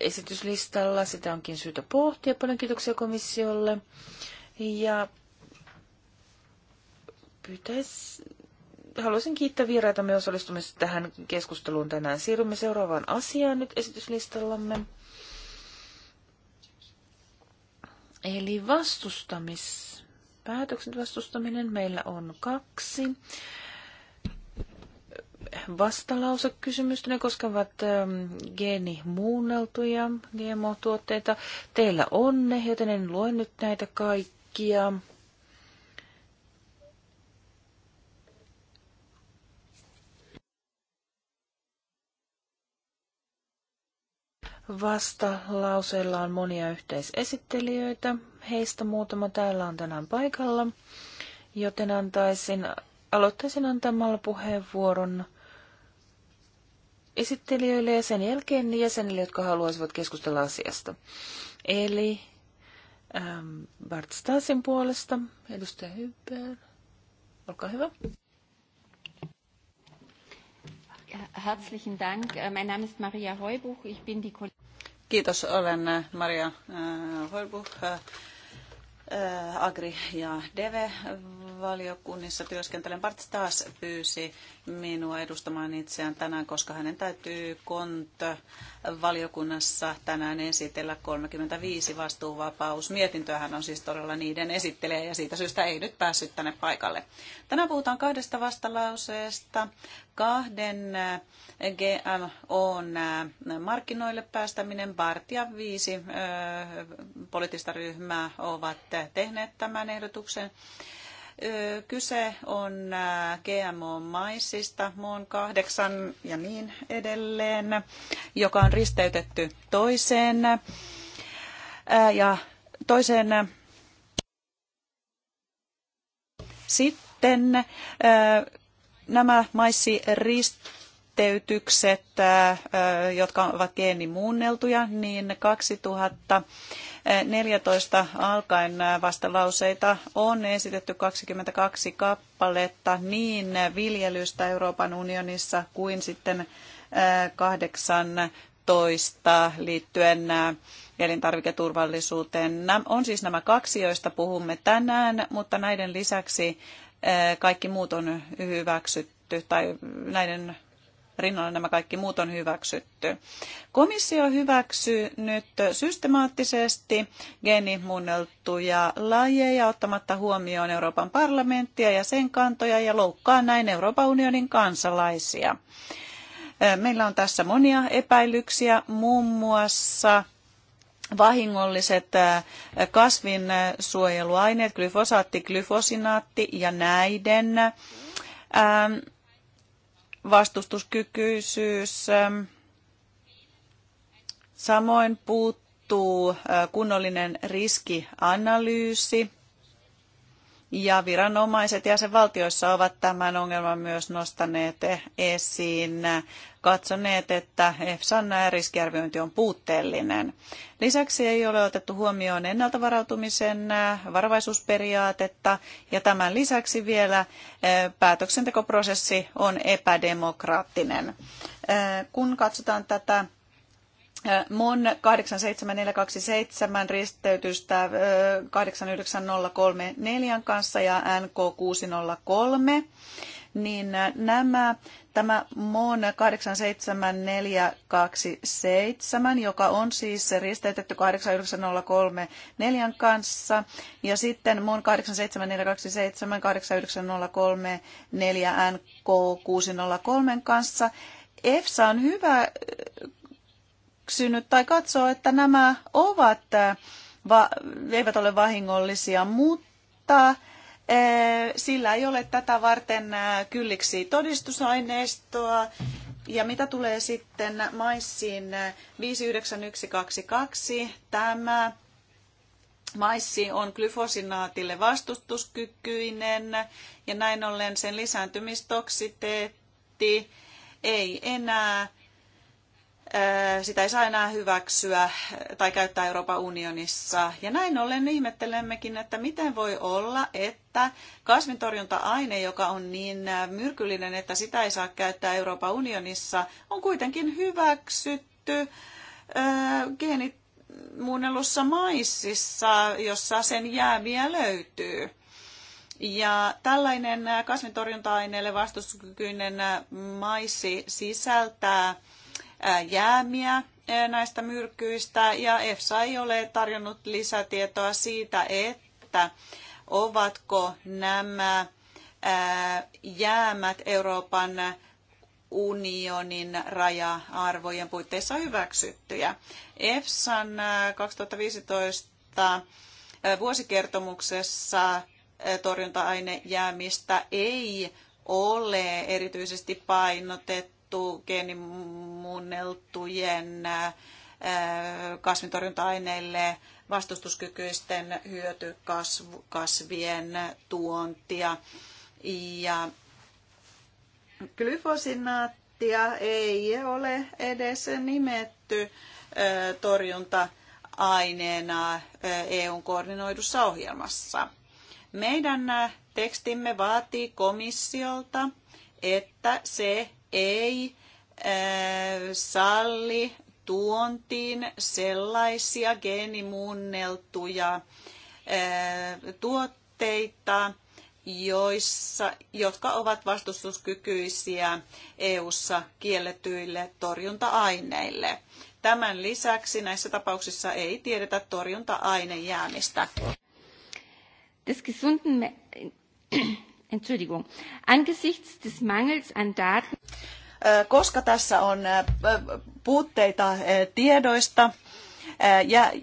Esityslistalla sitä onkin syytä pohtia. Paljon kiitoksia komissiolle. Ja pyytäis, haluaisin kiittää vieraitamme osallistumista tähän keskusteluun tänään. Siirrymme seuraavaan asiaan nyt esityslistallamme. Eli vastustamis, vastustaminen meillä on kaksi vastalausekysymystä. Ne koskevat ähm, geenimuunneltuja GMO-tuotteita. Teillä on ne, joten en lue nyt näitä kaikkia. Vasta lauseella on monia yhteisesittelijöitä. Heistä muutama täällä on tänään paikalla, joten antaisin, aloittaisin antamalla puheenvuoron esittelijöille ja sen jälkeen niin jäsenille, jotka haluaisivat keskustella asiasta. Eli ähm, Bart Stasin puolesta, edustaja Hypper, olkaa hyvä. Herzlichen Dank. Äh, mein Name ist Maria Heubuch. Ich bin die Kiitos, olen äh, Maria äh, Heubuch. Äh, äh Agri- ja DEVE valiokunnissa työskentelen. Bart taas pyysi minua edustamaan itseään tänään, koska hänen täytyy KONT-valiokunnassa tänään esitellä 35 vastuuvapaus. Mietintöä hän on siis todella niiden esittelijä ja siitä syystä ei nyt päässyt tänne paikalle. Tänään puhutaan kahdesta vastalauseesta, kahden eh, GMOn eh, markkinoille päästäminen. Bart ja viisi eh, poliittista ryhmää ovat tehneet tämän ehdotuksen. Kyse on GMO-maisista, muun kahdeksan ja niin edelleen, joka on risteytetty toiseen ja toiseen sitten nämä maissiristeytykset kiteytykset, jotka ovat geenimuunneltuja, niin 2014 alkaen vastalauseita on esitetty 22 kappaletta niin viljelystä Euroopan unionissa kuin sitten 18 liittyen elintarviketurvallisuuteen. On siis nämä kaksi, joista puhumme tänään, mutta näiden lisäksi kaikki muut on hyväksytty tai näiden rinnalla nämä kaikki muut on hyväksytty. Komissio hyväksyy nyt systemaattisesti geenimuunneltuja lajeja ottamatta huomioon Euroopan parlamenttia ja sen kantoja ja loukkaa näin Euroopan unionin kansalaisia. Meillä on tässä monia epäilyksiä, muun muassa vahingolliset kasvinsuojeluaineet, glyfosaatti, glyfosinaatti ja näiden vastustuskykyisyys. Ähm, samoin puuttuu äh, kunnollinen riskianalyysi. Ja viranomaiset jäsenvaltioissa ovat tämän ongelman myös nostaneet esiin katsoneet, että EFSAn riskiarviointi on puutteellinen. Lisäksi ei ole otettu huomioon varautumisen varovaisuusperiaatetta ja tämän lisäksi vielä eh, päätöksentekoprosessi on epädemokraattinen. Eh, kun katsotaan tätä eh, MON 87427 risteytystä 89034 kanssa ja NK 603, niin nämä Tämä MON 87427, joka on siis se risteytetty 89034 kanssa, ja sitten MON 87427 89034 NK603 kanssa. EFSA on hyvä hyväksynyt tai katsoo, että nämä ovat, va, eivät ole vahingollisia, mutta Äh, sillä ei ole tätä varten äh, kylliksi todistusaineistoa. Ja mitä tulee sitten maissiin 59122, äh, tämä maissi on glyfosinaatille vastustuskykyinen ja näin ollen sen lisääntymistoksiteetti ei enää sitä ei saa enää hyväksyä tai käyttää Euroopan unionissa. Ja näin ollen ihmettelemmekin, että miten voi olla, että kasvintorjunta-aine, joka on niin myrkyllinen, että sitä ei saa käyttää Euroopan unionissa, on kuitenkin hyväksytty geenimuunnellussa maississa, jossa sen jäämiä löytyy. Ja tällainen kasvintorjunta-aineelle vastustuskykyinen maissi sisältää jäämiä näistä myrkyistä ja EFSA ei ole tarjonnut lisätietoa siitä, että ovatko nämä jäämät Euroopan unionin raja-arvojen puitteissa hyväksyttyjä. EFSAn 2015 vuosikertomuksessa torjunta-ainejäämistä ei ole erityisesti painotettu tuotettu geenimuunneltujen äh, kasvintorjunta-aineille vastustuskykyisten hyötykasvien tuontia. Ja glyfosinaattia ei ole edes nimetty äh, torjunta-aineena äh, EUn koordinoidussa ohjelmassa. Meidän tekstimme vaatii komissiolta, että se ei salli tuontiin sellaisia geenimuunneltuja tuotteita, joissa, jotka ovat vastustuskykyisiä EU-ssa kielletyille torjunta-aineille. Tämän lisäksi näissä tapauksissa ei tiedetä torjunta-ainejäämistä. gesunden Entschuldigung, angesichts des Mangels an Daten äh, koska tässä on äh, puutteita äh, tiedoista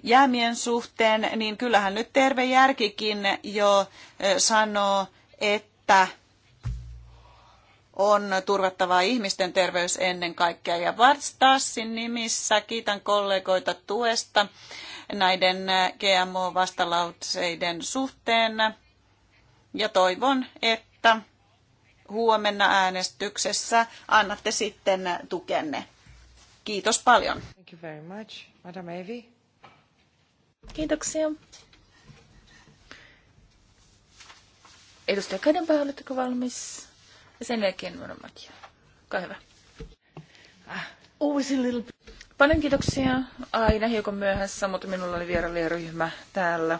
jäämien suhteen, niin kyllähän nyt terve järkikin jo sanoo, että on turvattava ihmisten terveys ennen kaikkea. Ja Varstassin nimissä kiitän kollegoita tuesta näiden GMO-vastalauseiden suhteen ja toivon, että huomenna äänestyksessä annatte sitten tukenne. Kiitos paljon. Thank you very much, Madam Evi. Kiitoksia. Edustaja Kadenpää, oletteko valmis? Ja sen jälkeen Madam Matia. Olkaa hyvä. Uusi ah, little... Paljon kiitoksia. Aina hiukan myöhässä, mutta minulla oli vierailijaryhmä täällä.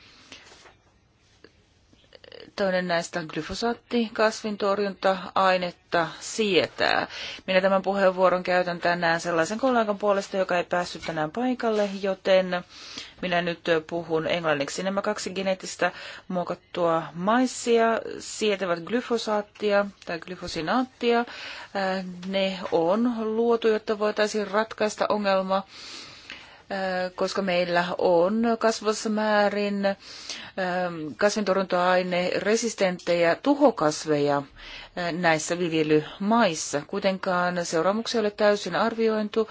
toinen näistä glyfosaatti kasvintorjunta-ainetta sietää. Minä tämän puheenvuoron käytän tänään sellaisen kollegan puolesta, joka ei päässyt tänään paikalle, joten minä nyt puhun englanniksi. Nämä kaksi geneettistä muokattua maissia sietävät glyfosaattia tai glyfosinaattia. Äh, ne on luotu, jotta voitaisiin ratkaista ongelma koska meillä on kasvavassa määrin kasvintorjunta-aine resistenttejä tuhokasveja näissä viljelymaissa. Kuitenkaan seuraamuksia ei ole täysin arviointu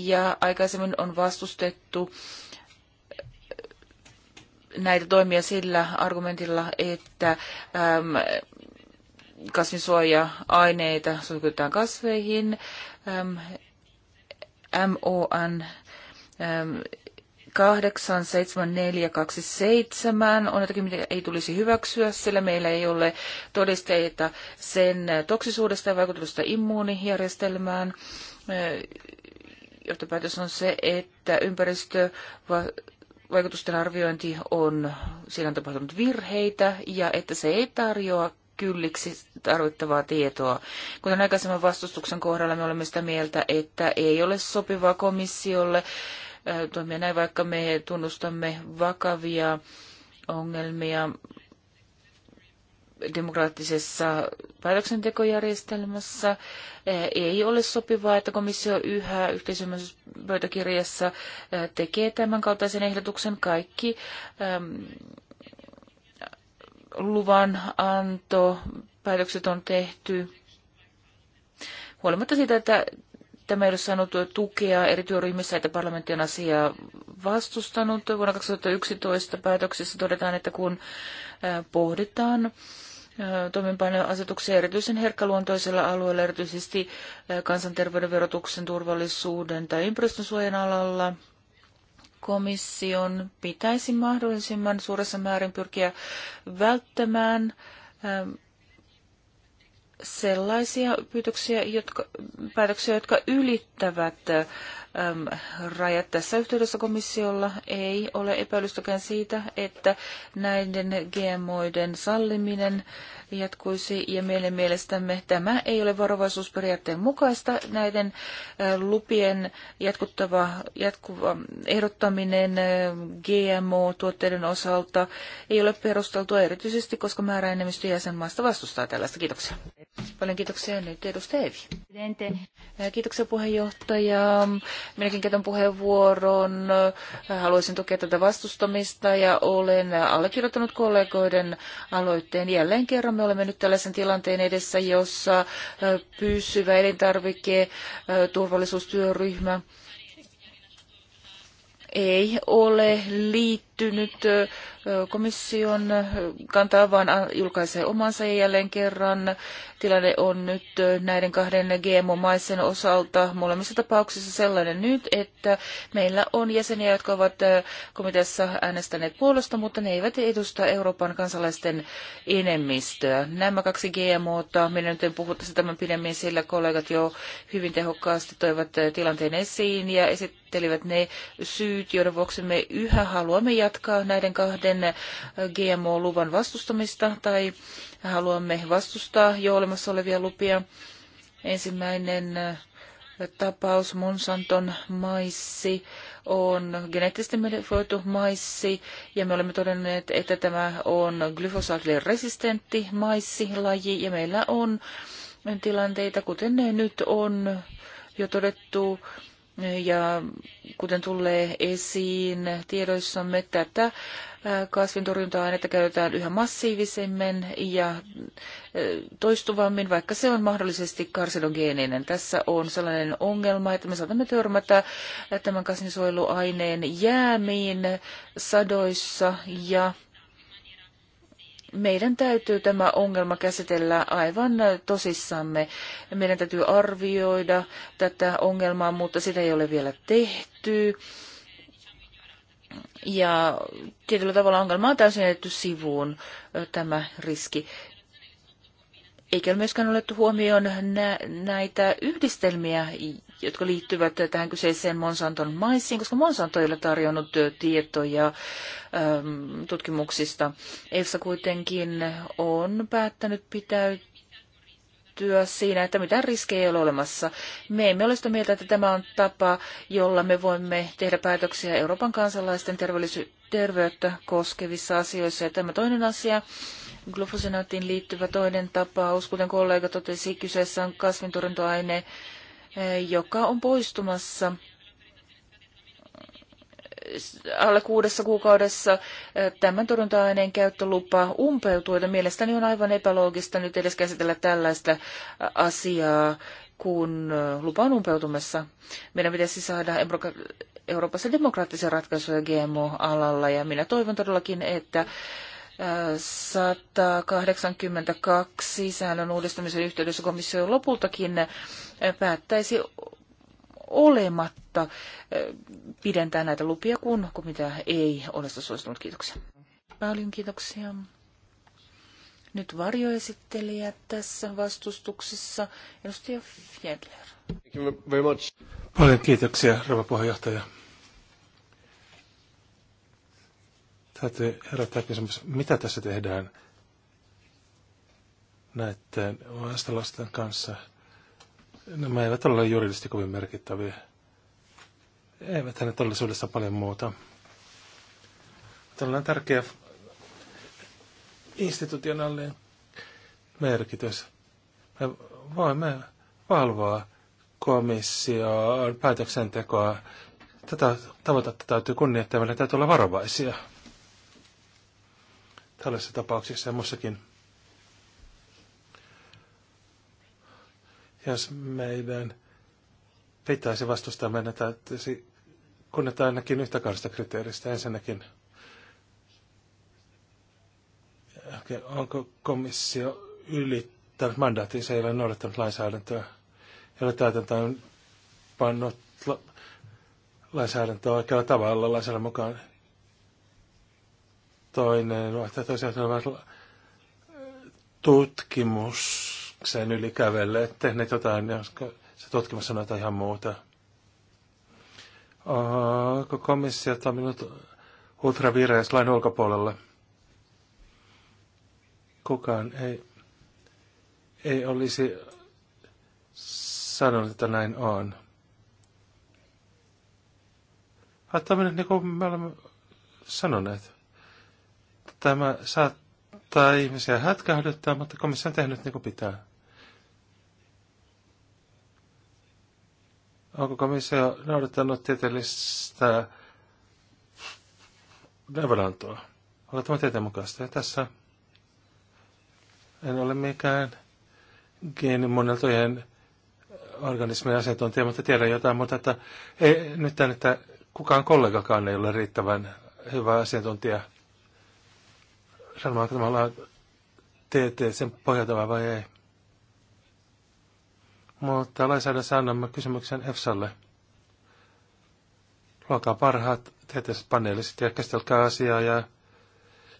ja aikaisemmin on vastustettu näitä toimia sillä argumentilla, että kasvinsuoja-aineita sotkutetaan kasveihin. MON 87427 ähm, on jotakin, mitä ei tulisi hyväksyä, sillä meillä ei ole todisteita sen toksisuudesta ja vaikutusta immuunijärjestelmään. Johtopäätös on se, että ympäristövaikutusten arviointi on, siinä on tapahtunut virheitä ja että se ei tarjoa kylliksi tarvittavaa tietoa. Kuten aikaisemman vastustuksen kohdalla me olemme sitä mieltä, että ei ole sopivaa komissiolle toimia näin, vaikka me tunnustamme vakavia ongelmia demokraattisessa päätöksentekojärjestelmässä. Ei ole sopivaa, että komissio yhä yhteisymmärryspöytäkirjassa tekee tämän kaltaisen ehdotuksen. Kaikki luvan anto, päätökset on tehty. Huolimatta siitä, että Tämä ei ole saanut tukea eri työryhmissä, että parlamentti on asiaa vastustanut. Vuonna 2011 päätöksessä todetaan, että kun pohditaan toimenpanoasetuksia erityisen herkkäluontoisella alueella, erityisesti kansanterveyden, verotuksen, turvallisuuden tai ympäristönsuojan alalla, komission pitäisi mahdollisimman suuressa määrin pyrkiä välttämään sellaisia pyytöksiä, jotka, päätöksiä, jotka ylittävät rajat. Tässä yhteydessä komissiolla ei ole epäilystäkään siitä, että näiden GMOiden salliminen jatkuisi ja meidän mielestämme tämä ei ole varovaisuusperiaatteen mukaista. Näiden lupien jatkuttava, jatkuva ehdottaminen GMO-tuotteiden osalta ei ole perusteltua erityisesti, koska määräenemmistö jäsenmaista vastustaa tällaista. Kiitoksia. Paljon kiitoksia nyt edustaja Evi. Kiitoksia puheenjohtaja minäkin käytän puheenvuoron. Haluaisin tukea tätä vastustamista ja olen allekirjoittanut kollegoiden aloitteen. Jälleen kerran me olemme nyt tällaisen tilanteen edessä, jossa pysyvä elintarvike, turvallisuustyöryhmä ei ole liittynyt pettynyt. komission kantaa, vaan julkaisee omansa ja jälleen kerran. Tilanne on nyt näiden kahden GMO-maisen osalta molemmissa tapauksissa sellainen nyt, että meillä on jäseniä, jotka ovat komiteassa äänestäneet puolesta, mutta ne eivät edusta Euroopan kansalaisten enemmistöä. Nämä kaksi GMOta, minä nyt en puhu tästä tämän pidemmin, sillä kollegat jo hyvin tehokkaasti toivat tilanteen esiin ja esittelivät ne syyt, joiden vuoksi me yhä haluamme jatkaa näiden kahden GMO-luvan vastustamista tai haluamme vastustaa jo olemassa olevia lupia. Ensimmäinen äh, tapaus Monsanton maissi on geneettisesti modifioitu maissi ja me olemme todenneet, että tämä on glyfosaatille resistentti maissilaji ja meillä on tilanteita, kuten ne nyt on jo todettu, ja kuten tulee esiin tiedoissamme, tätä kasvintorjunta-ainetta käytetään yhä massiivisemmin ja toistuvammin, vaikka se on mahdollisesti karsinogeeninen. Tässä on sellainen ongelma, että me saatamme törmätä tämän kasvinsuojeluaineen jäämiin sadoissa ja meidän täytyy tämä ongelma käsitellä aivan tosissamme. Meidän täytyy arvioida tätä ongelmaa, mutta sitä ei ole vielä tehty. Ja tietyllä tavalla ongelma on täysin jätetty sivuun tämä riski. Eikä ole myöskään otettu huomioon näitä yhdistelmiä, jotka liittyvät tähän kyseiseen Monsanton maissiin, koska Monsanto ei ole tarjonnut tietoja ähm, tutkimuksista. EFSA kuitenkin on päättänyt pitäytyä siinä, että mitään riskejä ei ole olemassa. Me emme ole sitä mieltä, että tämä on tapa, jolla me voimme tehdä päätöksiä Euroopan kansalaisten terveyttä koskevissa asioissa. Ja tämä toinen asia, glufosinaattiin liittyvä toinen tapaus, kuten kollega totesi, kyseessä on kasvintorjuntoaine, eh, joka on poistumassa eh, alle kuudessa kuukaudessa eh, tämän torjunta-aineen käyttölupa umpeutui, ja mielestäni on aivan epäloogista nyt edes käsitellä tällaista asiaa, kun lupa on umpeutumassa. Meidän pitäisi saada Euroopassa demokraattisia ratkaisuja GMO-alalla, ja minä toivon todellakin, että 182 säännön uudistamisen yhteydessä komissio lopultakin päättäisi olematta pidentää näitä lupia, kun mitä ei ole sitä suostunut. Kiitoksia. Paljon kiitoksia. Nyt varjoesittelijä tässä vastustuksessa, edustaja Fiedler. Paljon kiitoksia, rouva puheenjohtaja. Täytyy herättää kysymys, mitä tässä tehdään näiden vastalasten kanssa. Nämä no, eivät ole juridisesti kovin merkittäviä. Eivät hänet todellisuudessa paljon muuta. Tällainen tärkeä institutionaalinen merkitys. Me voimme valvoa komissioon päätöksentekoa. Tätä tavoitetta täytyy kunnioittaa, meidän täytyy olla varovaisia tällaisissa tapauksissa ja muissakin. Jos meidän pitäisi vastustaa, meidän täytyisi kunnioittaa ainakin yhtä kahdesta kriteeristä. Ensinnäkin, onko komissio ylittänyt mandaatin, se ei ole noudattanut lainsäädäntöä, ei ole täytäntöön pannut lainsäädäntöä oikealla tavalla lainsäädännön mukaan Toinen vaihtoehto tosiaan ovat tutkimuksen yli kävelleet, tehneet jotain, jos se tutkimus sanoo jotain ihan muuta. Onko komissio minut ultravireislain ulkopuolelle? Kukaan ei, ei olisi sanonut, että näin on. Ajattelin, niin kuin me olemme sanoneet. Tämä saattaa ihmisiä hätkähdyttää, mutta komissio on tehnyt niin kuin pitää. Onko komissio noudattanut tieteellistä neuvonantoa? Onko tämä tieteen mukaista? Ja tässä en ole mikään geenimuunneltujen organismien asiantuntija, mutta tiedän jotain, mutta että, ei, nyt tämän, että kukaan kollegakaan ei ole riittävän hyvä asiantuntija sanomaan, että tämä TT sen pohjalta vai ei. Mutta lainsäädännössä annamme kysymyksen EFSAlle. Luokaa parhaat tts paneelit ja käsitelkää asiaa. Ja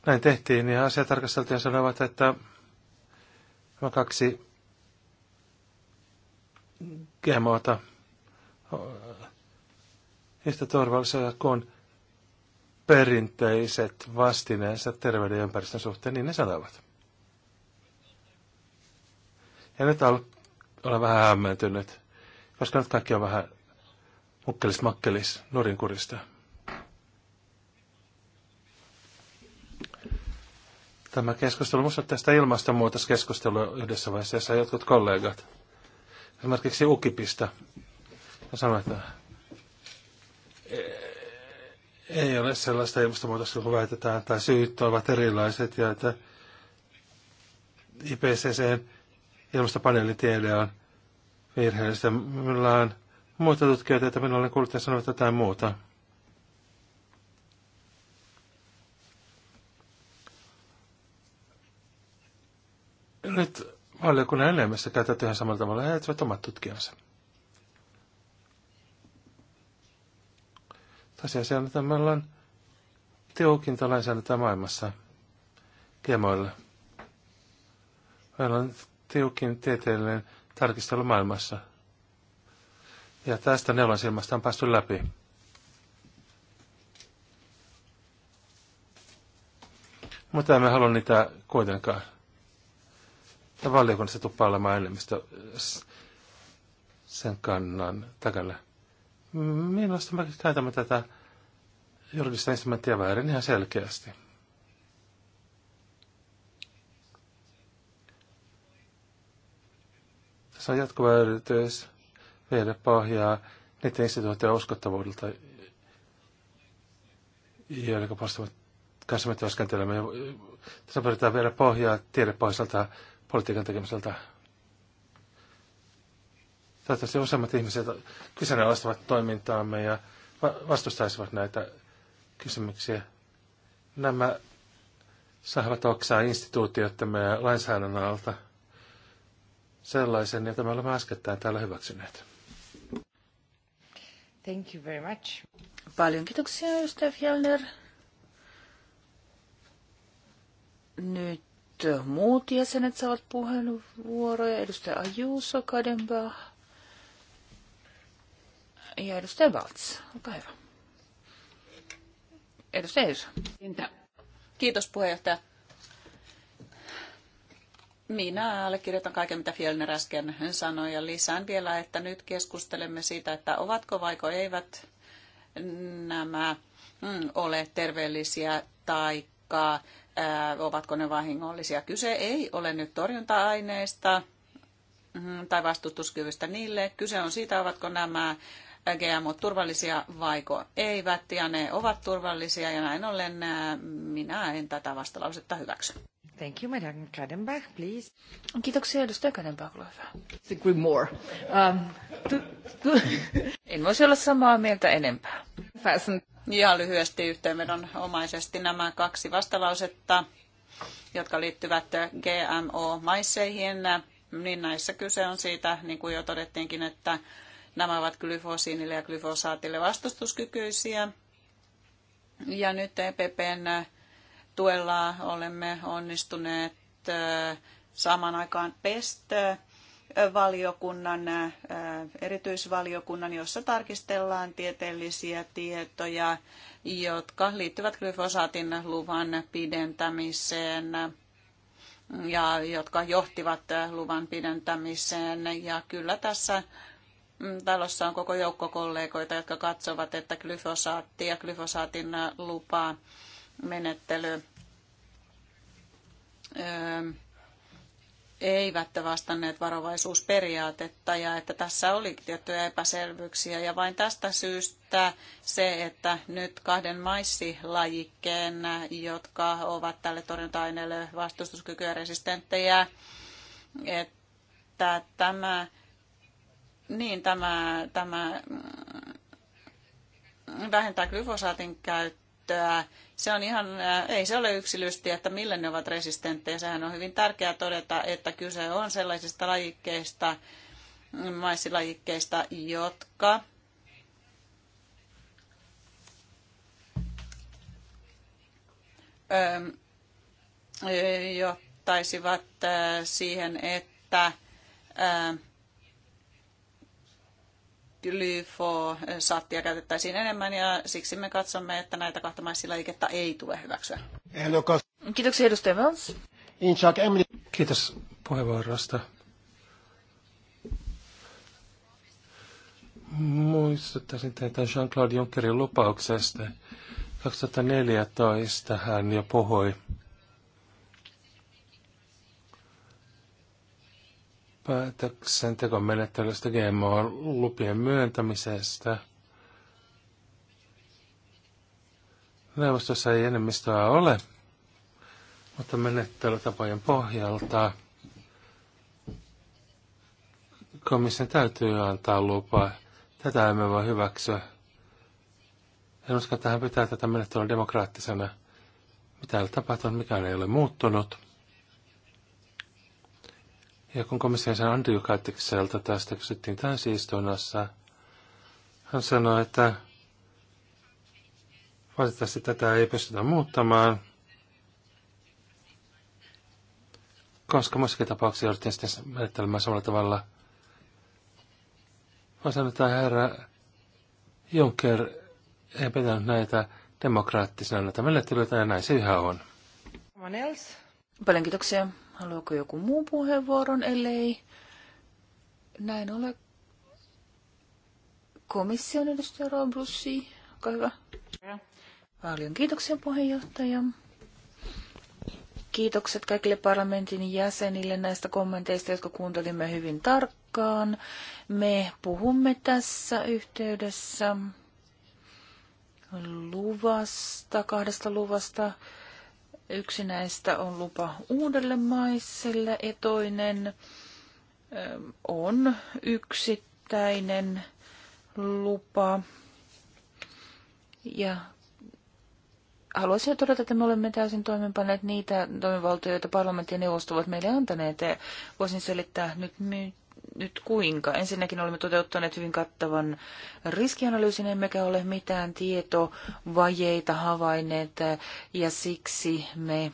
näin tehtiin ja asia tarkasteltiin ja sanovat, että nämä kaksi GMOta yhtä turvallisia kuin perinteiset vastineensa terveyden ja ympäristön suhteen, niin ne sanovat. Ja nyt al- olen vähän hämmentynyt, koska nyt kaikki on vähän mukkelis makkelis nurinkurista. Tämä keskustelu, minusta tästä ilmastonmuutoskeskustelua yhdessä vaiheessa jotkut kollegat, esimerkiksi Ukipista, sanoivat, että ei ole sellaista ilmastonmuutosta kun väitetään, tai syyt ovat erilaiset, ja että IPCC ilmastopaneelin tiede on virheellistä. Minulla on muita tutkijoita, että minulla on kuullut ja jotain muuta. Nyt valiokunnan enemmässä käytetään ihan samalla tavalla. He etsivät omat tutkijansa. se on, että meillä on tiukinta lainsäädäntöä maailmassa gemoilla. Meillä on tiukin tieteellinen tarkistelu maailmassa. Ja tästä neulansilmasta on päästy läpi. Mutta emme halua niitä kuitenkaan. Ja valiokunnassa tuppaa olemaan enemmistö sen kannan takana. Minusta me käytämme tätä juridista instrumenttia väärin ihan selkeästi. Tässä on jatkuva yritys viedä pohjaa niiden instituutioiden uskottavuudelta, joiden kanssa me työskentelemme. Tässä pyritään viedä pohjaa tiedepohjaiselta politiikan tekemiseltä Toivottavasti useammat ihmiset kyseenalaistavat toimintaamme ja vastustaisivat näitä kysymyksiä. Nämä saavat oksaa instituutioittamme ja lainsäädännön alta sellaisen, jota me olemme äskettäin täällä hyväksyneet. Thank you very much. Paljon kiitoksia, Ystäv Fjellner. Nyt muut jäsenet saavat puheenvuoroja. Edustaja Ajuso, Kadenbach, ja edustaja Valts, olkaa hyvä. Edustaja Eisa. Kiitos puheenjohtaja. Minä allekirjoitan kaiken, mitä Fjellner äsken sanoi ja lisään vielä, että nyt keskustelemme siitä, että ovatko vaiko eivät nämä mm, ole terveellisiä tai ovatko ne vahingollisia. Kyse ei ole nyt torjunta-aineista mm, tai vastustuskyvystä niille. Kyse on siitä, ovatko nämä GMO turvallisia vaiko eivät, ja ne ovat turvallisia, ja näin ollen minä en tätä vastalausetta hyväksy. Thank you, Madam Kadenbach, please. Kiitoksia, edustaja Kadenbach, ole hyvä. Think we more. Um, tu, tu. En voisi olla samaa mieltä enempää. Fasten. Ihan lyhyesti omaisesti nämä kaksi vastalausetta, jotka liittyvät GMO-maisseihin, niin näissä kyse on siitä, niin kuin jo todettiinkin, että Nämä ovat glyfosiinille ja glyfosaatille vastustuskykyisiä. Ja nyt EPPn tuella olemme onnistuneet saamaan aikaan PEST-valiokunnan, erityisvaliokunnan, jossa tarkistellaan tieteellisiä tietoja, jotka liittyvät glyfosaatin luvan pidentämiseen ja jotka johtivat luvan pidentämiseen. Ja kyllä tässä Mm, talossa on koko joukko kollegoita, jotka katsovat, että glyfosaatti ja glyfosaatin äh, lupa menettely ähm, eivät vastanneet varovaisuusperiaatetta ja että tässä oli tiettyjä epäselvyyksiä. Ja vain tästä syystä se, että nyt kahden maissilajikkeen, jotka ovat tälle torjunta-aineelle vastustuskykyä resistenttejä, että tämä niin, tämä, tämä mm, vähentää glyfosaatin käyttöä. Se on ihan, äh, ei se ole yksilysti, että millä ne ovat resistenttejä. Sehän on hyvin tärkeää todeta, että kyse on sellaisista lajikkeista, mm, maissilajikkeista, jotka ähm, johtaisivat äh, siihen, että äh, glyfosaattia käytettäisiin enemmän ja siksi me katsomme, että näitä kahta maissilajiketta ei tule hyväksyä. Kiitoksia edustaja Vans. Kiitos puheenvuorosta. Muistuttaisin teitä Jean-Claude Junckerin lupauksesta. 2014 hän jo puhui päätöksentekomenettelystä GMO-lupien myöntämisestä. Neuvostossa ei enemmistöä ole, mutta menettelytapojen pohjalta komission täytyy antaa lupa. Tätä emme voi hyväksyä. En usko, että hän pitää tätä menettelyä demokraattisena. Mitä ei ole tapahtunut, mikään ei ole muuttunut. Ja kun komission sen Andrew Kattikselta tästä kysyttiin täysistunnossa, hän sanoi, että valitettavasti tätä ei pystytä muuttamaan, koska muissakin tapauksissa jouduttiin sitten menettelemään samalla tavalla. Voin sanoa, että herra Juncker ei pitänyt näitä demokraattisena näitä menettelyitä, ja näin se yhä on. Paljon kiitoksia. Haluaako joku muu puheenvuoron, ellei näin ole komission edustaja Rob Brussi. Olkaa hyvä. Paljon kiitoksia puheenjohtaja. Kiitokset kaikille parlamentin jäsenille näistä kommenteista, jotka kuuntelimme hyvin tarkkaan. Me puhumme tässä yhteydessä luvasta, kahdesta luvasta Yksi näistä on lupa uudelle maiselle ja toinen ähm, on yksittäinen lupa. Ja haluaisin todeta, että me olemme täysin toimenpaneet niitä toimivaltoja, joita parlamentti ja neuvosto ovat meille antaneet. Voisin selittää nyt nyt kuinka. Ensinnäkin olemme toteuttaneet hyvin kattavan riskianalyysin, emmekä ole mitään tietovajeita havainneet ja siksi me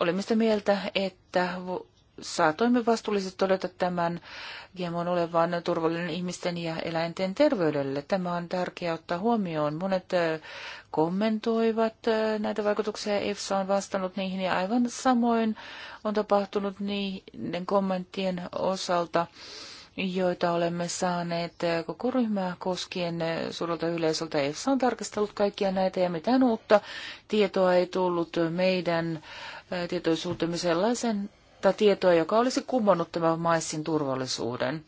olemme sitä mieltä, että saatoimme vastuullisesti todeta tämän GMOn olevan turvallinen ihmisten ja eläinten terveydelle. Tämä on tärkeää ottaa huomioon. Monet kommentoivat näitä vaikutuksia, EFSA on vastannut niihin ja aivan samoin on tapahtunut niiden kommenttien osalta joita olemme saaneet koko ryhmää koskien suurelta yleisöltä. EFSA on tarkastellut kaikkia näitä ja mitään uutta tietoa ei tullut meidän tietoisuutemme sellaisen tai tietoa, joka olisi kumonnut tämän maissin turvallisuuden.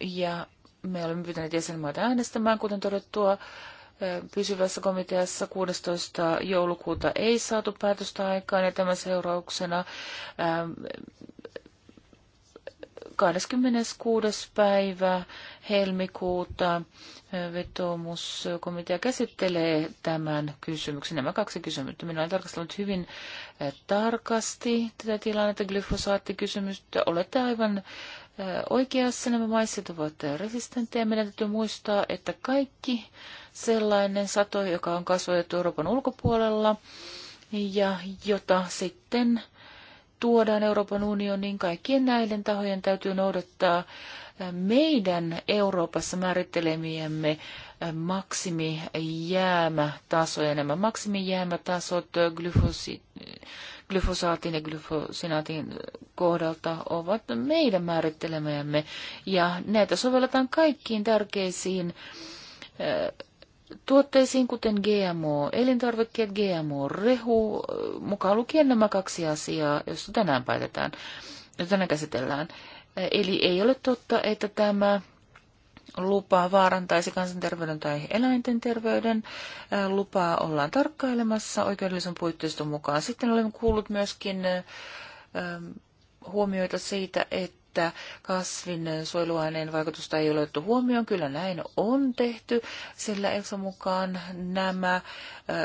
Ja me olemme pyytäneet jäsenmaita äänestämään, kuten todettua, pysyvässä komiteassa 16. joulukuuta ei saatu päätöstä aikaan ja tämän seurauksena 26. päivä helmikuuta vetoomuskomitea käsittelee tämän kysymyksen. Nämä kaksi kysymystä. Minä olen tarkastellut hyvin eh, tarkasti tätä tilannetta glyfosaattikysymystä. Olette aivan eh, oikeassa. Nämä maissit ovat resistenttejä. Meidän täytyy muistaa, että kaikki sellainen sato, joka on kasvoitettu Euroopan ulkopuolella ja jota sitten – tuodaan Euroopan unioniin, kaikkien näiden tahojen täytyy noudattaa meidän Euroopassa määrittelemiämme maksimijäämätasoja. Nämä maksimijäämätasot glyfosaatin ja glyfosinaatin kohdalta ovat meidän määrittelemämme ja näitä sovelletaan kaikkiin tärkeisiin tuotteisiin, kuten GMO-elintarvikkeet, GMO-rehu, mukaan lukien nämä kaksi asiaa, joista tänään päätetään, tänään käsitellään. Eli ei ole totta, että tämä lupa vaarantaisi kansanterveyden tai eläinten terveyden. Lupaa ollaan tarkkailemassa oikeudellisen puitteiston mukaan. Sitten olen kuullut myöskin ähm, huomioita siitä, että että kasvin suojeluaineen vaikutusta ei ole otettu huomioon. Kyllä näin on tehty, sillä EFSA mukaan nämä äh,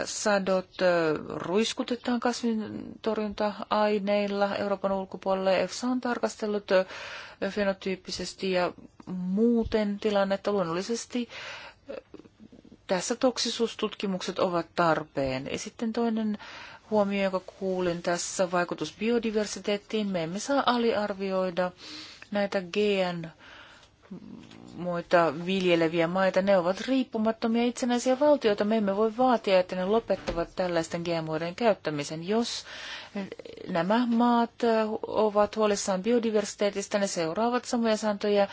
sadot äh, ruiskutetaan kasvintorjunta-aineilla Euroopan ulkopuolelle. EFSA on tarkastellut äh, fenotyyppisesti ja muuten tilannetta luonnollisesti tässä toksisuustutkimukset ovat tarpeen. Ja sitten toinen äh, huomio, jonka kuulin tässä, vaikutus biodiversiteettiin. Me emme saa aliarvioida näitä GN muita viljeleviä maita. Ne ovat riippumattomia itsenäisiä valtioita. Me emme voi vaatia, että ne lopettavat tällaisten GMOiden käyttämisen. Jos nämä maat ovat huolissaan biodiversiteetistä, ne seuraavat samoja sääntöjä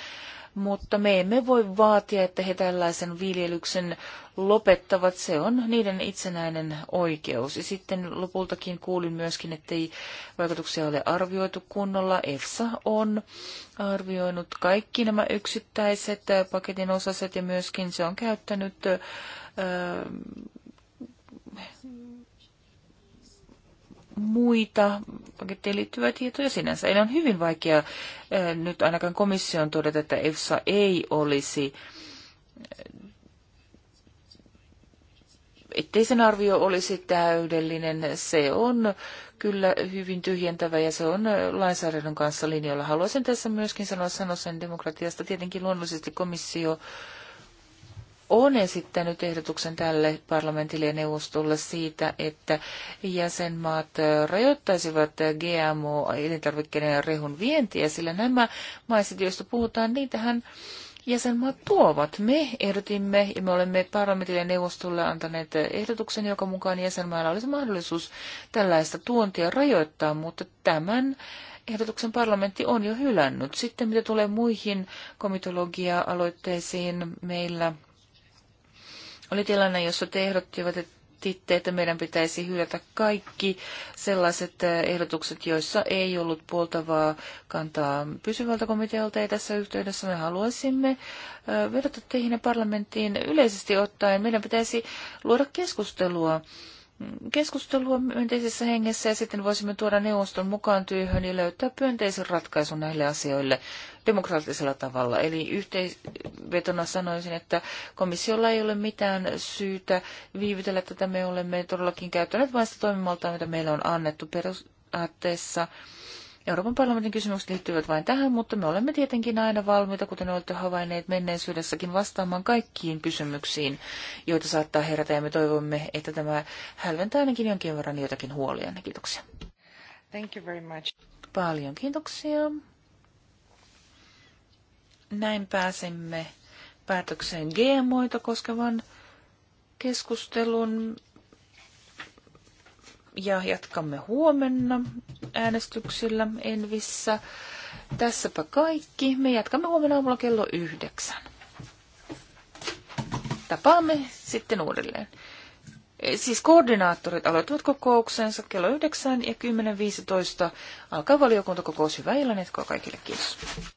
mutta me emme voi vaatia, että he tällaisen viljelyksen lopettavat. Se on niiden itsenäinen oikeus. Ja sitten lopultakin kuulin myöskin, että ei vaikutuksia ole arvioitu kunnolla. EFSA on arvioinut kaikki nämä yksittäiset paketin osaset ja myöskin se on käyttänyt öö, muita pakettiin liittyviä tietoja sinänsä. Eli on hyvin vaikea eh, nyt ainakaan komission todeta, että EFSA ei olisi eh, ettei sen arvio olisi täydellinen. Se on kyllä hyvin tyhjentävä ja se on eh, lainsäädännön kanssa linjoilla. Haluaisin tässä myöskin sanoa sanoa sen demokratiasta. Tietenkin luonnollisesti komissio on esittänyt ehdotuksen tälle parlamentille ja neuvostolle siitä, että jäsenmaat rajoittaisivat GMO-elintarvikkeiden ja rehun vientiä, sillä nämä maiset, joista puhutaan, niitähän jäsenmaat tuovat. Me ehdotimme ja me olemme parlamentille ja neuvostolle antaneet ehdotuksen, joka mukaan jäsenmailla olisi mahdollisuus tällaista tuontia rajoittaa, mutta tämän ehdotuksen parlamentti on jo hylännyt. Sitten mitä tulee muihin komitologia-aloitteisiin meillä oli tilanne, jossa te ehdottivat, että että meidän pitäisi hylätä kaikki sellaiset äh, ehdotukset, joissa ei ollut puoltavaa kantaa pysyvältä komitealta. Ja tässä yhteydessä me haluaisimme äh, vedota teihin ja parlamenttiin yleisesti ottaen. Meidän pitäisi luoda keskustelua keskustelua myönteisessä hengessä ja sitten voisimme tuoda neuvoston mukaan työhön ja löytää myönteisen ratkaisun näille asioille demokraattisella tavalla. Eli yhteenvetona sanoisin, että komissiolla ei ole mitään syytä viivytellä tätä. Me olemme todellakin käyttäneet vain sitä toimimaltaa, mitä meillä on annettu periaatteessa. Euroopan parlamentin kysymykset liittyvät vain tähän, mutta me olemme tietenkin aina valmiita, kuten olette havainneet menneisyydessäkin, vastaamaan kaikkiin kysymyksiin, joita saattaa herätä, ja me toivomme, että tämä hälventää ainakin jonkin verran joitakin huolia. Kiitoksia. Thank you very much. Paljon kiitoksia. Näin pääsemme päätökseen GMOita koskevan keskustelun ja jatkamme huomenna äänestyksillä Envissä. Tässäpä kaikki. Me jatkamme huomenna aamulla kello yhdeksän. Tapaamme sitten uudelleen. Eh, siis koordinaattorit aloittavat kokouksensa kello 9 ja 10.15 alkaa valiokuntakokous. Hyvää illan jatkoa kaikille. Kiitos.